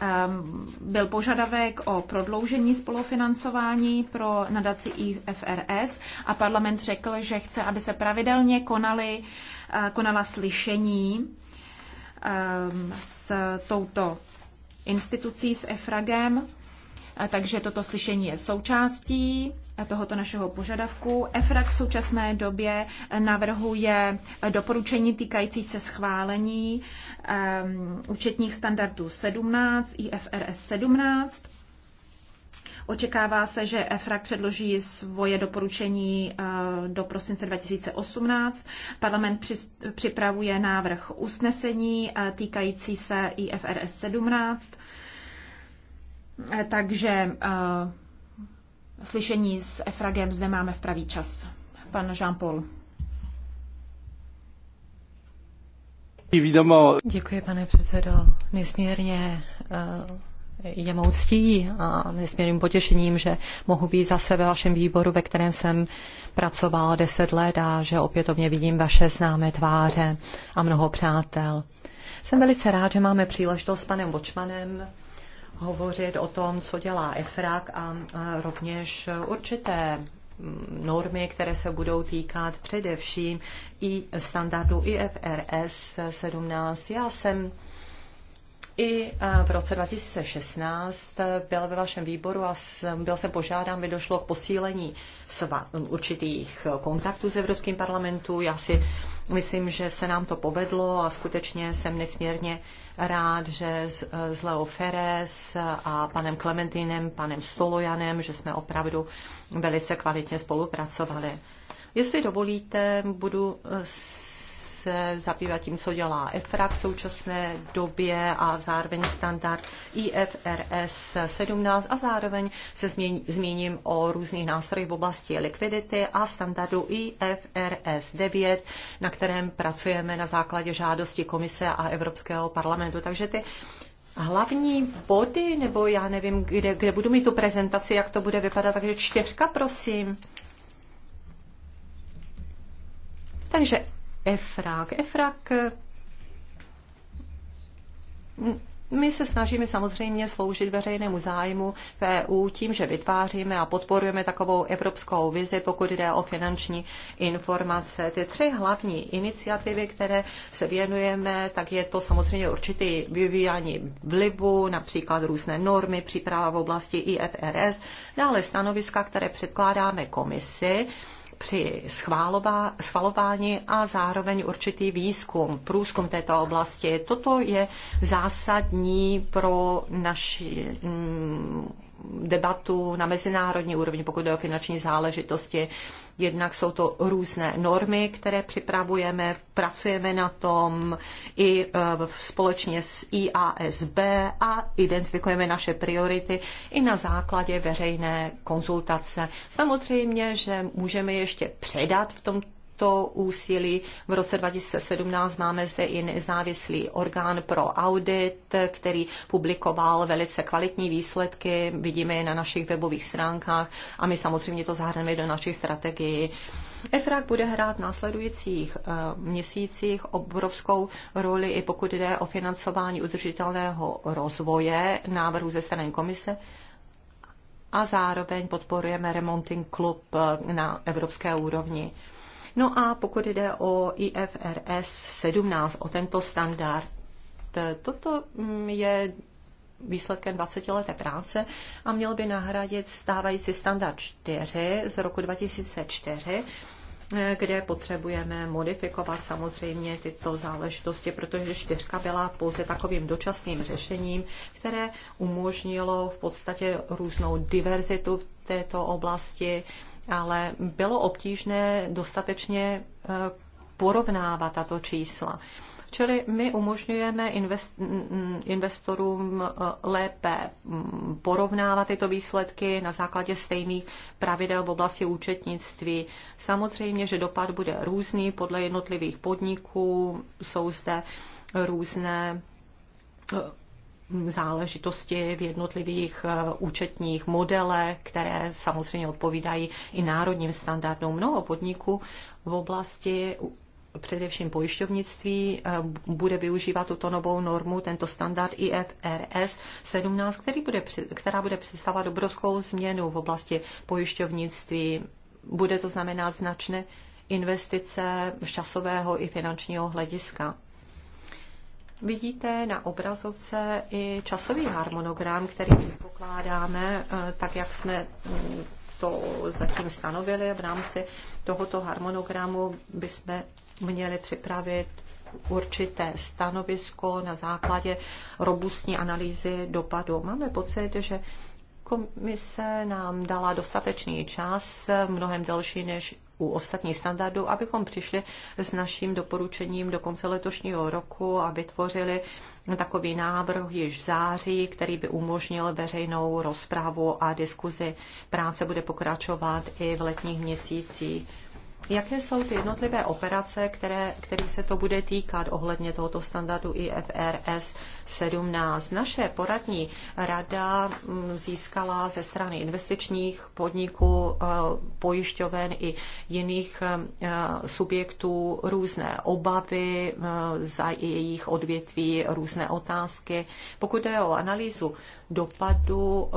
Ehm, byl požadavek o prodloužení spolufinancování pro nadaci IFRS a parlament řekl, že chce, aby se pravidelně konaly, eh, konala slyšení ehm, s touto institucí, s EFRAGem, eh, takže toto slyšení je součástí tohoto našeho požadavku. EFRAG v současné době eh, navrhuje eh, doporučení týkající se schválení um, účetních standardů 17, IFRS 17. Očekává se, že EFRAG předloží svoje doporučení do prosince 2018. Parlament připravuje návrh usnesení týkající se IFRS 17. Takže Slyšení s Efragem zde máme v pravý čas. Pan Jean-Paul. Děkuji, pane předsedo. Nesmírně eh, je mou ctí a nesmírným potěšením, že mohu být zase ve vašem výboru, ve kterém jsem pracoval deset let a že opětovně vidím vaše známé tváře a mnoho přátel. Jsem velice rád, že máme příležitost s panem Bočmanem hovořit o tom, co dělá EFRAG a rovněž určité mm, normy, které se budou týkat především i standardu IFRS 17. Já jsem i v roce 2016 byl ve vašem výboru a byl jsem požádán, by došlo k posílení sva, určitých kontaktů s Evropským parlamentu. Já si myslím, že se nám to povedlo a skutečně jsem nesmírně rád, že s Leo Ferres a panem Klementinem, panem Stolojanem, že jsme opravdu velice kvalitně spolupracovali. Jestli dovolíte, budu s se zabývat tím, co dělá EFRA v současné době a zároveň standard IFRS 17 a zároveň se zmíním o různých nástrojích v oblasti likvidity a standardu IFRS 9, na kterém pracujeme na základě žádosti Komise a Evropského parlamentu. Takže ty hlavní body, nebo já nevím, kde, kde budu mít tu prezentaci, jak to bude vypadat, takže čtyřka, prosím. Takže EFRAG. EFRAG my se snažíme samozřejmě sloužit veřejnému zájmu v EU tím, že vytváříme a podporujeme takovou evropskou vizi, pokud jde o finanční informace. Ty tři hlavní iniciativy, které se věnujeme, tak je to samozřejmě určitý vyvíjání vlivu, například různé normy, příprava v oblasti IFRS, e e dále stanoviska, které předkládáme komisi při schvalování a zároveň určitý výzkum, průzkum této oblasti. Toto je zásadní pro naši mm, debatu na mezinárodní úrovni, pokud jde o finanční záležitosti. Jednak jsou to různé normy, které připravujeme, pracujeme na tom i e, společně s IASB a identifikujeme naše priority i na základě veřejné konzultace. Samozřejmě, že můžeme ještě předat v tomto to úsilí. V roce 2017 máme zde i nezávislý orgán pro audit, který publikoval velice kvalitní výsledky, vidíme je na našich webových stránkách a my samozřejmě to zahrneme do naší strategii. EFRAG bude hrát v následujících eh, měsících obrovskou roli, i pokud jde o financování udržitelného rozvoje návrhu ze strany komise a zároveň podporujeme Remonting Club eh, na evropské úrovni. No a pokud jde o IFRS 17, o tento standard, toto mm, je výsledkem 20 leté práce a měl by nahradit stávající standard 4 z roku 2004, kde potřebujeme modifikovat samozřejmě tyto záležitosti, protože čtyřka byla pouze takovým dočasným řešením, které umožnilo v podstatě různou diverzitu v této oblasti ale bylo obtížné dostatečně eh, porovnávat tato čísla. Čili my umožňujeme invest, investorům eh, lépe mm, porovnávat tyto výsledky na základě stejných pravidel v oblasti účetnictví. Samozřejmě, že dopad bude různý podle jednotlivých podniků, jsou zde různé eh, záležitosti v jednotlivých eh, účetních modelech, které samozřejmě odpovídají i národním standardům. Mnoho podniků v oblasti především pojišťovnictví eh, bude využívat tuto novou normu, tento standard IFRS 17, který bude, která bude představovat obrovskou změnu v oblasti pojišťovnictví. Bude to znamenat značné investice z časového i finančního hlediska. Vidíte na obrazovce i časový harmonogram, který pokládáme, eh, tak jak jsme mm, to zatím stanovili v rámci tohoto harmonogramu bychom měli připravit určité stanovisko na základě robustní analýzy dopadu. Máme pocit, že komise nám dala dostatečný čas, mnohem delší, než u ostatních standardů, abychom přišli s naším doporučením do konce letošního roku a vytvořili takový návrh již v září, který by umožnil veřejnou rozpravu a diskuzi. Práce bude pokračovat i v letních měsících. Jaké jsou ty jednotlivé operace, které, který se to bude týkat ohledně tohoto standardu IFRS 17? Naše poradní rada mm, získala ze strany investičních podniků, eh, pojišťoven i jiných eh, subjektů různé obavy eh, za jejich odvětví, různé otázky. Pokud jde o analýzu dopadu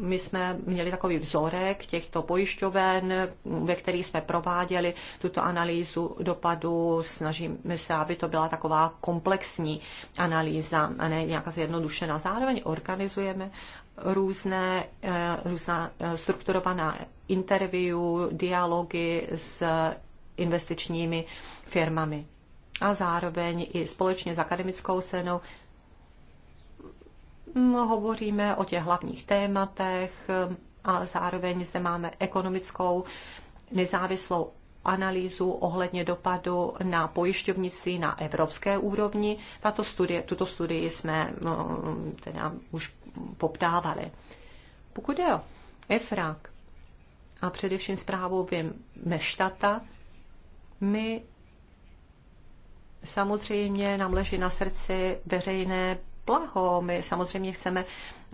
my jsme měli takový vzorek těchto pojišťoven, ve kterých jsme prováděli tuto analýzu dopadu. Snažíme se, aby to byla taková komplexní analýza a ne nějaká zjednodušená. Zároveň organizujeme různé, eh, různá eh, strukturovaná interview, dialogy s investičními firmami. A zároveň i společně s akademickou scénou hovoříme o těch hlavních tématech a zároveň zde máme ekonomickou nezávislou analýzu ohledně dopadu na pojišťovnictví na evropské úrovni. Tato studie, tuto studii jsme no, teda už poptávali. Pokud je o EFRAG a především zprávu Vim Meštata, my samozřejmě nám leží na srdci veřejné blaho. My samozřejmě chceme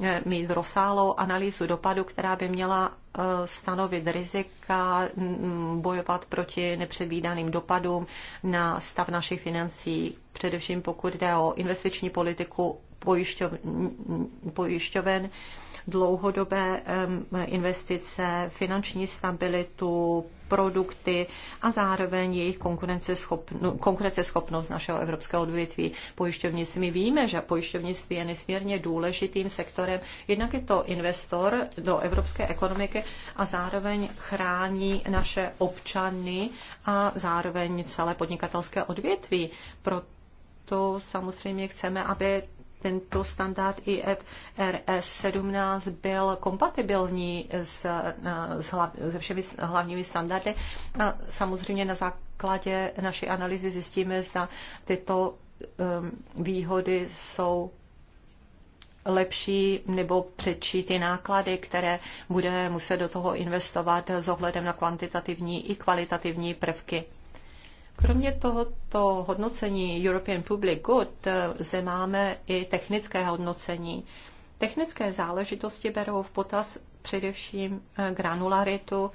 eh, mít rozsáhlou analýzu dopadu, která by měla eh, stanovit rizika, mm, bojovat proti nepředvídaným dopadům na stav našich financí, především pokud jde o investiční politiku mm, pojišťoven, dlouhodobé investice, finanční stabilitu, produkty a zároveň jejich konkurenceschopnost, konkurenceschopnost našeho evropského odvětví pojišťovnictví. My víme, že pojišťovnictví je nesmírně důležitým sektorem. Jednak je to investor do evropské ekonomiky a zároveň chrání naše občany a zároveň celé podnikatelské odvětví. Proto samozřejmě chceme, aby tento standard IFRS 17 byl kompatibilní s, eh, s hlav, se všemi hlavními standardy. A samozřejmě na základě naší analýzy zjistíme, zda tyto um, výhody jsou lepší nebo předčí ty náklady, které bude muset do toho investovat s ohledem na kvantitativní i kvalitativní prvky. Kromě tohoto hodnocení European Public Good eh, zde máme i technické hodnocení. Technické záležitosti berou v potaz především eh, granularitu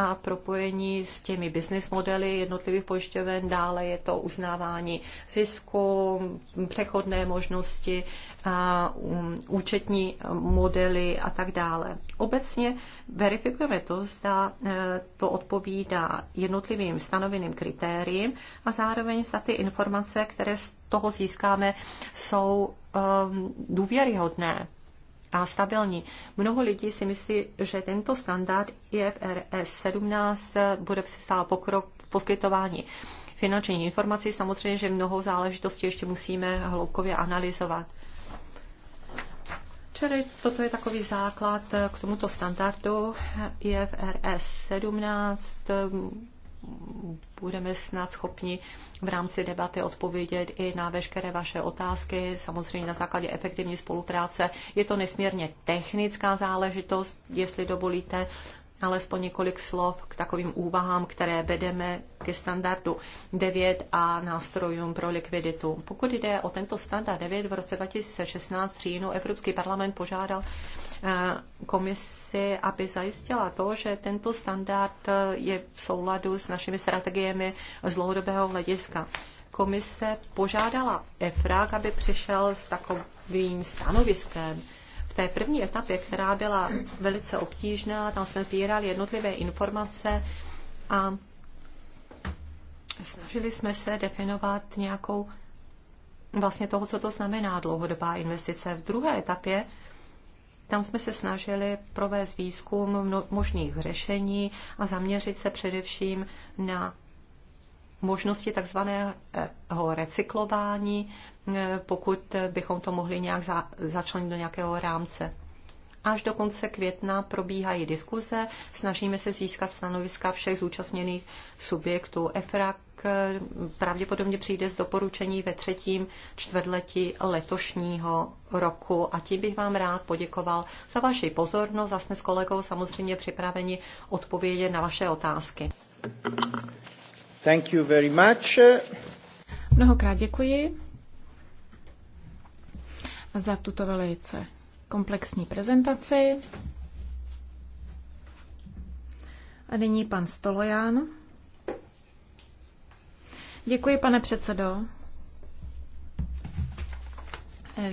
a propojení s těmi business modely jednotlivých pojišťoven, dále je to uznávání zisku, přechodné možnosti, a, um, účetní modely a tak dále. Obecně verifikujeme to, zda e, to odpovídá jednotlivým stanoveným kritériím a zároveň zda ty informace, které z toho získáme, jsou e, důvěryhodné a stabilní. Mnoho lidí si myslí, že tento standard IFRS 17 bude představovat pokrok v poskytování finanční informací. Samozřejmě, že mnoho záležitostí ještě musíme hloubkově analyzovat. Čili toto je takový základ k tomuto standardu IFRS 17 budeme snad schopni v rámci debaty odpovědět i na veškeré vaše otázky, samozřejmě na základě efektivní spolupráce. Je to nesmírně technická záležitost, jestli dovolíte alespoň několik slov k takovým úvahám, které vedeme ke standardu 9 a nástrojům pro likviditu. Pokud jde o tento standard 9, v roce 2016 v říjnu Evropský parlament požádal Eh, komisi, aby zajistila to, že tento standard eh, je v souladu s našimi strategiemi z dlouhodobého hlediska. Komise požádala EFRAG, aby přišel s takovým stanoviskem, v té první etapě, která byla velice obtížná, tam jsme sbírali jednotlivé informace a snažili jsme se definovat nějakou vlastně toho, co to znamená dlouhodobá investice. V druhé etapě tam jsme se snažili provést výzkum možných řešení a zaměřit se především na možnosti takzvaného recyklování, eh, pokud bychom to mohli nějak za, začlenit do nějakého rámce. Až do konce května probíhají diskuze, snažíme se získat stanoviska všech zúčastněných subjektů. EFRAK Eh, pravděpodobně přijde z doporučení ve třetím čtvrtletí letošního roku. A tím bych vám rád poděkoval za vaši pozornost a jsme s kolegou samozřejmě připraveni odpovědět na vaše otázky. Thank you very much. Mnohokrát děkuji za tuto velice komplexní prezentaci. A nyní pan Stolojan. Děkuji, pane předsedo.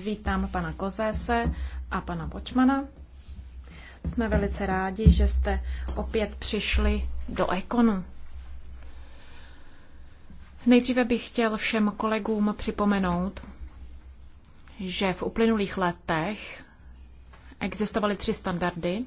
Vítám pana Kozése a pana Bočmana. Jsme velice rádi, že jste opět přišli do Ekonu. Nejdříve bych chtěl všem kolegům připomenout, že v uplynulých letech existovaly tři standardy,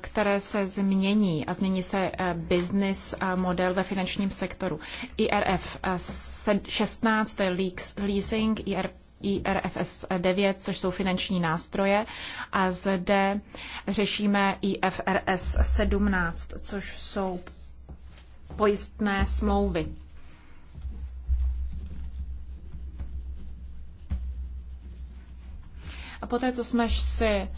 které se změní a změní se eh, business eh, model ve finančním sektoru. IRF 16, eh, to je leasing, IRP IRFS 9, což jsou finanční nástroje, a zde řešíme IFRS 17, což jsou pojistné smlouvy. A poté, co jsme si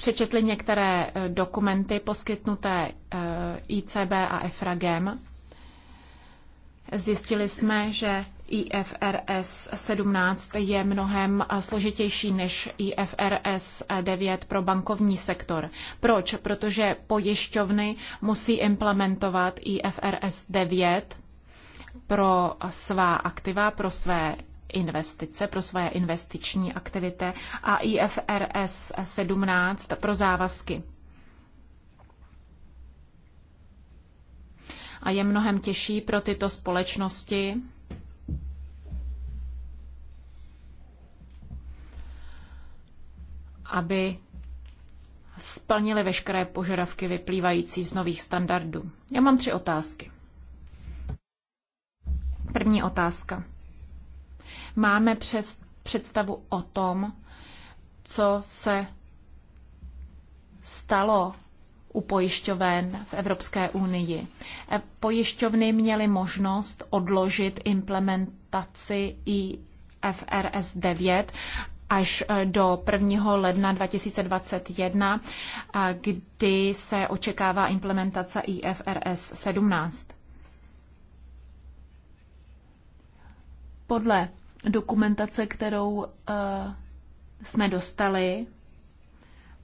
přečetli některé eh, dokumenty poskytnuté eh, ICB a EFRAGem. Zjistili jsme, že IFRS 17 je mnohem eh, složitější než IFRS 9 pro bankovní sektor. Proč? Protože pojišťovny musí implementovat IFRS 9 pro svá aktiva, pro své investice, pro své investiční aktivity a IFRS 17 pro závazky. A je mnohem těžší pro tyto společnosti aby splnili veškeré požadavky vyplývající z nových standardů. Já mám tři otázky. První otázka. Máme přes představu o tom, co se stalo u pojišťoven v Evropské unii. E, pojišťovny měly možnost odložit implementaci IFRS 9 až e, do 1. ledna 2021, e, kdy se očekává implementace IFRS 17. Podle dokumentace, kterou eh, jsme dostali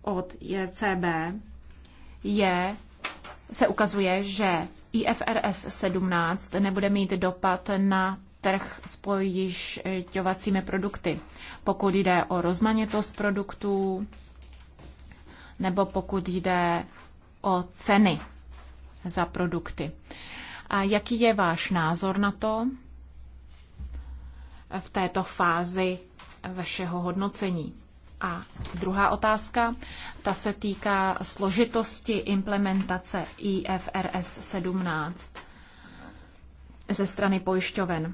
od JCB, je, se ukazuje, že IFRS 17 nebude mít dopad na trh s pojišťovacími produkty, pokud jde o rozmanitost produktů nebo pokud jde o ceny za produkty. A jaký je váš názor na to? v této fázi vašeho hodnocení? A druhá otázka, ta se týká složitosti implementace IFRS 17 ze strany pojišťoven.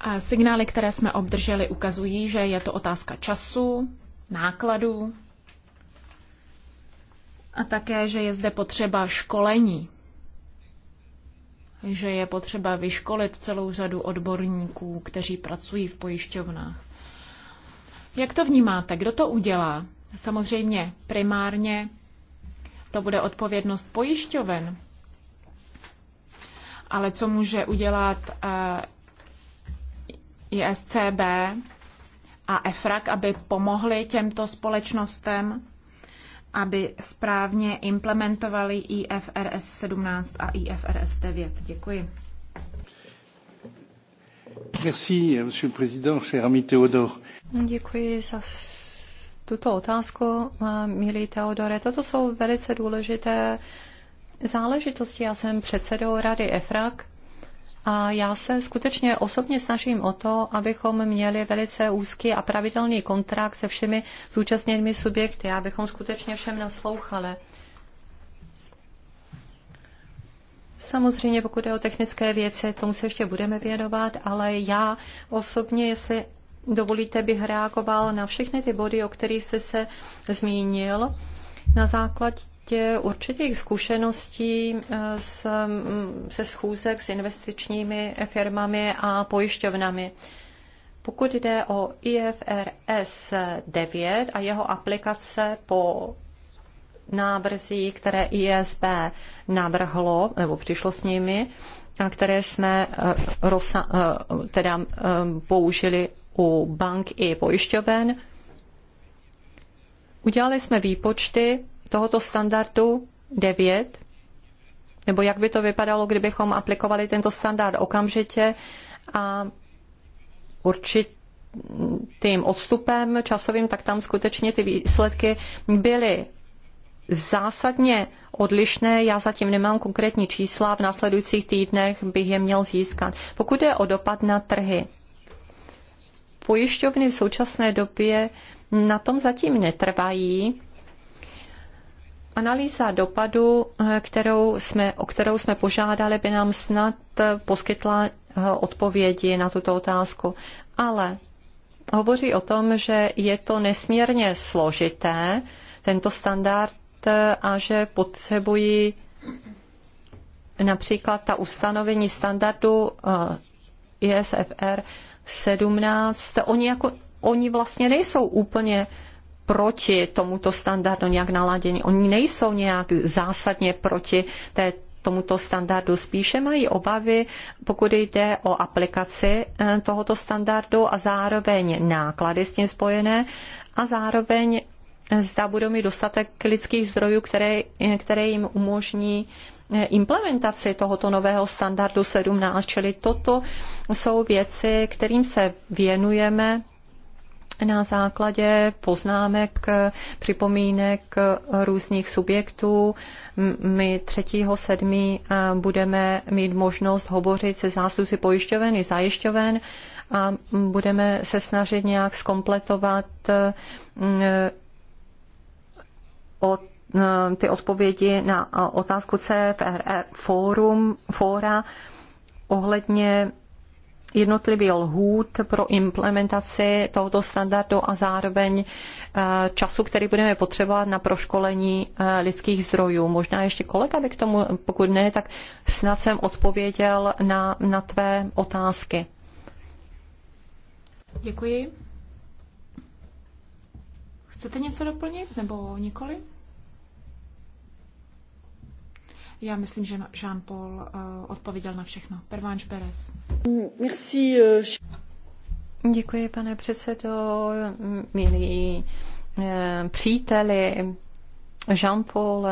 A signály, které jsme obdrželi, ukazují, že je to otázka času, nákladů a také, že je zde potřeba školení že je potřeba vyškolit celou řadu odborníků, kteří pracují v pojišťovnách. Jak to vnímáte? Kdo to udělá? Samozřejmě primárně to bude odpovědnost pojišťoven, ale co může udělat eh, i SCB a EFRAK, aby pomohli těmto společnostem? aby správně implementovali IFRS 17 a IFRS 9. Děkuji. Merci, monsieur le président, cher ami Théodore. Děkuji za tuto otázku, eh, milý Teodore. Toto jsou velice důležité záležitosti. Já jsem předsedou rady EFRAK a já se skutečně osobně snažím o to, abychom měli velice úzký a pravidelný kontrakt se všemi zúčastněnými subjekty, abychom skutečně všem naslouchali. Samozřejmě, pokud je o technické věci, tomu se ještě budeme věnovat, ale já osobně, jestli dovolíte, bych reagoval na všechny ty body, o kterých jste se zmínil. Na základě základě určitých zkušeností eh, mm, se schůzek s investičními firmami a pojišťovnami. Pokud jde o IFRS 9 a jeho aplikace po návrzí, které ISB navrhlo, nebo přišlo s nimi, a které jsme eh, rosa, eh, teda použili u bank i pojišťoven, udělali jsme výpočty tohoto standardu 9, nebo jak by to vypadalo, kdybychom aplikovali tento standard okamžitě a určitým odstupem časovým, tak tam skutečně ty výsledky byly zásadně odlišné. Já zatím nemám konkrétní čísla, v následujících týdnech bych je měl získat. Pokud je o dopad na trhy, pojišťovny v současné době na tom zatím netrvají. Analýza dopadu, eh, kterou jsme, o kterou jsme požádali, by nám snad eh, poskytla eh, odpovědi na tuto otázku. Ale hovoří o tom, že je to nesmírně složité, tento standard, a že potřebují například ta ustanovení standardu ISFR 17. Oni, jako, oni vlastně nejsou úplně proti tomuto standardu nějak naladěni. Oni nejsou nějak zásadně proti té tomuto standardu. Spíše mají obavy, pokud jde o aplikaci eh, tohoto standardu a zároveň náklady s tím spojené a zároveň eh, zda budou mít dostatek lidských zdrojů, které, eh, které jim umožní implementaci tohoto nového standardu 17. Čili toto jsou věci, kterým se věnujeme na základě poznámek, připomínek různých subjektů. My 3.7. budeme mít možnost hovořit se zástupci pojišťoven i zajišťoven a budeme se snažit nějak skompletovat e, od e, ty odpovědi na otázku CFR e fórum, fóra ohledně jednotlivý lhůt pro implementaci tohoto standardu a zároveň eh, času, který budeme potřebovat na proškolení eh, lidských zdrojů. Možná ještě kolega by k tomu, pokud ne, tak snad jsem odpověděl na, na tvé otázky. Děkuji. Chcete něco doplnit nebo nikoli? Já myslím, že Jean-Paul eh, odpověděl na všechno. Pervánč Beres. Merci. Eh. Děkuji, pane předsedo, milí eh, příteli Jean-Paul.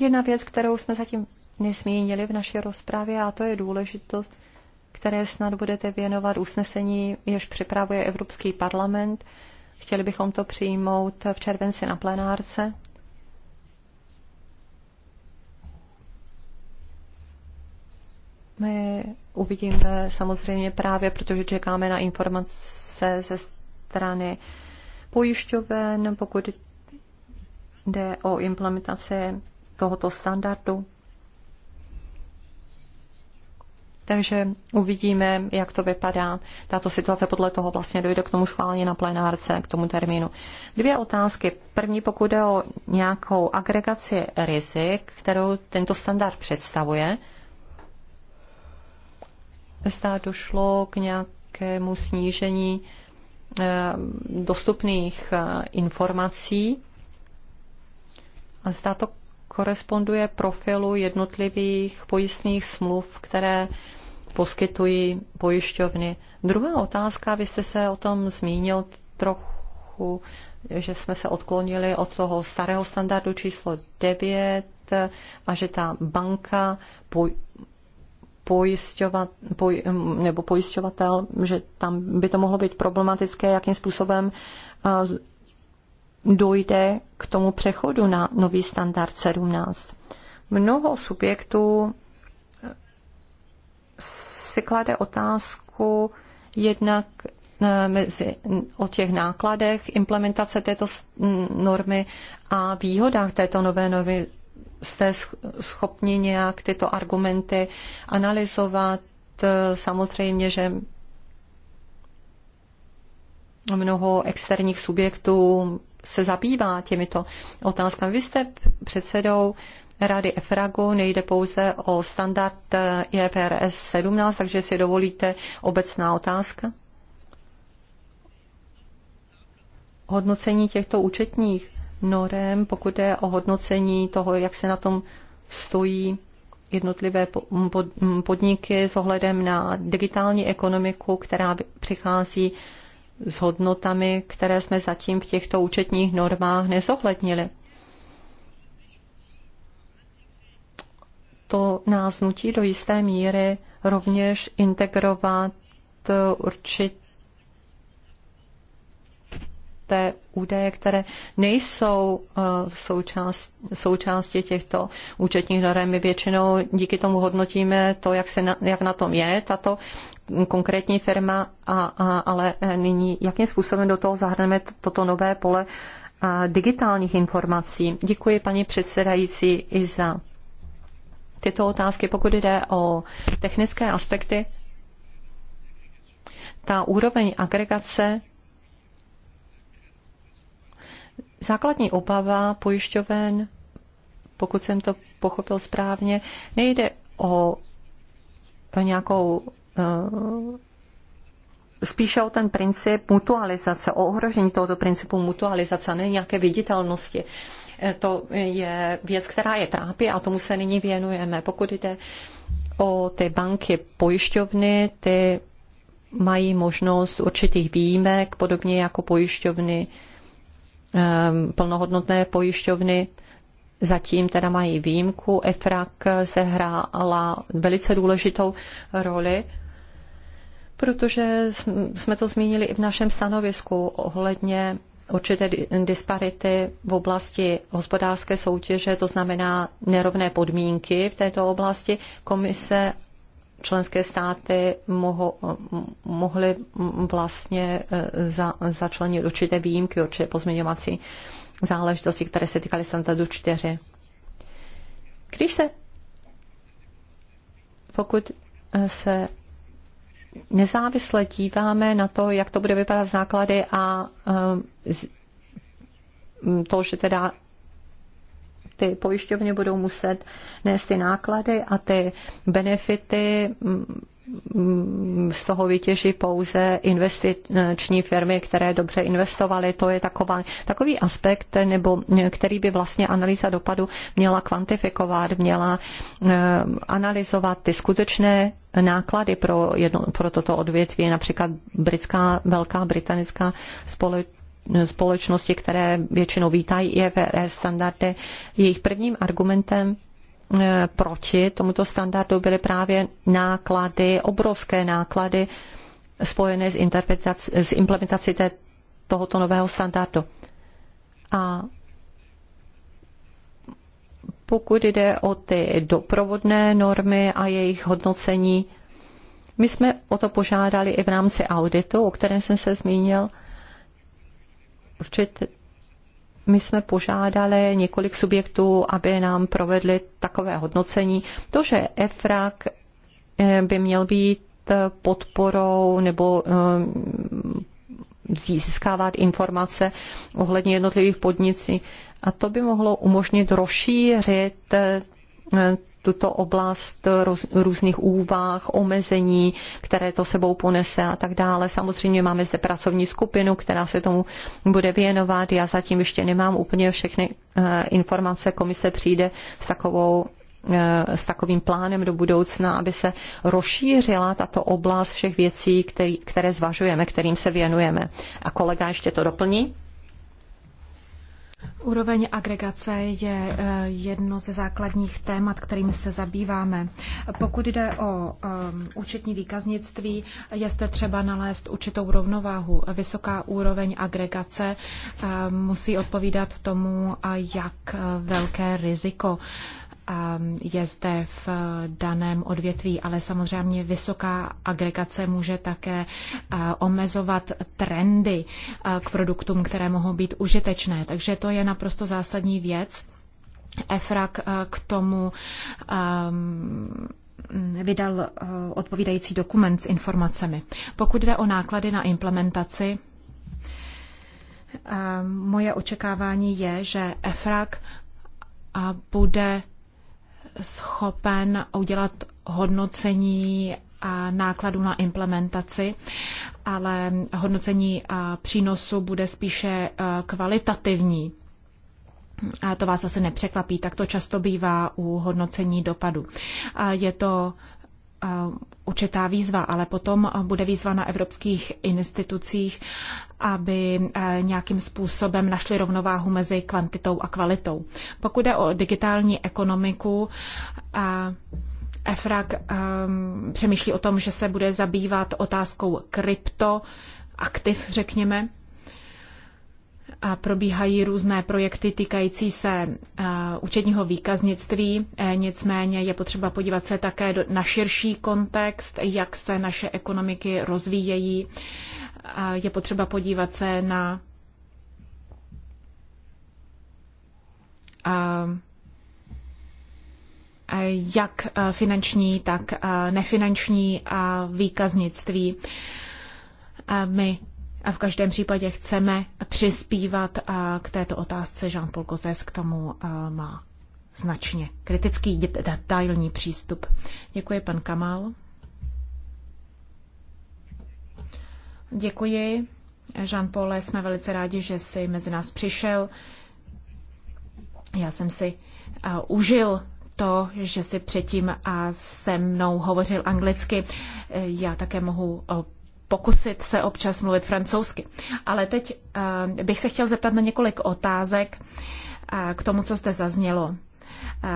Jedna věc, kterou jsme zatím nesmínili v naší rozpravě, a to je důležitost, které snad budete věnovat usnesení, jež připravuje Evropský parlament. Chtěli bychom to přijmout v červenci na plenárce. My uvidíme samozřejmě právě, protože čekáme na informace ze strany pojišťoven, pokud jde o implementaci tohoto standardu. Takže uvidíme, jak to vypadá. Tato situace podle toho vlastně dojde k tomu schválení na plenárce, k tomu termínu. Dvě otázky. První, pokud jde o nějakou agregaci rizik, kterou tento standard představuje, zda došlo k nějakému snížení eh, dostupných eh, informací a zda to koresponduje profilu jednotlivých pojistných smluv, které poskytují pojišťovny. Druhá otázka, vy jste se o tom zmínil trochu, že jsme se odklonili od toho starého standardu číslo 9 a že ta banka pojišťovat, poj, nebo pojišťovatel, že tam by to mohlo být problematické, jakým způsobem dojde k tomu přechodu na nový standard 17. Mnoho subjektů e, si klade otázku jednak e, mezi, o těch nákladech implementace této normy a výhodách této nové normy jste schopni nějak tyto argumenty analyzovat. Samozřejmě, že mnoho externích subjektů se zabývá těmito otázkami. Vy jste předsedou Rady EFRAGu, nejde pouze o standard IFRS 17, takže si dovolíte obecná otázka. Hodnocení těchto účetních norem, pokud je o hodnocení toho, jak se na tom stojí jednotlivé podniky s ohledem na digitální ekonomiku, která přichází s hodnotami, které jsme zatím v těchto účetních normách nezohlednili. To nás nutí do jisté míry rovněž integrovat určit té údaje, které nejsou eh, součást, součástí těchto účetních norem. My většinou díky tomu hodnotíme to, jak, se na, jak na tom je tato konkrétní firma, a, a, ale eh, nyní, jakým způsobem do toho zahrneme toto nové pole a eh, digitálních informací. Děkuji paní předsedající i za tyto otázky. Pokud jde o technické aspekty, ta úroveň agregace základní obava pojišťoven, pokud jsem to pochopil správně, nejde o, nějakou eh, spíše o ten princip mutualizace, o ohrožení tohoto principu mutualizace, ne nějaké viditelnosti. Eh, to je věc, která je trápí a tomu se nyní věnujeme. Pokud jde o ty banky pojišťovny, ty mají možnost určitých výjimek, podobně jako pojišťovny Ehm, plnohodnotné pojišťovny zatím teda mají výjimku. EFRAK se hrála velice důležitou roli, protože jsme to zmínili i v našem stanovisku ohledně určité disparity v oblasti hospodářské soutěže, to znamená nerovné podmínky v této oblasti. Komise členské státy moho, mohly vlastně eh, za, začlenit určité výjimky, určité pozměňovací záležitosti, které se týkaly standardu 4. Když se, pokud eh, se nezávisle díváme na to, jak to bude vypadat z náklady a eh, to, že teda ty pojišťovny budou muset nést ty náklady a ty benefity mm, mm, z toho vytěží pouze investiční firmy, které dobře investovaly. To je taková, takový aspekt, nebo který by vlastně analýza dopadu měla kvantifikovat, měla eh, analyzovat ty skutečné náklady pro, jedno, pro toto odvětví. Například britská, velká britanická společnost společnosti, které většinou vítají IFRS standardy, jejich prvním argumentem eh, proti tomuto standardu byly právě náklady, obrovské náklady spojené s, s implementací té, tohoto nového standardu. A pokud jde o ty doprovodné normy a jejich hodnocení, my jsme o to požádali i v rámci auditu, o kterém jsem se zmínil, určitě my jsme požádali několik subjektů, aby nám provedli takové hodnocení. To, že EFRAK eh, by měl být podporou nebo eh, získávat informace ohledně jednotlivých podnicí. A to by mohlo umožnit rozšířit eh, tuto oblast roz, různých úvah, omezení, které to sebou ponese a tak dále. Samozřejmě máme zde pracovní skupinu, která se tomu bude věnovat. Já zatím ještě nemám úplně všechny eh, informace. Komise přijde s takovou eh, s takovým plánem do budoucna, aby se rozšířila tato oblast všech věcí, který, které zvažujeme, kterým se věnujeme. A kolega ještě to doplní? Úroveň agregace je eh, jedno ze základních témat, kterým se zabýváme. Pokud jde o eh, účetní výkaznictví, je zde třeba nalézt určitou rovnováhu. Vysoká úroveň agregace eh, musí odpovídat tomu, jak velké riziko je zde v eh, daném odvětví, ale samozřejmě vysoká agregace může také eh, omezovat trendy eh, k produktům, které mohou být užitečné. Takže to je naprosto zásadní věc. Efrak k tomu ehm, vydal odpovídající dokument s informacemi. Pokud jde o náklady na implementaci, ehm, moje očekávání je, že EFRAG bude schopen udělat hodnocení a nákladu na implementaci, ale hodnocení a přínosu bude spíše kvalitativní. A to vás asi nepřekvapí, tak to často bývá u hodnocení dopadu. A je to určitá výzva, ale potom bude výzva na evropských institucích, aby nějakým způsobem našli rovnováhu mezi kvantitou a kvalitou. Pokud jde o digitální ekonomiku, EFRAG přemýšlí o tom, že se bude zabývat otázkou krypto, aktiv, řekněme, probíhají různé projekty týkající se eh, účetního výkaznictví, eh, nicméně je potřeba podívat se také na širší kontext, jak se naše ekonomiky rozvíjejí. Eh, je potřeba podívat se na jak finanční, tak nefinanční výkaznictví. My a v každém případě chceme přispívat k této otázce. Jean-Paul Gozes k tomu má značně kritický detailní přístup. Děkuji, pan Kamal. Děkuji. Jean-Paul, jsme velice rádi, že jsi mezi nás přišel. Já jsem si užil to, že si předtím a se mnou hovořil anglicky. Já také mohu pokusit se občas mluvit francouzsky. Ale teď eh, bych se chtěl zeptat na několik otázek eh, k tomu, co zde zaznělo. Eh,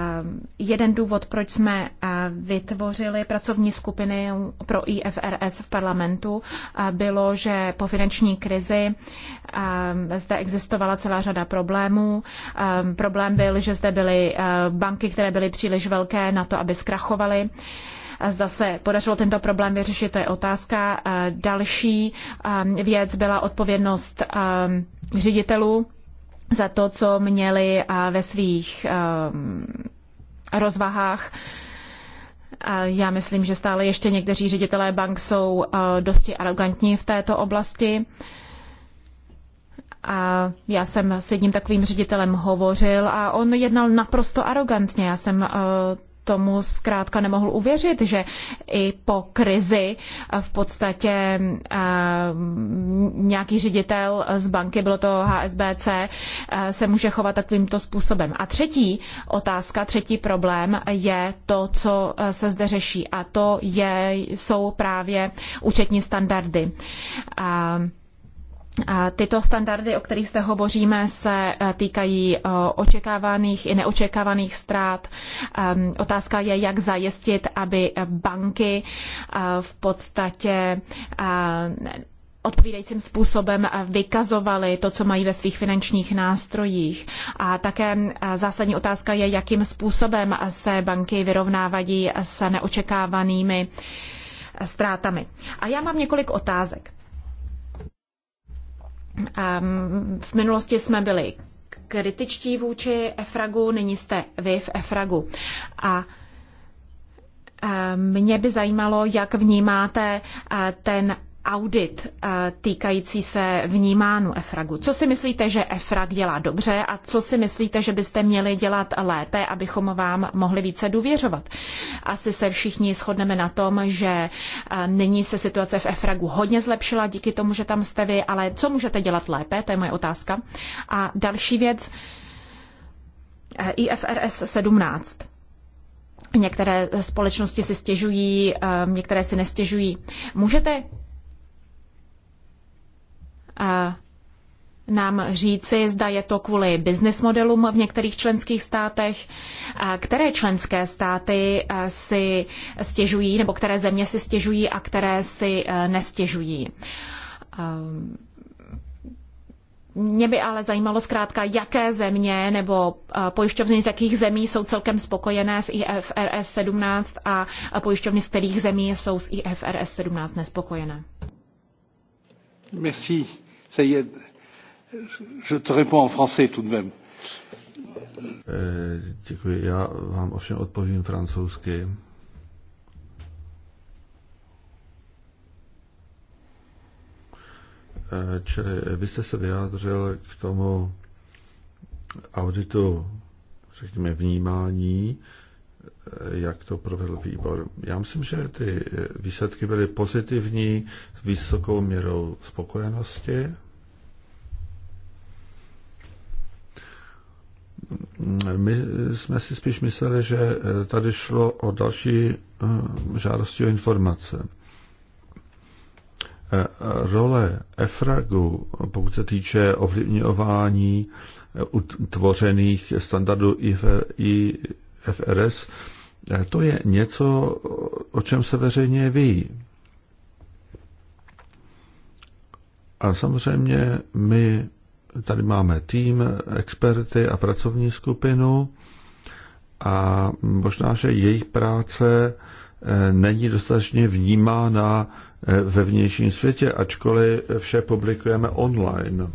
jeden důvod, proč jsme vytvořili pracovní skupiny pro IFRS v parlamentu, bylo, že po finanční krizi zde existovala celá řada problémů. Problém byl, že zde byly banky, které byly příliš velké na to, aby zkrachovaly. Zda se podařilo tento problém vyřešit, to je otázka. Další věc byla odpovědnost ředitelů za to, co měli ve svých rozvahách. já myslím, že stále ještě někteří ředitelé bank jsou dosti arrogantní v této oblasti. A já jsem s jedním takovým ředitelem hovořil a on jednal naprosto arrogantně. Já jsem tomu zkrátka nemohl uvěřit, že i po krizi v podstatě eh, nějaký ředitel z banky, bylo to HSBC, eh, se může chovat takovýmto způsobem. A třetí otázka, třetí problém je to, co eh, se zde řeší a to je, jsou právě účetní standardy. Tyto standardy, o kterých zde hovoříme, se eh, týkají eh, očekávaných i neočekávaných ztrát. Ehm, otázka je, jak zajistit, aby eh, banky v podstatě odpovídajícím způsobem vykazovali to, co mají ve svých finančních nástrojích. A také zásadní otázka je, jakým způsobem se banky vyrovnávají s neočekávanými ztrátami. A já mám několik otázek v minulosti jsme byli kritičtí vůči EFRAGu, nyní jste vy v EFRAGu. A mě by zajímalo, jak vnímáte ten audit eh, týkající se vnímání EFRAGu. Co si myslíte, že EFRAG dělá dobře a co si myslíte, že byste měli dělat lépe, abychom vám mohli více důvěřovat? Asi se všichni shodneme na tom, že eh, nyní se situace v EFRAGu hodně zlepšila díky tomu, že tam jste vy, ale co můžete dělat lépe, to je moje otázka. A další věc, eh, IFRS 17. Některé společnosti si stěžují, některé si nestěžují. Můžete nám říci, zda je to kvůli business modelům v některých členských státech, které členské státy si stěžují, nebo které země si stěžují a které si e, nestěžují. Ehm, mě by ale zajímalo zkrátka, jaké země nebo e, pojišťovny z jakých zemí jsou celkem spokojené s IFRS 17 a pojišťovny z kterých zemí jsou s IFRS 17 nespokojené. Merci. Ça y est, je te réponds en français tout de même. Eh, děkuji, já vám ovšem odpovím francouzsky. Eh, čili vy jste se vyjádřil k tomu auditu, řekněme, vnímání, eh, jak to provedl výbor. Já myslím, že ty výsledky byly pozitivní s vysokou měrou spokojenosti my jsme si spíš mysleli, že eh, tady šlo o další eh, žádosti o informace. Eh, role EFRAGu, pokud se týče ovlivňování utvořených standardů IFRS, to je něco, o čem se veřejně ví. A samozřejmě my tady máme tým, experty a pracovní skupinu a možná, že jejich práce eh, není dostatečně vnímána eh, ve vnějším světě, ačkoliv vše publikujeme online.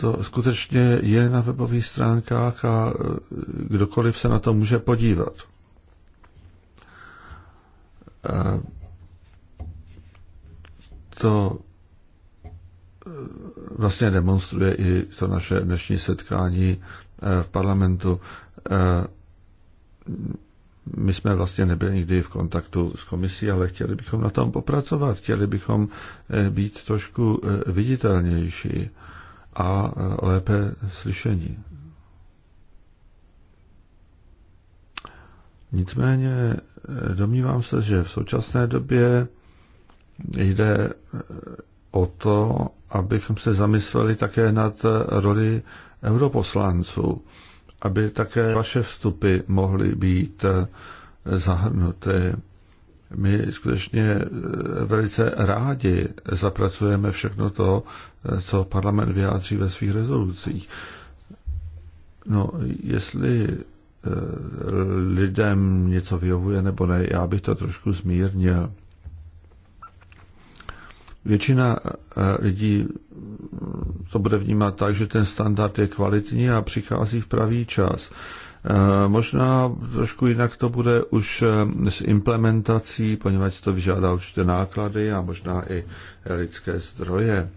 To skutečně je na webových stránkách a eh, kdokoliv se na to může podívat to eh, vlastně demonstruje i to naše dnešní setkání eh, v parlamentu. Eh, my jsme vlastně nebyli nikdy v kontaktu s komisí, ale chtěli bychom na tom popracovat, chtěli bychom být trošku viditelnější a lépe slyšení. Nicméně domnívám se, že v současné době jde e, o to, abychom se zamysleli také nad roli europoslanců, aby také vaše vstupy mohly být e, zahrnuty. My skutečně e, velice rádi zapracujeme všechno to, co parlament vyjádří ve svých rezolucích. No, jestli lidem něco vyhovuje nebo ne, já bych to trošku zmírnil. Většina eh, lidí eh, to bude vnímat tak, že ten standard je kvalitní a přichází v pravý čas. Eh, možná trošku jinak to bude už s implementací, poněvadž to vyžádá určité náklady a možná i lidské zdroje.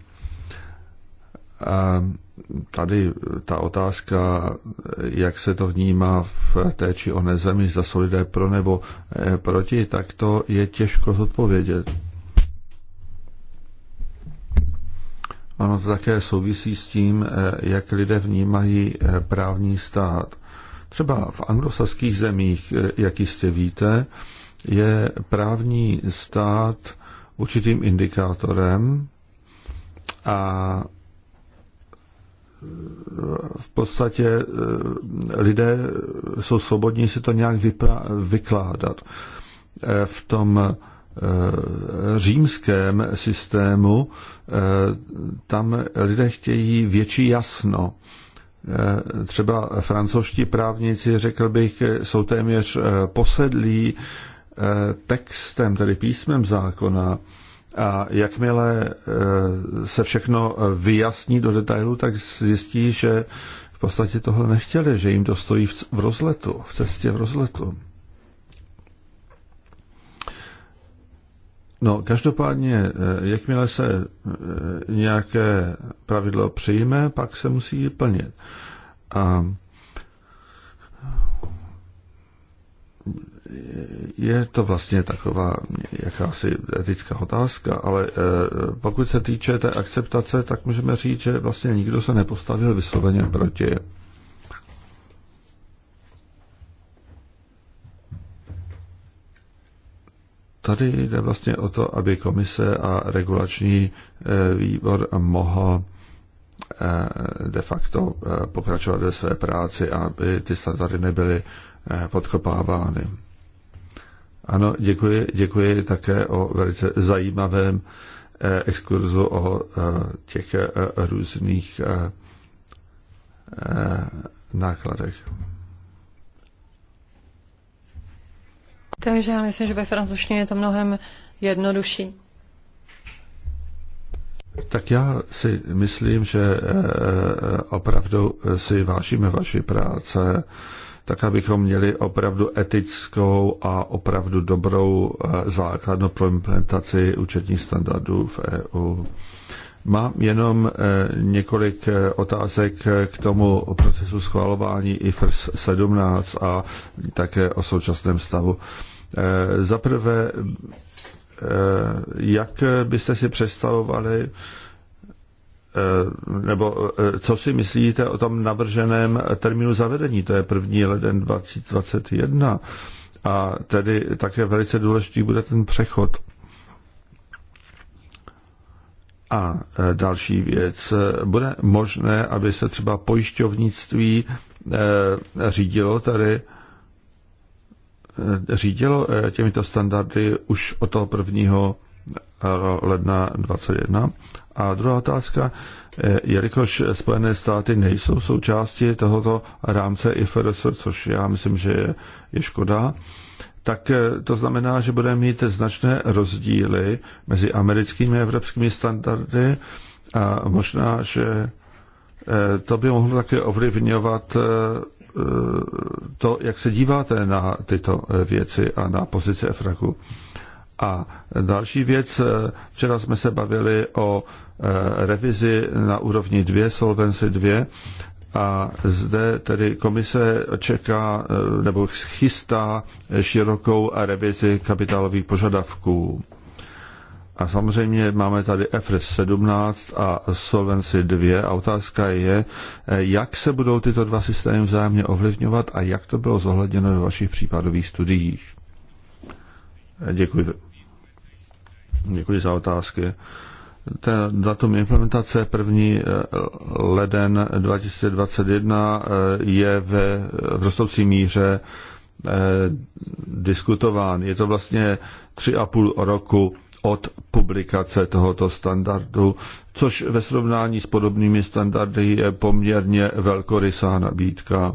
A tady ta otázka, jak se to vnímá v té či oné zemi, zda jsou lidé pro nebo proti, tak to je těžko zodpovědět. Ono to také souvisí s tím, eh, jak lidé vnímají eh, právní stát. Třeba v anglosaských zemích, eh, jak jistě víte, je právní stát určitým indikátorem a v podstatě lidé jsou svobodní si to nějak vypra- vykládat. V tom Eh, římském systému, eh, tam lidé chtějí větší jasno. Eh, třeba francouzští právníci, řekl bych, jsou téměř posedlí textem, tedy písmem zákona. A jakmile se všechno vyjasní do detailu, tak zjistí, že v podstatě tohle nechtěli, že jim to stojí v rozletu, v cestě v rozletu. No, každopádně, eh, jakmile se eh, nějaké pravidlo přijme, pak se musí plnit. A je to vlastně taková jakási etická otázka, ale eh, pokud se týče té akceptace, tak můžeme říct, že vlastně nikdo se nepostavil vysloveně proti. Tady jde vlastně o to, aby komise a regulační eh, výbor mohl eh, de facto eh, pokračovat ve své práci, aby ty standardy nebyly podkopávány. Ano, děkuji, děkuji také o velice zajímavém exkurzu o těch různých nákladech. Takže já myslím, že ve francouzštině je to mnohem jednodušší. Tak já si myslím, že eh, opravdu si vážíme vaši práce, tak abychom měli opravdu etickou a opravdu dobrou eh, základnu pro implementaci účetních standardů v EU. Mám jenom eh, několik otázek k tomu procesu schvalování IFRS e 17 a také o současném stavu. Eh, Zaprvé, eh, jak byste si představovali, eh, nebo co si myslíte o tom navrženém termínu zavedení, to je 1. leden 2021 a tedy také velice důležitý bude ten přechod. A další věc, bude možné, aby se třeba pojišťovnictví řídilo tady Eh, řídilo eh, těmito standardy už od toho prvního eh, ledna 21. A druhá otázka, jelikož Spojené státy nejsou součástí tohoto rámce IFRS, což já myslím, že je, je škoda, tak to znamená, že budeme mít značné rozdíly mezi americkými a evropskými standardy a možná, že to by mohlo také ovlivňovat Eh, to, jak se díváte na tyto eh, věci a na pozici EFRAKu. A další věc, eh, včera jsme se bavili o revizi na úrovni 2, Solvency 2, a zde tedy komise čeká nebo chystá širokou revizi kapitálových požadavků. A samozřejmě máme tady FRS e 17 a Solvency 2 a otázka je, jak se budou tyto dva systémy vzájemně ovlivňovat a jak to bylo zohledněno ve vašich případových studiích. Děkuji. Děkuji za otázky. Ten datum implementace 1. Eh, leden 2021 eh, je ve, v rostoucí míře eh, diskutován. Je to vlastně tři a půl roku od publikace tohoto standardu, což ve srovnání s podobnými standardy je poměrně velkorysá nabídka.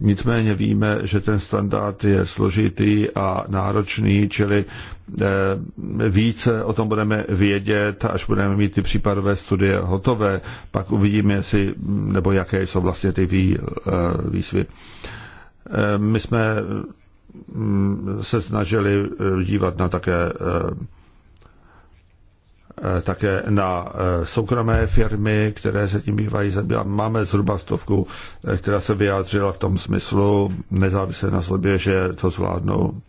Nicméně víme, že ten standard je složitý a náročný, čili eh, více o tom budeme vědět, až budeme mít ty případové studie hotové, pak uvidíme, jestli, nebo jaké jsou vlastně ty eh, výzvy. Eh, my jsme mm, se snažili dívat na také Eh, také na eh, soukromé firmy, které se tím bývají zabývat. Máme zhruba stovku, eh, která se vyjádřila v tom smyslu, nezávisle na sobě, že to zvládnou.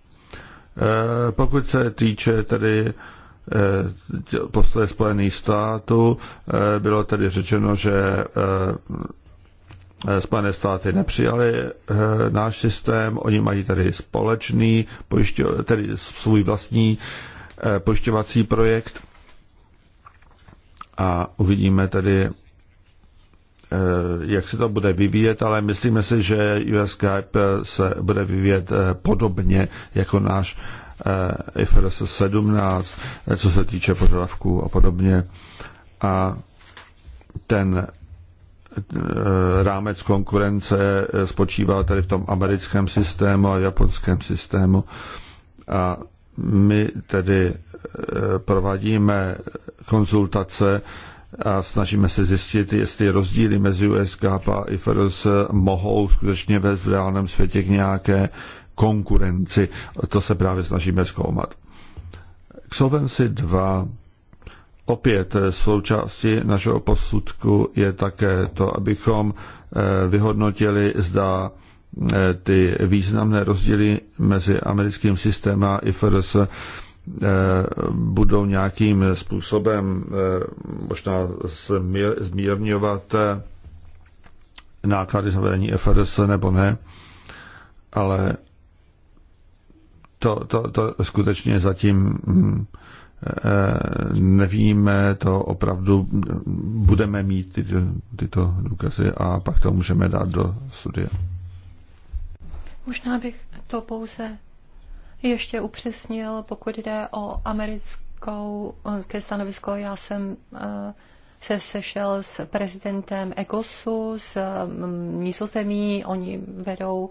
Pokud se týče tedy postoje Spojených států, bylo tedy řečeno, že Spojené státy nepřijali náš systém, oni mají tady společný, tedy svůj vlastní pojišťovací projekt a uvidíme tedy, eh, jak se to bude vyvíjet, ale myslíme si, že US Skype se bude vyvíjet eh, podobně jako náš eh, IFRS 17, co se týče požadavků a podobně. A ten rámec konkurence spočívá tady v tom americkém systému a japonském systému. A my tedy eh, provádíme konzultace a snažíme se zjistit, jestli rozdíly mezi USK a IFRS mohou skutečně ve reálném světě k nějaké konkurenci. To se právě snažíme zkoumat. K Solvency 2 opět eh, součástí našeho posudku je také to, abychom eh, vyhodnotili, zda Eh, ty významné rozdíly mezi americkým systémem a IFRS eh, budou nějakým způsobem eh, možná zmírňovat náklady zavedení FRS nebo ne, ale to, to, to skutečně zatím hm, nevíme, to opravdu budeme mít ty tyto důkazy a pak to můžeme dát do studia. Možná bych to pouze ještě upřesnil, pokud jde o americkou eh, ke stanovisko. Já jsem eh, se sešel s prezidentem EGOSu z mm, Nízozemí. Oni vedou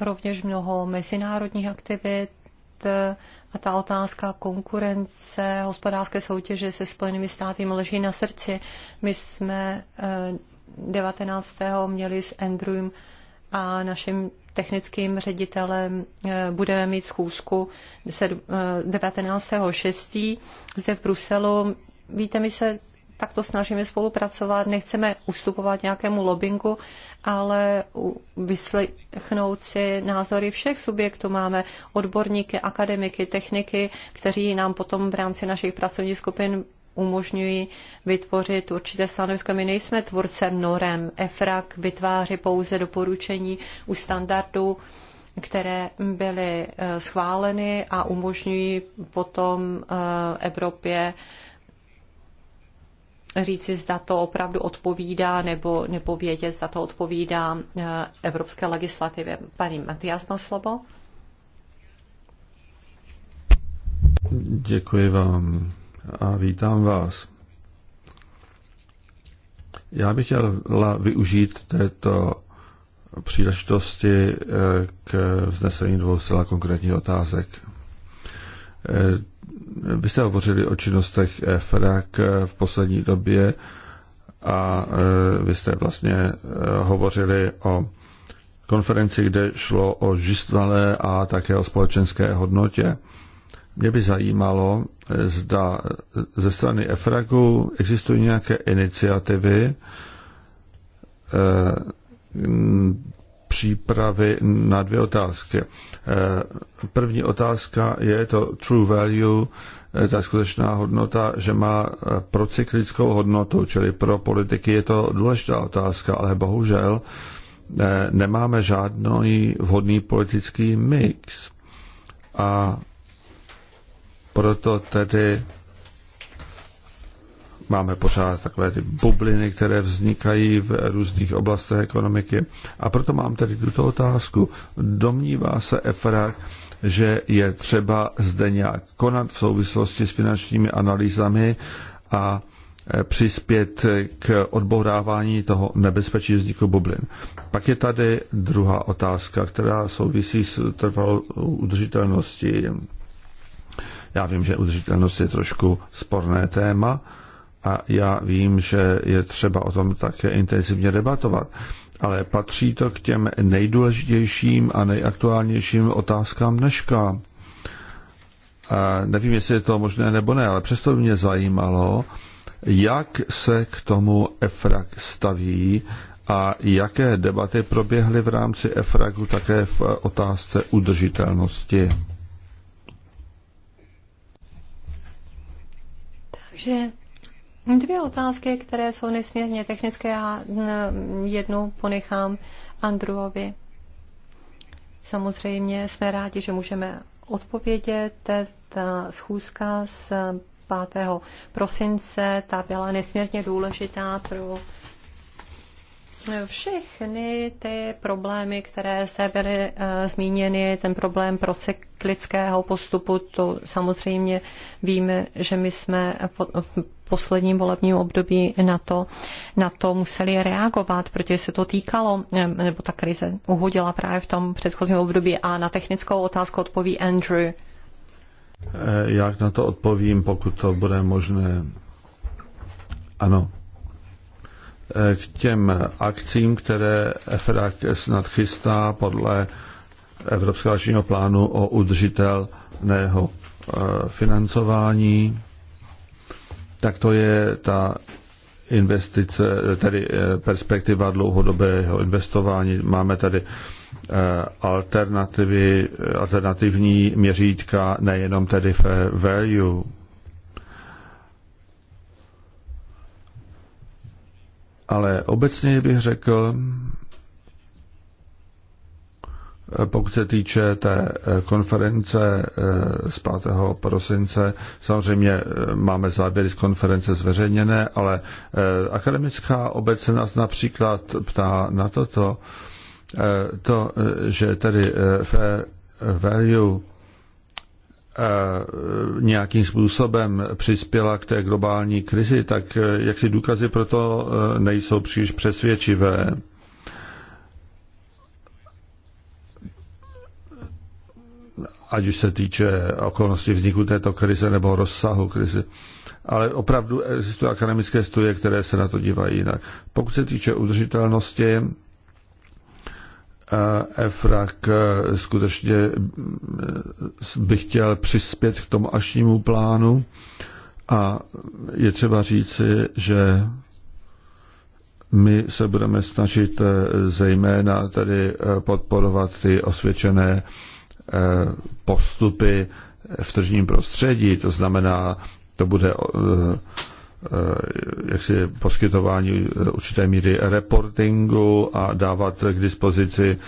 rovněž mnoho mezinárodních aktivit eh, a ta otázka konkurence, hospodářské soutěže se Spojenými státy leží na srdci. My jsme 19. měli s Andrewem a naším technickým ředitelem eh, budeme mít schůzku 19.6. Eh, zde v Bruselu. Víte, my se takto snažíme spolupracovat, nechceme ustupovat nějakému lobbingu, ale vyslechnout si názory všech subjektů. Máme odborníky, akademiky, techniky, kteří nám potom v rámci našich pracovních skupin umožňují vytvořit určité stanovisko. My nejsme tvůrcem norem. EFRAK vytváří pouze doporučení u standardů, které byly eh, schváleny a umožňují potom eh, Evropě říci, zda to opravdu odpovídá, nebo, nepovědět, zda to odpovídá eh, evropské legislativě. Paní Matias má slovo. Děkuji vám a vítám vás. Já bych chtěl využít této příležitosti eh, k vznesení dvou zcela konkrétních otázek. Eh, vy jste hovořili o činnostech FRAC v poslední době a eh, vy jste vlastně hovořili o konferenci, kde šlo o žistvalé a také o společenské hodnotě. Mě by zajímalo, zda ze strany EFRAGu existují nějaké iniciativy eh, přípravy na dvě otázky. Eh, první otázka je to true value, eh, ta skutečná hodnota, že má procyklickou hodnotu, čili pro politiky je to důležitá otázka, ale bohužel nemáme žádný vhodný politický mix. A proto tedy máme pořád takové ty bubliny, které vznikají v různých oblastech ekonomiky. A proto mám tedy tuto otázku. Domnívá se EFRAG, že je třeba zde nějak konat v souvislosti s finančními analýzami a e, přispět k odbourávání toho nebezpečí vzniku bublin. Pak je tady druhá otázka, která souvisí s trvalou udržitelností já vím, že udržitelnost je trošku sporné téma a já vím, že je třeba o tom také intenzivně debatovat, ale patří to k těm nejdůležitějším a nejaktuálnějším otázkám dneška. A nevím, jestli je to možné nebo ne, ale přesto by mě zajímalo, jak se k tomu EFRAG staví a jaké debaty proběhly v rámci EFRAGu také v otázce udržitelnosti. Takže dvě otázky, které jsou nesmírně technické a mm, jednu ponechám Andruovi. Samozřejmě jsme rádi, že můžeme odpovědět. Ta schůzka z 5. prosince, ta byla nesmírně důležitá pro všechny ty problémy, které zde byly uh, zmíněny, ten problém procyklického postupu, to samozřejmě víme, že my jsme po, v posledním volebním období na to, na to museli reagovat, protože se to týkalo, eh, nebo ta krize uhodila právě v tom předchozím období a na technickou otázku odpoví Andrew. Eh, Jak na to odpovím, pokud to bude možné? Ano, Eh, k těm akcím, které EFRAK snad chystá podle Evropského ročního plánu o udržitelného eh, financování, tak to je ta investice, eh, tedy perspektiva dlouhodobého investování. Máme tady alternativy, alternativní měřítka, nejenom tedy v value Ale obecně bych řekl, pokud se týče té eh, konference eh, z 5. prosince, samozřejmě eh, máme záběry z konference zveřejněné, ale akademická obec se nás například ptá na toto, to, že tedy fair value E, nějakým způsobem přispěla k té globální krizi, tak e, jak si důkazy pro to e, nejsou příliš přesvědčivé. Ať už se týče okolností vzniku této krize nebo rozsahu krize. Ale opravdu existují akademické studie, které se na to dívají jinak. Pokud se týče udržitelnosti, EFRAK eh, skutečně mm, by chtěl přispět k tomu ažnímu plánu a je třeba říci, že my se budeme snažit eh, zejména tedy eh, podporovat ty osvědčené postupy v tržním prostředí, to znamená, to bude Eh, jaksi poskytování eh, určité míry reportingu a dávat k dispozici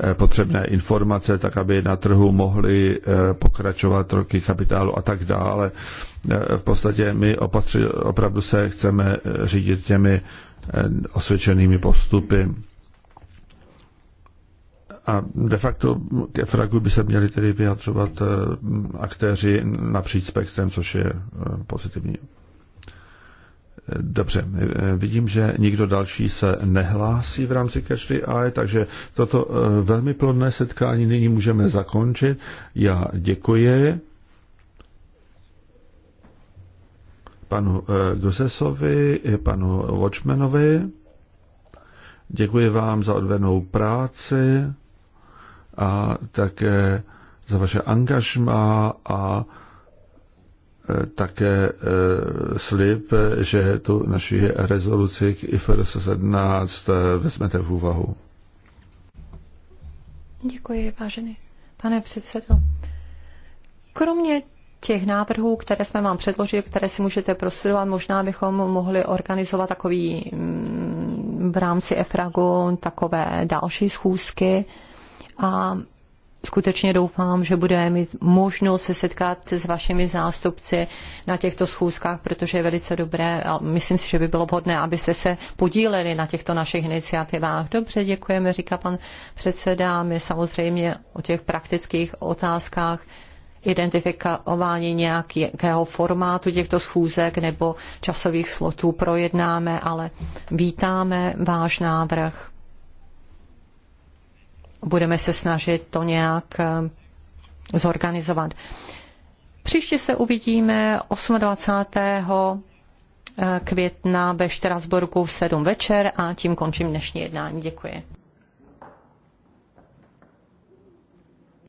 eh, potřebné informace, tak aby na trhu mohly pokračovat roky kapitálu a tak dále. V podstatě my opatři, opravdu se chceme řídit těmi osvědčenými postupy. A de facto k EFRAGu by se měli tedy vyjadřovat aktéři napříč spektrem, což je pozitivní. Dobře, eh, vidím, že nikdo další se nehlásí v rámci Catchly AI, takže toto eh, velmi plodné setkání nyní můžeme zakončit. Já děkuji panu eh, Gozesovi, panu Watchmanovi. Děkuji vám za odvenou práci a také za vaše angažma a Eh, také eh, slib, že tu naši rezoluci k IFR 17 eh, vezmete v úvahu. Děkuji, vážený pane předsedo. Kromě těch návrhů, které jsme vám předložili, které si můžete prostudovat, možná bychom mohli organizovat takový mm, v rámci EFRAGu takové další schůzky a skutečně doufám, že budeme mít možnost se setkat s vašimi zástupci na těchto schůzkách, protože je velice dobré a myslím si, že by bylo vhodné, abyste se podíleli na těchto našich iniciativách. Dobře, děkujeme, říká pan předseda. My samozřejmě o těch praktických otázkách identifikování nějakého formátu těchto schůzek nebo časových slotů projednáme, ale vítáme váš návrh budeme se snažit to nějak eh, zorganizovat. Příště se uvidíme 28. Eh, května ve Štrasburku v 7 večer a tím končím dnešní jednání. Děkuji.